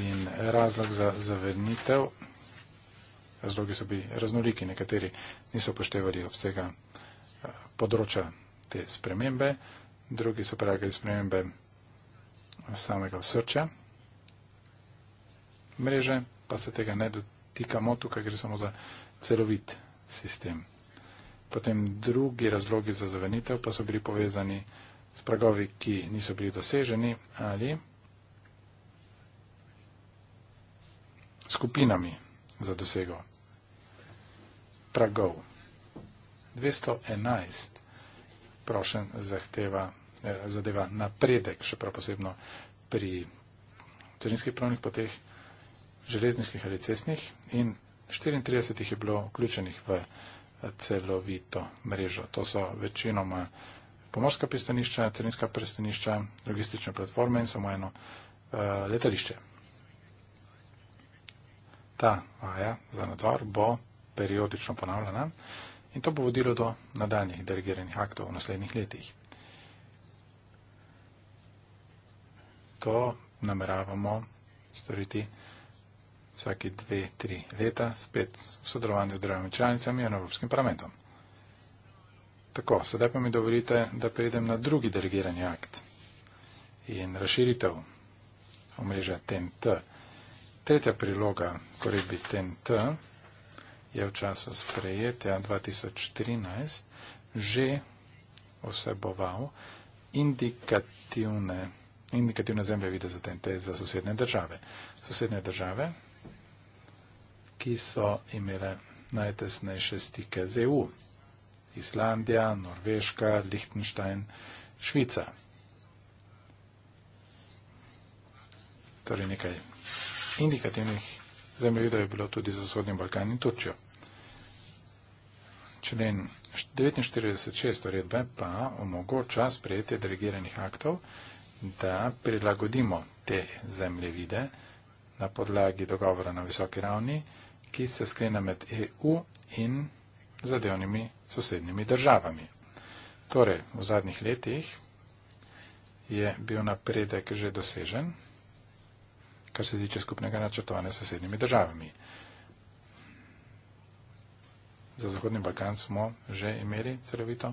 in razlog za zavrnitev, razlogi so bili raznoliki, nekateri niso upoštevali obsega eh, področja te spremembe, drugi so pravili spremembe samega srča mreže, pa se tega ne dotikamo, tukaj gre samo za celovit sistem. Potem drugi razlogi za zavrnitev pa so bili povezani s pragovi, ki niso bili doseženi ali skupinami za dosego pragov. 211 prošen zahteva, eh, zadeva napredek, še prav posebno pri občinskih pravnih poteh železniških ali cestnih in 34 jih je bilo vključenih v celovito mrežo. To so večinoma pomorska pristanišča, carinska pristanišča, logistične platforme in samo eno uh, letališče. Ta vaja za nadzor bo periodično ponavljena in to bo vodilo do nadaljnjih delegiranih aktov v naslednjih letih. To nameravamo storiti vsake dve, tri leta, spet v sodelovanju z državami članicami in Evropskim parlamentom. Tako, sedaj pa mi dovolite, da prejdem na drugi delegirani akt in razširitev omrežja TNT. Tretja priloga koribi TNT je v času sprejetja 2013 že oseboval indikativne, indikativne zemlje vide za TNT za sosednje države. Sosednje države ki so imele najtesnejše stike z EU. Islandija, Norveška, Lichtenstein, Švica. Torej nekaj indikativnih zemljevidov je bilo tudi za Vzhodnji Balkan in Turčjo. Člen 49.6. redbe pa omogoča sprejetje delegiranih aktov, da prilagodimo te zemljevide na podlagi dogovora na visoki ravni ki se sklene med EU in zadevnimi sosednjimi državami. Torej, v zadnjih letih je bil napredek že dosežen, kar se tiče skupnega načrtovanja s sosednjimi državami. Za Zahodni Balkan smo že imeli celovito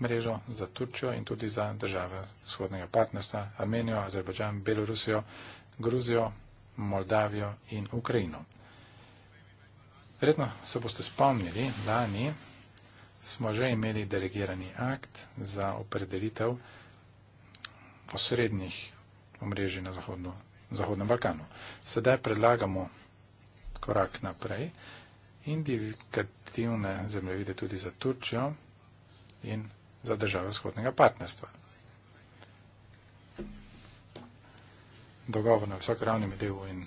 mrežo za Turčjo in tudi za države vzhodnega partnerstva, Armenijo, Azerbajdžan, Belorusijo, Gruzijo, Moldavijo in Ukrajino. Verjetno se boste spomnili, lani smo že imeli delegirani akt za opredelitev osrednjih omrežij na Zahodno, Zahodnem Balkanu. Sedaj predlagamo korak naprej, indikativne zemljevide tudi za Turčjo in za države vzhodnega partnerstva. Dogovor na visoki ravni med EU in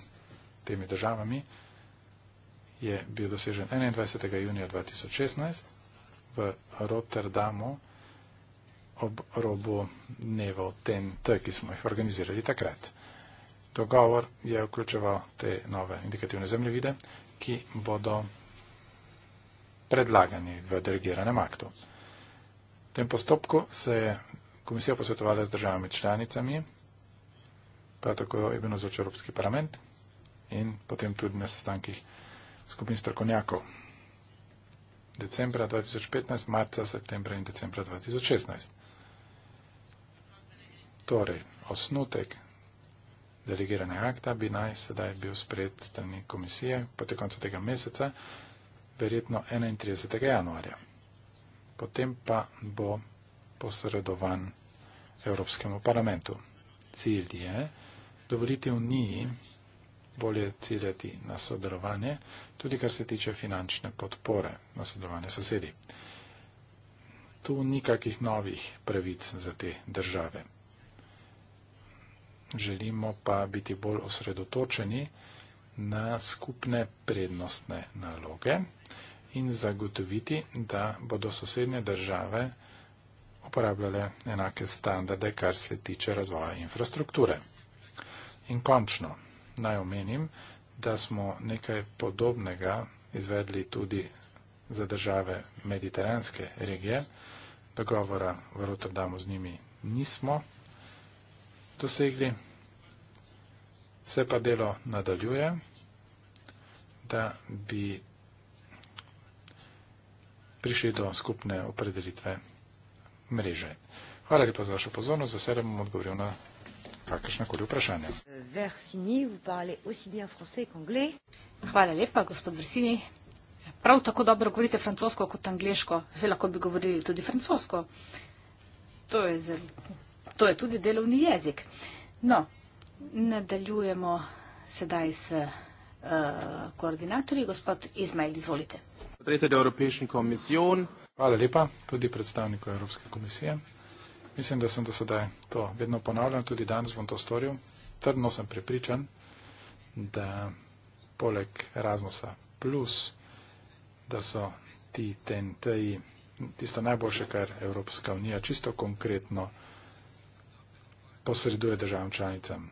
temi državami je bil dosežen 21. junija 2016 v Rotterdamu ob robu dneva TNT, ki smo jih organizirali takrat. Dogovor je vključeval te nove indikativne zemljevide, ki bodo predlagani v delegiranem aktu. V tem postopku se je komisija posvetovala z državami članicami, prav tako je bil nazočen Evropski parlament in potem tudi na sestankih skupin strokovnjakov. Decembra 2015, marca, septembra in decembra 2016. Torej, osnutek delegiranega akta bi naj sedaj bil spred strani komisije potem koncu tega meseca, verjetno 31. januarja. Potem pa bo posredovan Evropskemu parlamentu. Cilj je dovoliti Uniji bolje ciljati na sodelovanje, tudi kar se tiče finančne podpore na sodelovanje sosedi. Tu ni kakih novih pravic za te države. Želimo pa biti bolj osredotočeni na skupne prednostne naloge in zagotoviti, da bodo sosednje države uporabljale enake standarde, kar se tiče razvoja infrastrukture. In končno, naj omenim, da smo nekaj podobnega izvedli tudi za države mediteranske regije. Dogovora v Rotterdamu z njimi nismo dosegli. Se pa delo nadaljuje, da bi prišli do skupne opredelitve mreže. Hvala lepa za vašo pozornost. Veselim bom odgovoril na kakršna koli vprašanja. Hvala lepa, gospod Vrsini. Prav tako dobro govorite francosko kot angliško. Vse lahko bi govorili tudi francosko. To je, zel... to je tudi delovni jezik. No, nadaljujemo sedaj s uh, koordinatorji. Gospod Izmail, izvolite. Hvala lepa tudi predstavniku Evropske komisije. Mislim, da sem do sedaj to vedno ponavljal, tudi danes bom to storil. Trdno sem prepričan, da poleg Erasmusa plus, da so ti TNT-ji tisto najboljše, kar Evropska unija čisto konkretno posreduje državam članicam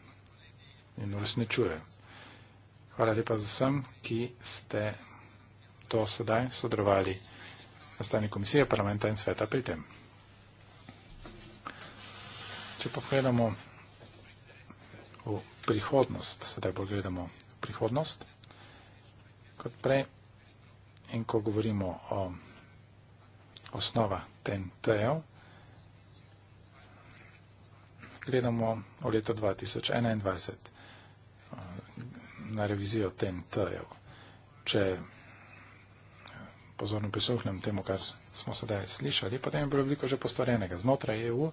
in uresničuje. Hvala lepa za vsem, ki ste do sedaj sodelovali na strani Komisije parlamenta in sveta pri tem če pogledamo v prihodnost, sedaj bolj gledamo v prihodnost, kot prej, in ko govorimo o osnova TNT-jev, gledamo v leto 2021 eh, na revizijo TNT-jev. Če eh, pozorno prisluhnem temu, kar smo sedaj slišali, potem je bilo veliko že postorenega. Znotraj EU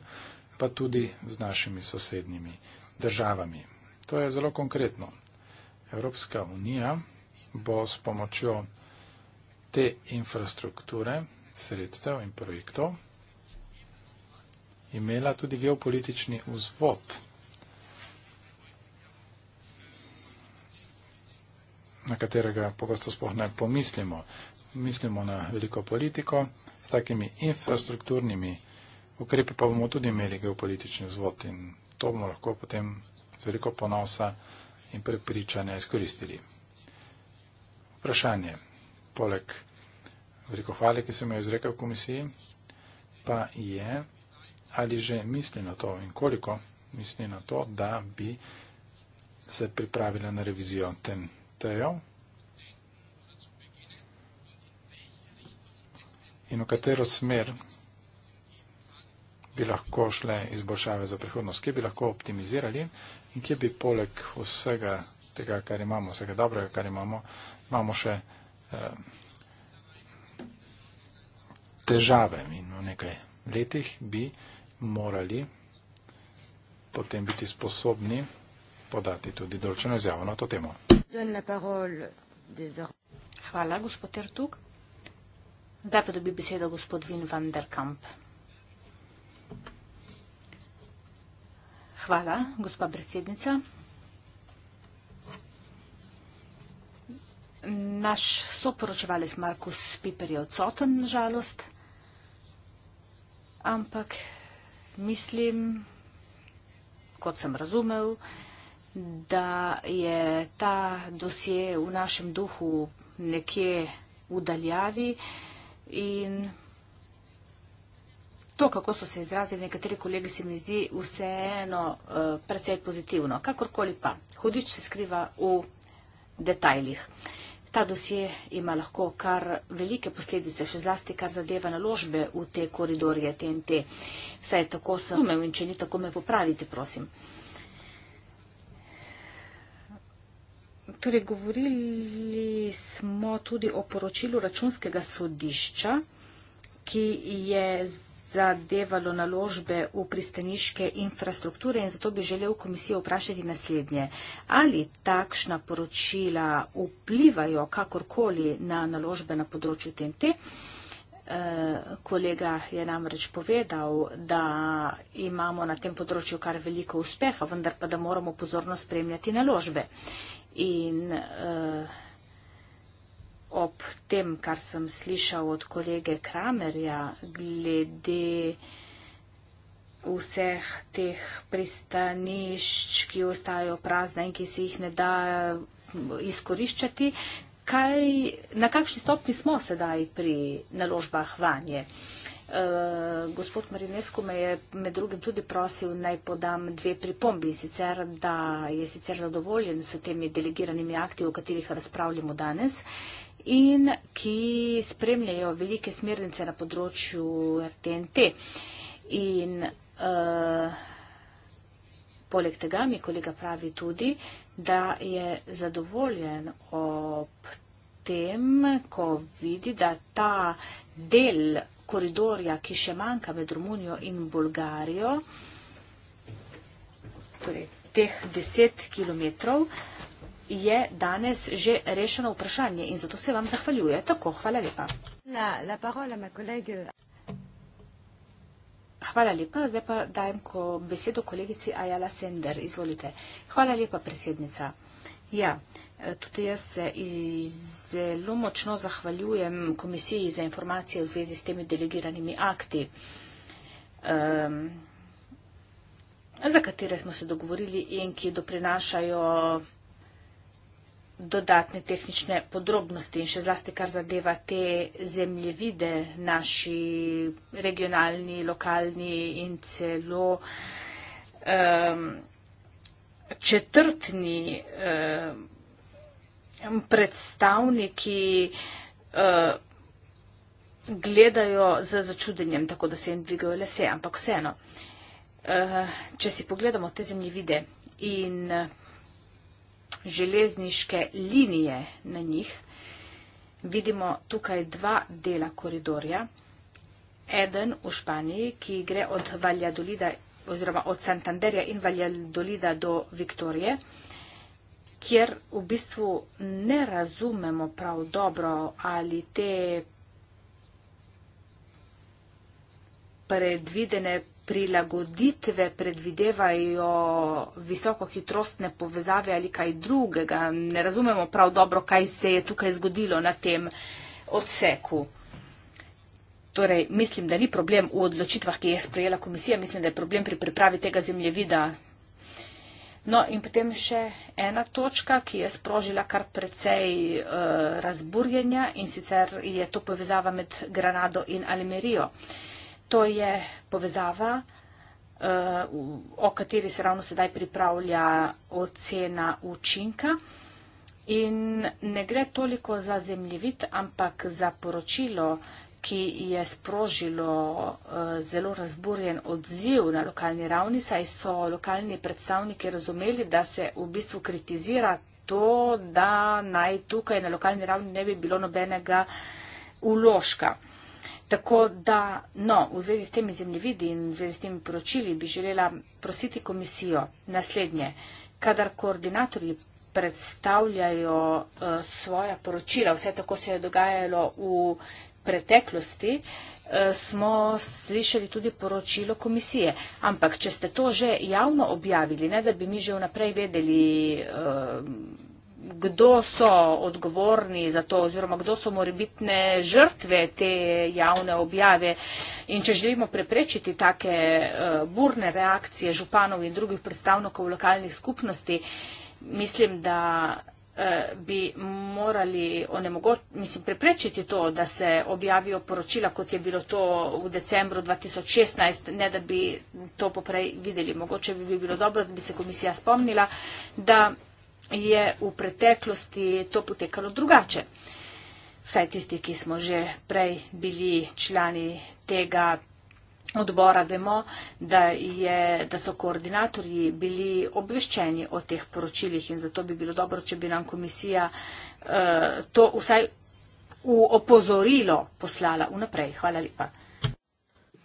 pa tudi z našimi sosednjimi državami. To je zelo konkretno. Evropska unija bo s pomočjo te infrastrukture, sredstev in projektov imela tudi geopolitični vzvod. na katerega pogosto sploh ne pomislimo. Mislimo na veliko politiko s takimi infrastrukturnimi ukrepe pa bomo tudi imeli geopolitični vzvod in to bomo lahko potem z veliko ponosa in prepričanja izkoristili. Vprašanje. Poleg veliko hvale, ki sem jo izrekel v komisiji, pa je, ali že misli na to in koliko misli na to, da bi se pripravila na revizijo tem tejo in v katero smer bi lahko šle izboljšave za prihodnost, kje bi lahko optimizirali in kje bi poleg vsega tega, kar imamo, vsega dobrega, kar imamo, imamo še eh, težave in v nekaj letih bi morali potem biti sposobni podati tudi določeno izjavo na to temo. Hvala, gospod Ertug. Zdaj pa dobi besedo gospod Vin van der Kamp. Hvala, gospa predsednica. Naš soporočevalec Markus Piper je odsoten, žalost, ampak mislim, kot sem razumel, da je ta dosje v našem duhu nekje v daljavi in To, kako so se izrazili nekateri kolegi, se mi zdi vseeno uh, precej pozitivno. Kakorkoli pa, hudič se skriva v detajlih. Ta dosje ima lahko kar velike posledice, še zlasti kar zadeva naložbe v te koridorje TNT. Vse je tako samo in če ni tako, me popravite, prosim. Torej, govorili smo tudi o poročilu računskega sodišča, ki je z zadevalo naložbe v pristaniške infrastrukture in zato bi želel komisijo vprašati naslednje. Ali takšna poročila vplivajo kakorkoli na naložbe na področju TNT? Eh, kolega je namreč povedal, da imamo na tem področju kar veliko uspeha, vendar pa da moramo pozorno spremljati naložbe. In, uh, ob tem, kar sem slišal od kolege Kramerja, glede vseh teh pristanišč, ki ostajajo prazne in ki se jih ne da izkoriščati, kaj, na kakšni stopni smo sedaj pri naložbah vanje. Uh, gospod Marinesko me je med drugim tudi prosil, naj podam dve pripombi, sicer da je sicer zadovoljen s temi delegiranimi akti, o katerih razpravljamo danes, uh, in ki spremljajo velike smernice na področju RTNT. In uh, poleg tega mi kolega pravi tudi, da je zadovoljen ob tem, ko vidi, da ta del koridorja, ki še manjka med Romunijo in Bolgarijo, torej teh deset kilometrov, je danes že rešeno vprašanje in zato se vam zahvaljuje. Tako, hvala lepa. La, la parola, Hvala lepa, zdaj pa dajem ko besedo kolegici Ajala Sender. Izvolite. Hvala lepa, predsednica. Ja, tudi jaz se zelo močno zahvaljujem Komisiji za informacije v zvezi s temi delegiranimi akti, um, za katere smo se dogovorili in ki doprinašajo dodatne tehnične podrobnosti in še zlasti, kar zadeva te zemljevide, naši regionalni, lokalni in celo um, četrtni um, predstavniki uh, gledajo z začudenjem, tako da se jim dvigajo lese, ampak vseeno, uh, če si pogledamo te zemljevide in uh, železniške linije na njih, vidimo tukaj dva dela koridorja. Eden v Španiji, ki gre od Valjadolida oziroma od Santanderja in Valjadolida do Viktorije, kjer v bistvu ne razumemo prav dobro ali te predvidene prilagoditve predvidevajo visokohitrostne povezave ali kaj drugega. Ne razumemo prav dobro, kaj se je tukaj zgodilo na tem odseku. Torej, mislim, da ni problem v odločitvah, ki je sprejela komisija, mislim, da je problem pri pripravi tega zemljevida. No in potem še ena točka, ki je sprožila kar precej uh, razburjenja in sicer je to povezava med Granado in Almerijo. Uh, To je povezava, eh, o kateri se ravno sedaj pripravlja ocena učinka. In ne gre toliko za zemljevid, ampak za poročilo, ki je sprožilo eh, zelo razburjen odziv na lokalni ravni, saj so lokalni predstavniki razumeli, da se v bistvu kritizira to, da naj tukaj na lokalni ravni ne bi bilo nobenega uložka. Tako da, no, v zvezi s temi zemljevidi in v zvezi s temi poročili bi želela prositi komisijo naslednje, kadar koordinatorji predstavljajo uh, svoja poročila, vse tako se je dogajalo v preteklosti, eh, smo slišali tudi poročilo komisije. Ampak, če ste to že javno objavili, ne da bi mi že vnaprej vedeli, eh, kdo so odgovorni za to oziroma kdo so morebitne žrtve te javne objave in če želimo preprečiti take eh, burne reakcije županov in drugih predstavnikov lokalnih skupnosti, mislim, da eh, bi morali mislim, preprečiti to, da se objavijo poročila, kot je bilo to v decembru 2016, ne da bi to poprej videli. Mogoče bi bilo dobro, da bi se komisija spomnila, da je v preteklosti to potekalo drugače. Vse tisti, ki smo že prej bili člani tega odbora, vemo, da, je, da so koordinatorji bili obveščeni o teh poročilih in zato bi bilo dobro, če bi nam komisija uh, to vsaj v opozorilo poslala vnaprej. Hvala lepa.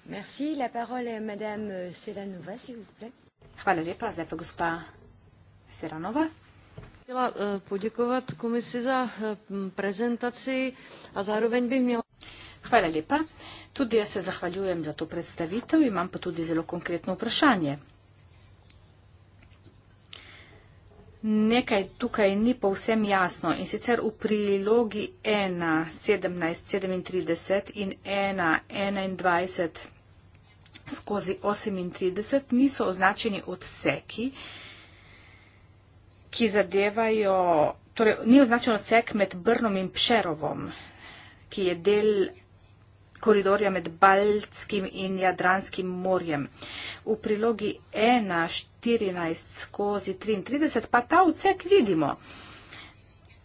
Merci, la parole madame Seranova, s'il vous plaît. Hvala lepa, zdaj pa gospa Seranova chtěla eh, poděkovat komisi za eh, prezentaci a zároveň bych měla. Hvala lepa. Tudi jaz se zahvaljujem za to predstavitev, imam pa tudi zelo konkretno vprašanje. Nekaj tukaj ni povsem jasno in sicer v prilogi 1.17.37 in 1.21 skozi 38 niso označeni odseki, ki zadevajo, torej ni označeno cek med Brnom in Pšerovom, ki je del koridorja med Baltskim in Jadranskim morjem. V prilogi 1, 14 skozi 33 pa ta odsek vidimo.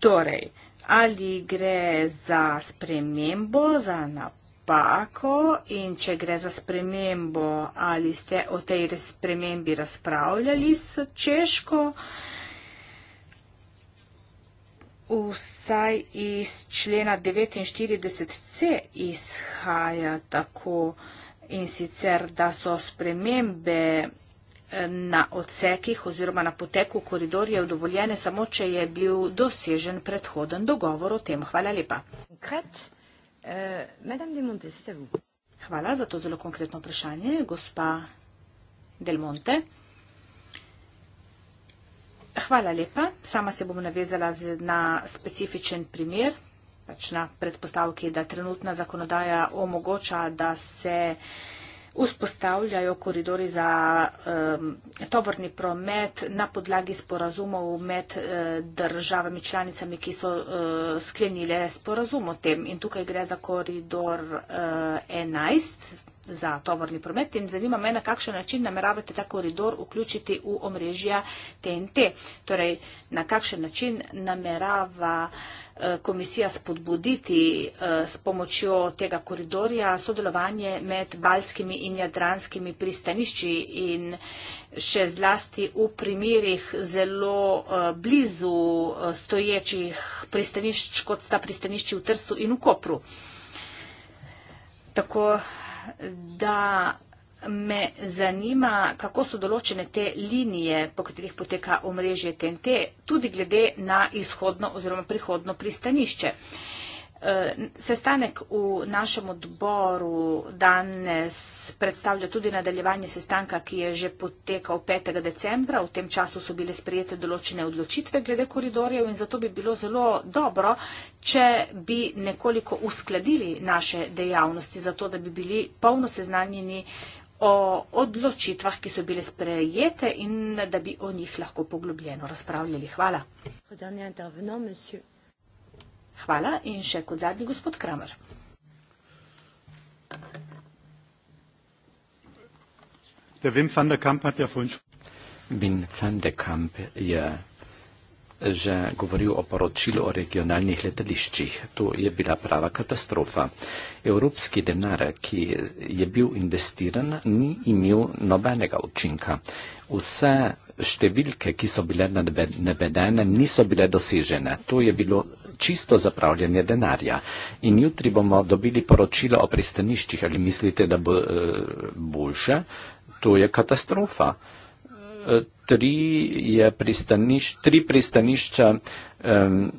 Torej, ali gre za spremembo, za napako in če gre za spremembo, ali ste o tej spremembi razpravljali s Češko, uh, vsaj iz člena 49c izhaja tako in sicer, da so spremembe eh, na odsekih oziroma na poteku koridorjev dovoljene samo, če je bil dosežen predhoden dogovor o tem. Hvala lepa. Eh, Hvala za to zelo konkretno vprašanje, gospa Delmonte. Hvala lepa. Sama se bom navezala na specifičen primer, pač na predpostavki, da trenutna zakonodaja omogoča, da se vzpostavljajo koridori za um, tovorni promet na podlagi sporazumov med uh, državami članicami, ki so uh, sklenile sporazum o tem. In tukaj gre za koridor uh, 11 za tovorni promet in zanima me, na kakšen način nameravate ta koridor vključiti v omrežja TNT. Torej, na kakšen način namerava eh, komisija spodbuditi eh, s pomočjo tega koridorja sodelovanje med balskimi in jadranskimi pristanišči in še zlasti v primerih zelo eh, blizu stoječih pristanišč, kot sta pristanišči v Trstu in v Kopru. Tako da me zanima, kako so določene te linije, po katerih poteka omrežje TNT, tudi glede na izhodno oziroma prihodno pristanišče. Uh, Eh, sestanek v našem odboru danes predstavlja tudi nadaljevanje sestanka, ki je že potekal 5. decembra. V tem času so bile sprejete določene odločitve glede koridorjev in zato bi bilo zelo dobro, če bi nekoliko uskladili naše dejavnosti, zato da bi bili polno seznanjeni o odločitvah, ki so bile sprejete in da bi o njih lahko poglobljeno razpravljali. Hvala. Hvala in še kot zadnji gospod Kramer. Der Wim van der Kamp hat ja vorhin schon. Wim van der Kamp, ja. že govoril o poročilu o regionalnih letališčih. To je bila prava katastrofa. Evropski denar, ki je bil investiran, ni imel nobenega učinka. Vse številke, ki so bile navedene, niso bile dosežene. To je bilo čisto zapravljanje denarja. In jutri bomo dobili poročilo o pristaniščih, ali mislite, da bo eh, boljše? To je katastrofa. Eh, tri, je pristaniš, tri pristanišča um,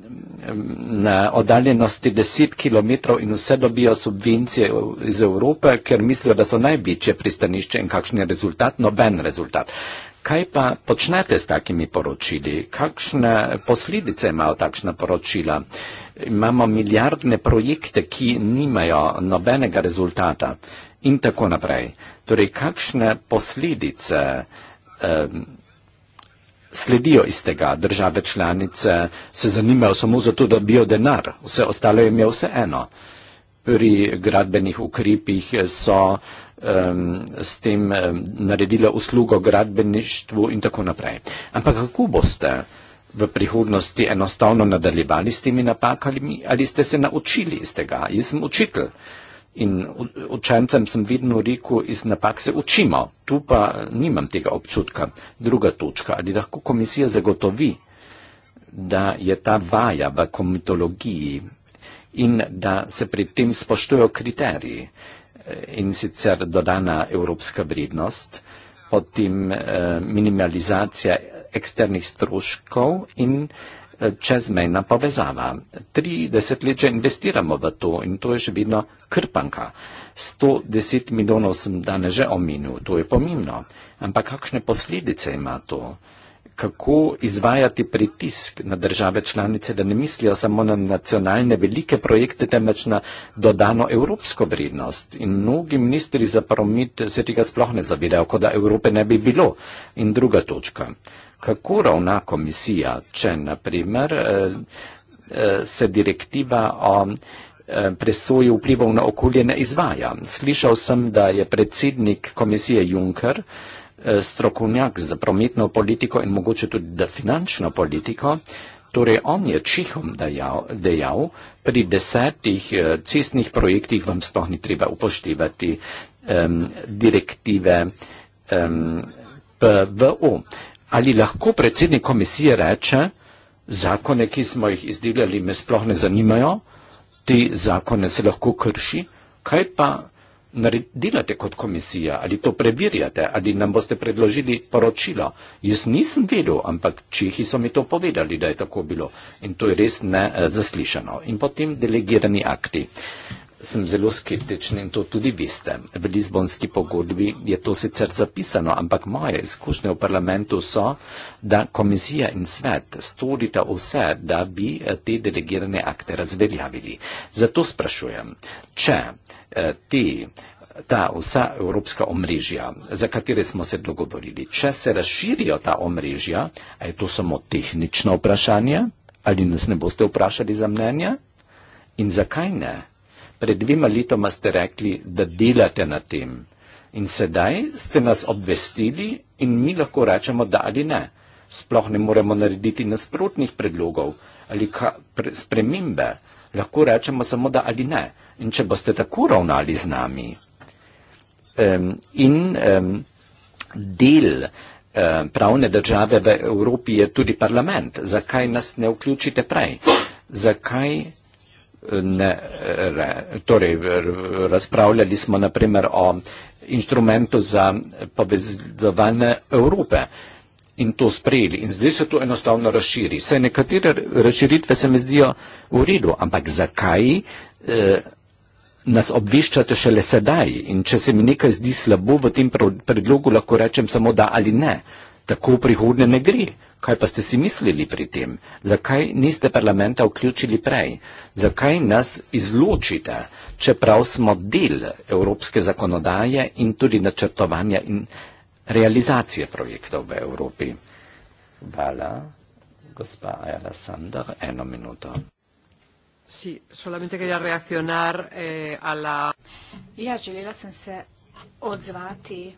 na oddaljenosti 10 km in vse dobijo subvencije iz Evrope, ker mislijo, da so največje pristanišče in kakšen je rezultat, noben rezultat. Kaj pa počnete s takimi poročili? Kakšne posledice imajo takšna poročila? Imamo milijardne projekte, ki nimajo nobenega rezultata in tako naprej. Torej, kakšne posledice um, sledijo iz tega? Države članice se zanimajo samo zato, da bijo denar. Vse ostalo jim je vse eno. Pri gradbenih ukrepih so um, s tem um, naredila uslugo gradbeništvu in tako naprej. Ampak kako boste v prihodnosti enostavno nadaljevali s temi napakami ali ste se naučili iz tega? Jaz sem učitelj in učencem sem vedno rekel, iz napak se učimo. Tu pa nimam tega občutka. Druga točka, ali lahko komisija zagotovi, da je ta vaja v komitologiji in da se pri tem spoštujo kriteriji in sicer dodana evropska vrednost, potem eh, minimalizacija eksternih stroškov in eh, čezmejna povezava. Tri desetletja investiramo v to in to je še vedno krpanka. 110 milijonov sem danes že omenil, to je pomembno. Ampak kakšne posledice ima to? kako izvajati pritisk na države članice, da ne mislijo samo na nacionalne velike projekte, temveč na dodano evropsko vrednost. In mnogi ministri za promet se tega sploh ne zavedajo, kot da Evrope ne bi bilo. In druga točka. Kako ravna komisija, če naprimer eh, eh, se direktiva o eh, presoji vplivov na okolje ne izvaja? Slišal sem, da je predsednik komisije Juncker Eh, strokovnjak za prometno politiko in mogoče tudi za finančno politiko. Torej, on je čihom dejal, dejal pri desetih eh, cestnih projektih vam sploh ni treba upoštevati um, direktive um, PVO. Ali lahko predsednik komisije reče, zakone, ki smo jih izdelali, me sploh ne zanimajo, ti zakone se lahko krši, kaj pa naredilate kot komisija, ali to preverjate, ali nam boste predložili poročilo. Jaz nisem vedel, ampak Čehi so mi to povedali, da je tako bilo. In to je res nezaslišano. In potem delegirani akti. Sem zelo skeptičen in to tudi veste. V Lizbonski pogodbi je to sicer zapisano, ampak moje izkušnje v parlamentu so, da komisija in svet storita vse, da bi te delegirane akte razveljavili. Zato sprašujem, če Eh, te, ta vsa evropska omrežja, za katere smo se dogovorili, če se razširijo ta omrežja, je to samo tehnično vprašanje, ali nas ne boste vprašali za mnenje in zakaj ne. Pred dvema letoma ste rekli, da delate na tem in sedaj ste nas obvestili in mi lahko rečemo da ali ne. Sploh ne moremo narediti nasprotnih predlogov ali ka, pre, spremembe, lahko rečemo samo da ali ne in če boste tako ravnali z nami. Um, in um, del um, pravne države v Evropi je tudi parlament. Zakaj nas ne vključite prej? Zakaj ne? Re, torej, razpravljali smo naprimer o inštrumentu za povezovanje Evrope in to sprejeli. In zdaj se to enostavno razširi. Se nekatere razširitve se mi zdijo v redu, ampak zakaj? Uh, nas obveščate šele sedaj in če se mi nekaj zdi slabo v tem predlogu, lahko rečem samo da ali ne. Tako v prihodnje ne gre. Kaj pa ste si mislili pri tem? Zakaj niste parlamenta vključili prej? Zakaj nas izločite, čeprav smo del evropske zakonodaje in tudi načrtovanja in realizacije projektov v Evropi? Hvala, gospa Ajala Sandar, eno minuto. Sì, solamente quería reaccionar eh, a la... Ja željela sem se odzvati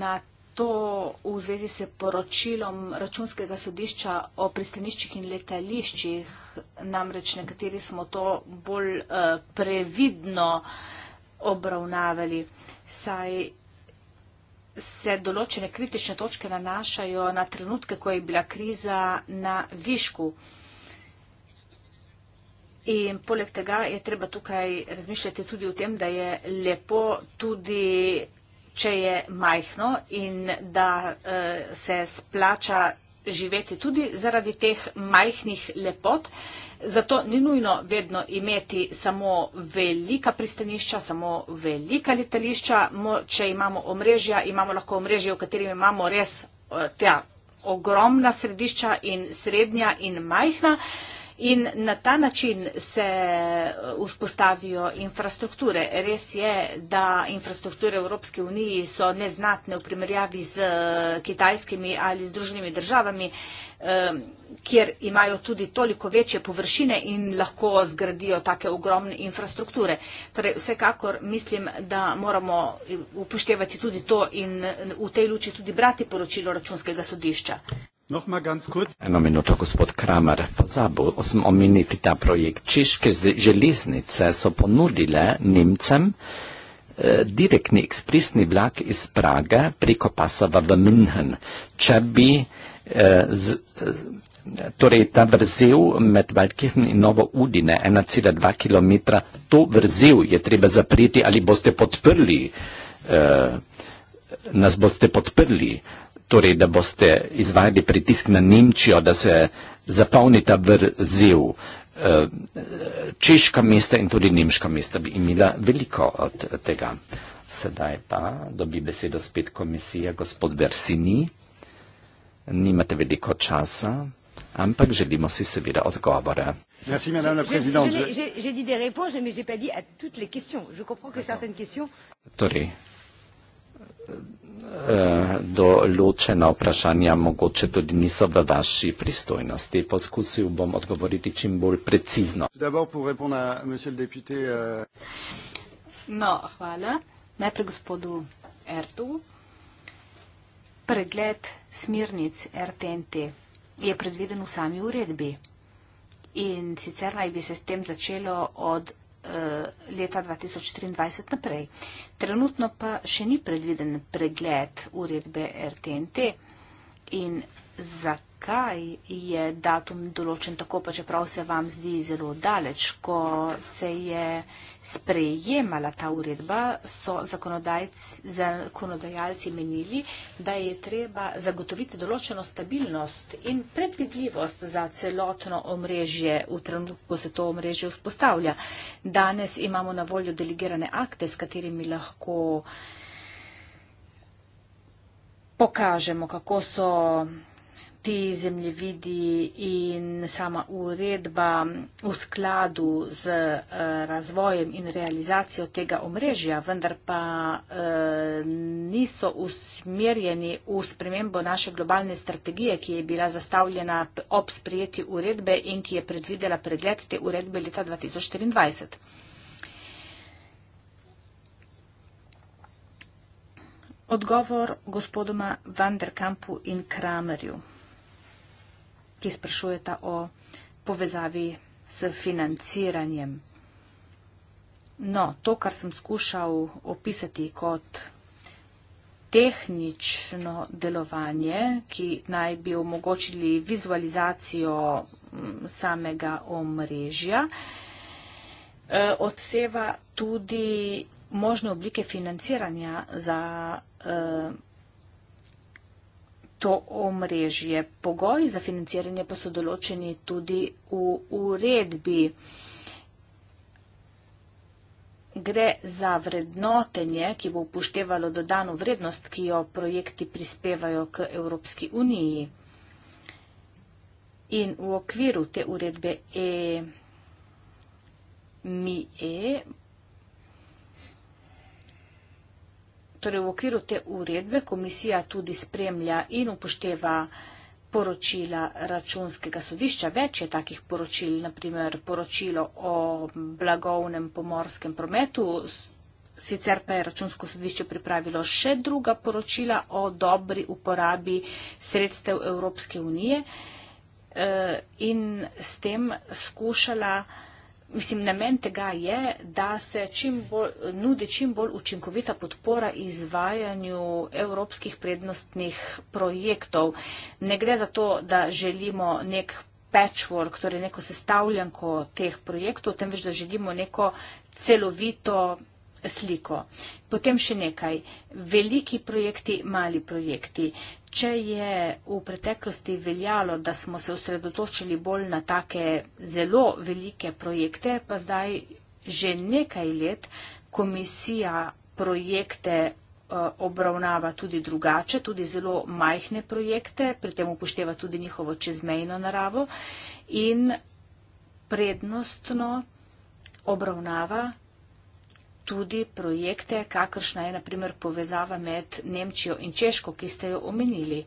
na to v zvezi s poročilom računskega sodišča o pristaniščih in letališčih. Namreč nekateri smo to bolj eh, previdno obravnavali, saj se določene kritične točke nanašajo na trenutke, ko je bila kriza na višku. In poleg tega je treba tukaj razmišljati tudi o tem, da je lepo tudi, če je majhno in da uh, se splača živeti tudi zaradi teh majhnih lepot. Zato ni nujno vedno imeti samo velika pristanišča, samo velika letališča. Mo, če imamo omrežja, imamo lahko omrežje, v katerem imamo res uh, eh, ta ogromna središča in srednja in majhna. Uh, in na ta način se uh, vzpostavijo infrastrukture. Res je, da infrastrukture Evropske unije so neznatne v primerjavi z uh, kitajskimi ali združenimi državami, um, kjer imajo tudi toliko večje površine in lahko zgradijo take ogromne infrastrukture. Torej, vsekakor mislim, da moramo upoštevati tudi to in uh, v tej luči tudi brati poročilo računskega sodišča. Eno minuto, gospod Kramer, pozabil sem omeniti ta projekt. Češke železnice so ponudile Nemcem eh, direktni ekspresni vlak iz Praga preko Pasava v München. Če bi eh, z, eh, torej ta vrzel med Valkirn in Novo Udine, 1,2 km, to vrzel je treba zapreti ali boste podprli, eh, nas boste podprli torej, da boste izvajali pritisk na Nemčijo, da se zapolnita vrzel. Eh, češka mesta in tudi nemška mesta bi imela veliko od tega. Sedaj pa dobi besedo spet komisija, gospod Bersini. Nimate veliko časa, ampak želimo si seveda odgovore. Merci, madame la présidente. J'ai dit des réponses, mais je n'ai pas dit à toutes les questions. Je comprends que certaines questions. Torej, določena vprašanja mogoče tudi niso v vaši pristojnosti. Poskusil bom odgovoriti čim bolj precizno. Euh, no, hvala. Najprej gospodu Ertu. Pregled smirnic RTNT je predviden v sami uredbi in sicer naj bi se s tem začelo od Eh, leta 2023 naprej. Trenutno pa še ni predviden pregled uredbe RTNT in za zakaj je datum določen tako, pa čeprav se vam zdi zelo daleč, ko se je sprejemala ta uredba, so zakonodajalci menili, da je treba zagotoviti določeno stabilnost in predvidljivost za celotno omrežje v trenutku, ko se to omrežje vzpostavlja. Danes imamo na voljo delegirane akte, s katerimi lahko pokažemo, kako so ti zemljevidi in sama uredba v skladu z eh, razvojem in realizacijo tega omrežja, vendar pa eh, niso usmerjeni v spremembo naše globalne strategije, ki je bila zastavljena ob sprijeti uredbe in ki je predvidela pregled te uredbe leta 2024. Odgovor gospodoma Vanderkampu in Kramerju ki sprašujeta o povezavi s financiranjem. No, to, kar sem skušal opisati kot tehnično delovanje, ki naj bi omogočili vizualizacijo mm, samega omrežja, e, odseva tudi možne oblike financiranja za e, to omrežje. Pogoji za financiranje pa so določeni tudi v uredbi. Gre za vrednotenje, ki bo upoštevalo dodano vrednost, ki jo projekti prispevajo k Evropski uniji. In v okviru te uredbe EMIE Torej, v okviru te uredbe komisija tudi spremlja in upošteva poročila računskega sodišča, več je takih poročil, naprimer poročilo o blagovnem pomorskem prometu, sicer pa je računsko sodišče pripravilo še druga poročila o dobri uporabi sredstev Evropske unije eh, in s tem skušala Mislim, namen tega je, da se čim bolj, nudi čim bolj učinkovita podpora izvajanju evropskih prednostnih projektov. Ne gre za to, da želimo nek patchwork, torej neko sestavljanko teh projektov, temveč da želimo neko celovito sliko. Potem še nekaj. Veliki projekti, mali projekti. Če je v preteklosti veljalo, da smo se osredotočili bolj na take zelo velike projekte, pa zdaj že nekaj let komisija projekte eh, obravnava tudi drugače, tudi zelo majhne projekte, pri tem upošteva tudi njihovo čezmejno naravo in prednostno obravnava tudi projekte, kakršna je naprimer povezava med Nemčijo in Češko, ki ste jo omenili.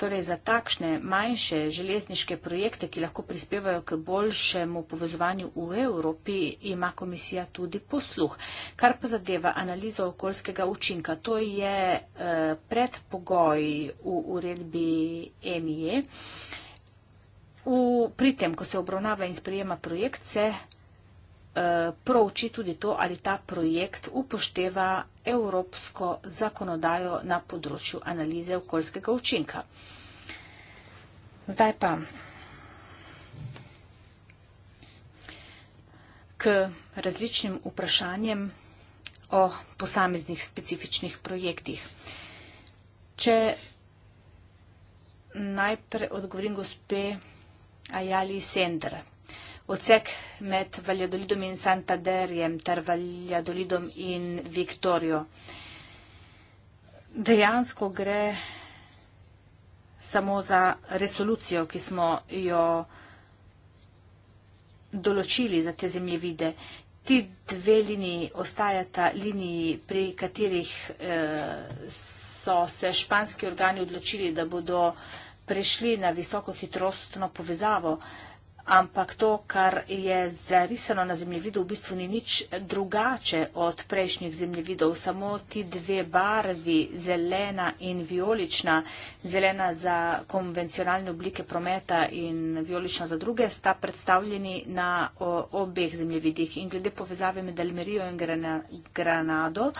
Torej, za takšne manjše železniške projekte, ki lahko prispevajo k boljšemu povezovanju v Evropi, ima komisija tudi posluh. Kar pa zadeva analizo okoljskega učinka, to je eh, predpogoj v uredbi EMIE. Pri tem, ko se obravnava in sprejema projekt, se Eh, prouči tudi to, ali ta projekt upošteva evropsko zakonodajo na področju analize okoljskega učinka. Zdaj pa k različnim vprašanjem o posameznih specifičnih projektih. Če najprej odgovorim gospe Ajali Sender, Odsek med Valjadolidom in Santanderjem ter Valjadolidom in Viktorijo. Dejansko gre samo za resolucijo, ki smo jo določili za te zemljevide. Ti dve liniji ostajata liniji, pri katerih eh, so se španski organi odločili, da bodo prišli na visokohitrostno povezavo ampak to, kar je zarisano na zemljevidu, v bistvu ni nič drugače od prejšnjih zemljevidov, samo ti dve barvi, zelena in vijolična, zelena za konvencionalne oblike prometa in vijolična za druge, sta predstavljeni na obeh zemljevidih. In glede povezave med Almerijo in Granado,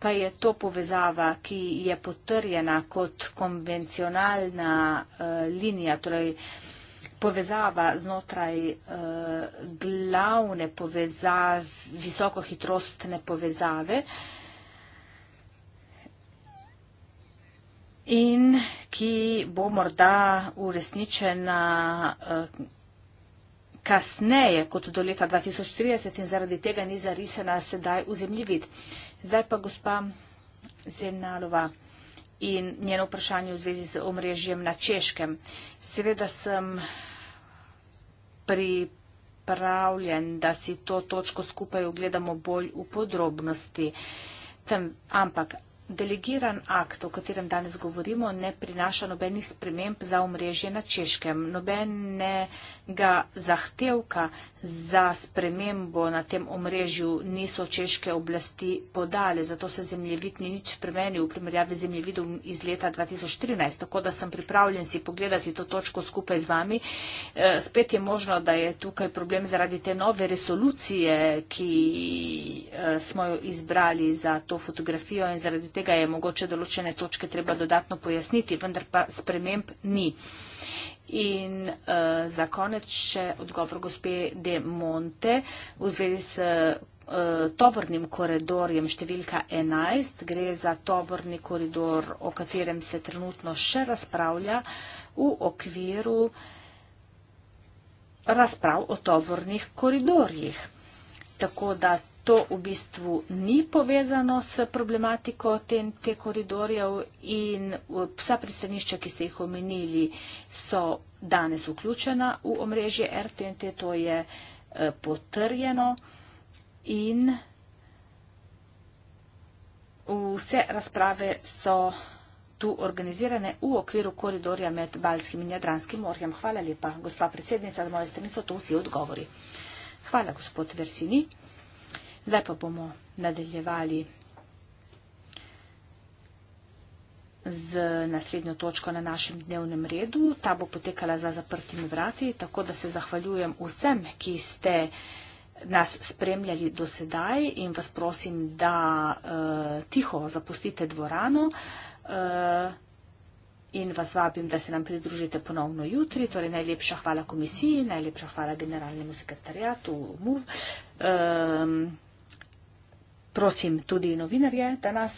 pa je to povezava, ki je potrjena kot konvencionalna uh, linija, torej povezava znotraj uh, glavne povezave, visokohitrostne povezave, in ki bo morda uresničena uh, kasneje kot do leta 2030 in zaradi tega ni zarisena sedaj v zemljevid. Zdaj pa gospa Zenalova in njeno vprašanje v zvezi z omrežjem na Češkem. Seveda sem uh, pripravljen, da si to točko skupaj ogledamo bolj v podrobnosti. Tem, ampak Delegiran akt, o katerem danes govorimo, ne prinaša nobenih sprememb za omrežje na češkem, nobenega zahtevka za spremembo na tem omrežju niso češke oblasti podale, zato se zemljevid ni nič spremenil v primerjavi zemljevidom iz leta 2013, tako da sem pripravljen si pogledati to točko skupaj z vami. E, spet je možno, da je tukaj problem zaradi te nove resolucije, ki e, smo jo izbrali za to fotografijo in zaradi te tega je mogoče določene točke treba dodatno pojasniti, vendar pa sprememb ni. In uh, za konec še odgovor gospe De Monte v zvezi s eh, tovornim koridorjem številka 11. Gre za tovorni koridor, o katerem se trenutno še razpravlja v okviru razprav o tovornih koridorjih. Tako da to v bistvu ni povezano s problematiko ten, te koridorjev in vsa pristanišča, ki ste jih omenili, so danes vključena v omrežje RTNT, to je eh, potrjeno in vse razprave so tu organizirane v okviru koridorja med Balskim in Jadranskim morjem. Hvala lepa, gospa predsednica, da moje strani so to vsi odgovori. Hvala, gospod Versini. Zdaj pa bomo nadaljevali z naslednjo točko na našem dnevnem redu. Ta bo potekala za zaprtimi vrati, tako da se zahvaljujem vsem, ki ste nas spremljali do sedaj in vas prosim, da uh, tiho zapustite dvorano uh, in vas vabim, da se nam pridružite ponovno jutri. Torej, najlepša hvala komisiji, najlepša hvala generalnemu sekretarjatu MUV. Uh, eh, Prosim tudi novinarje, da nas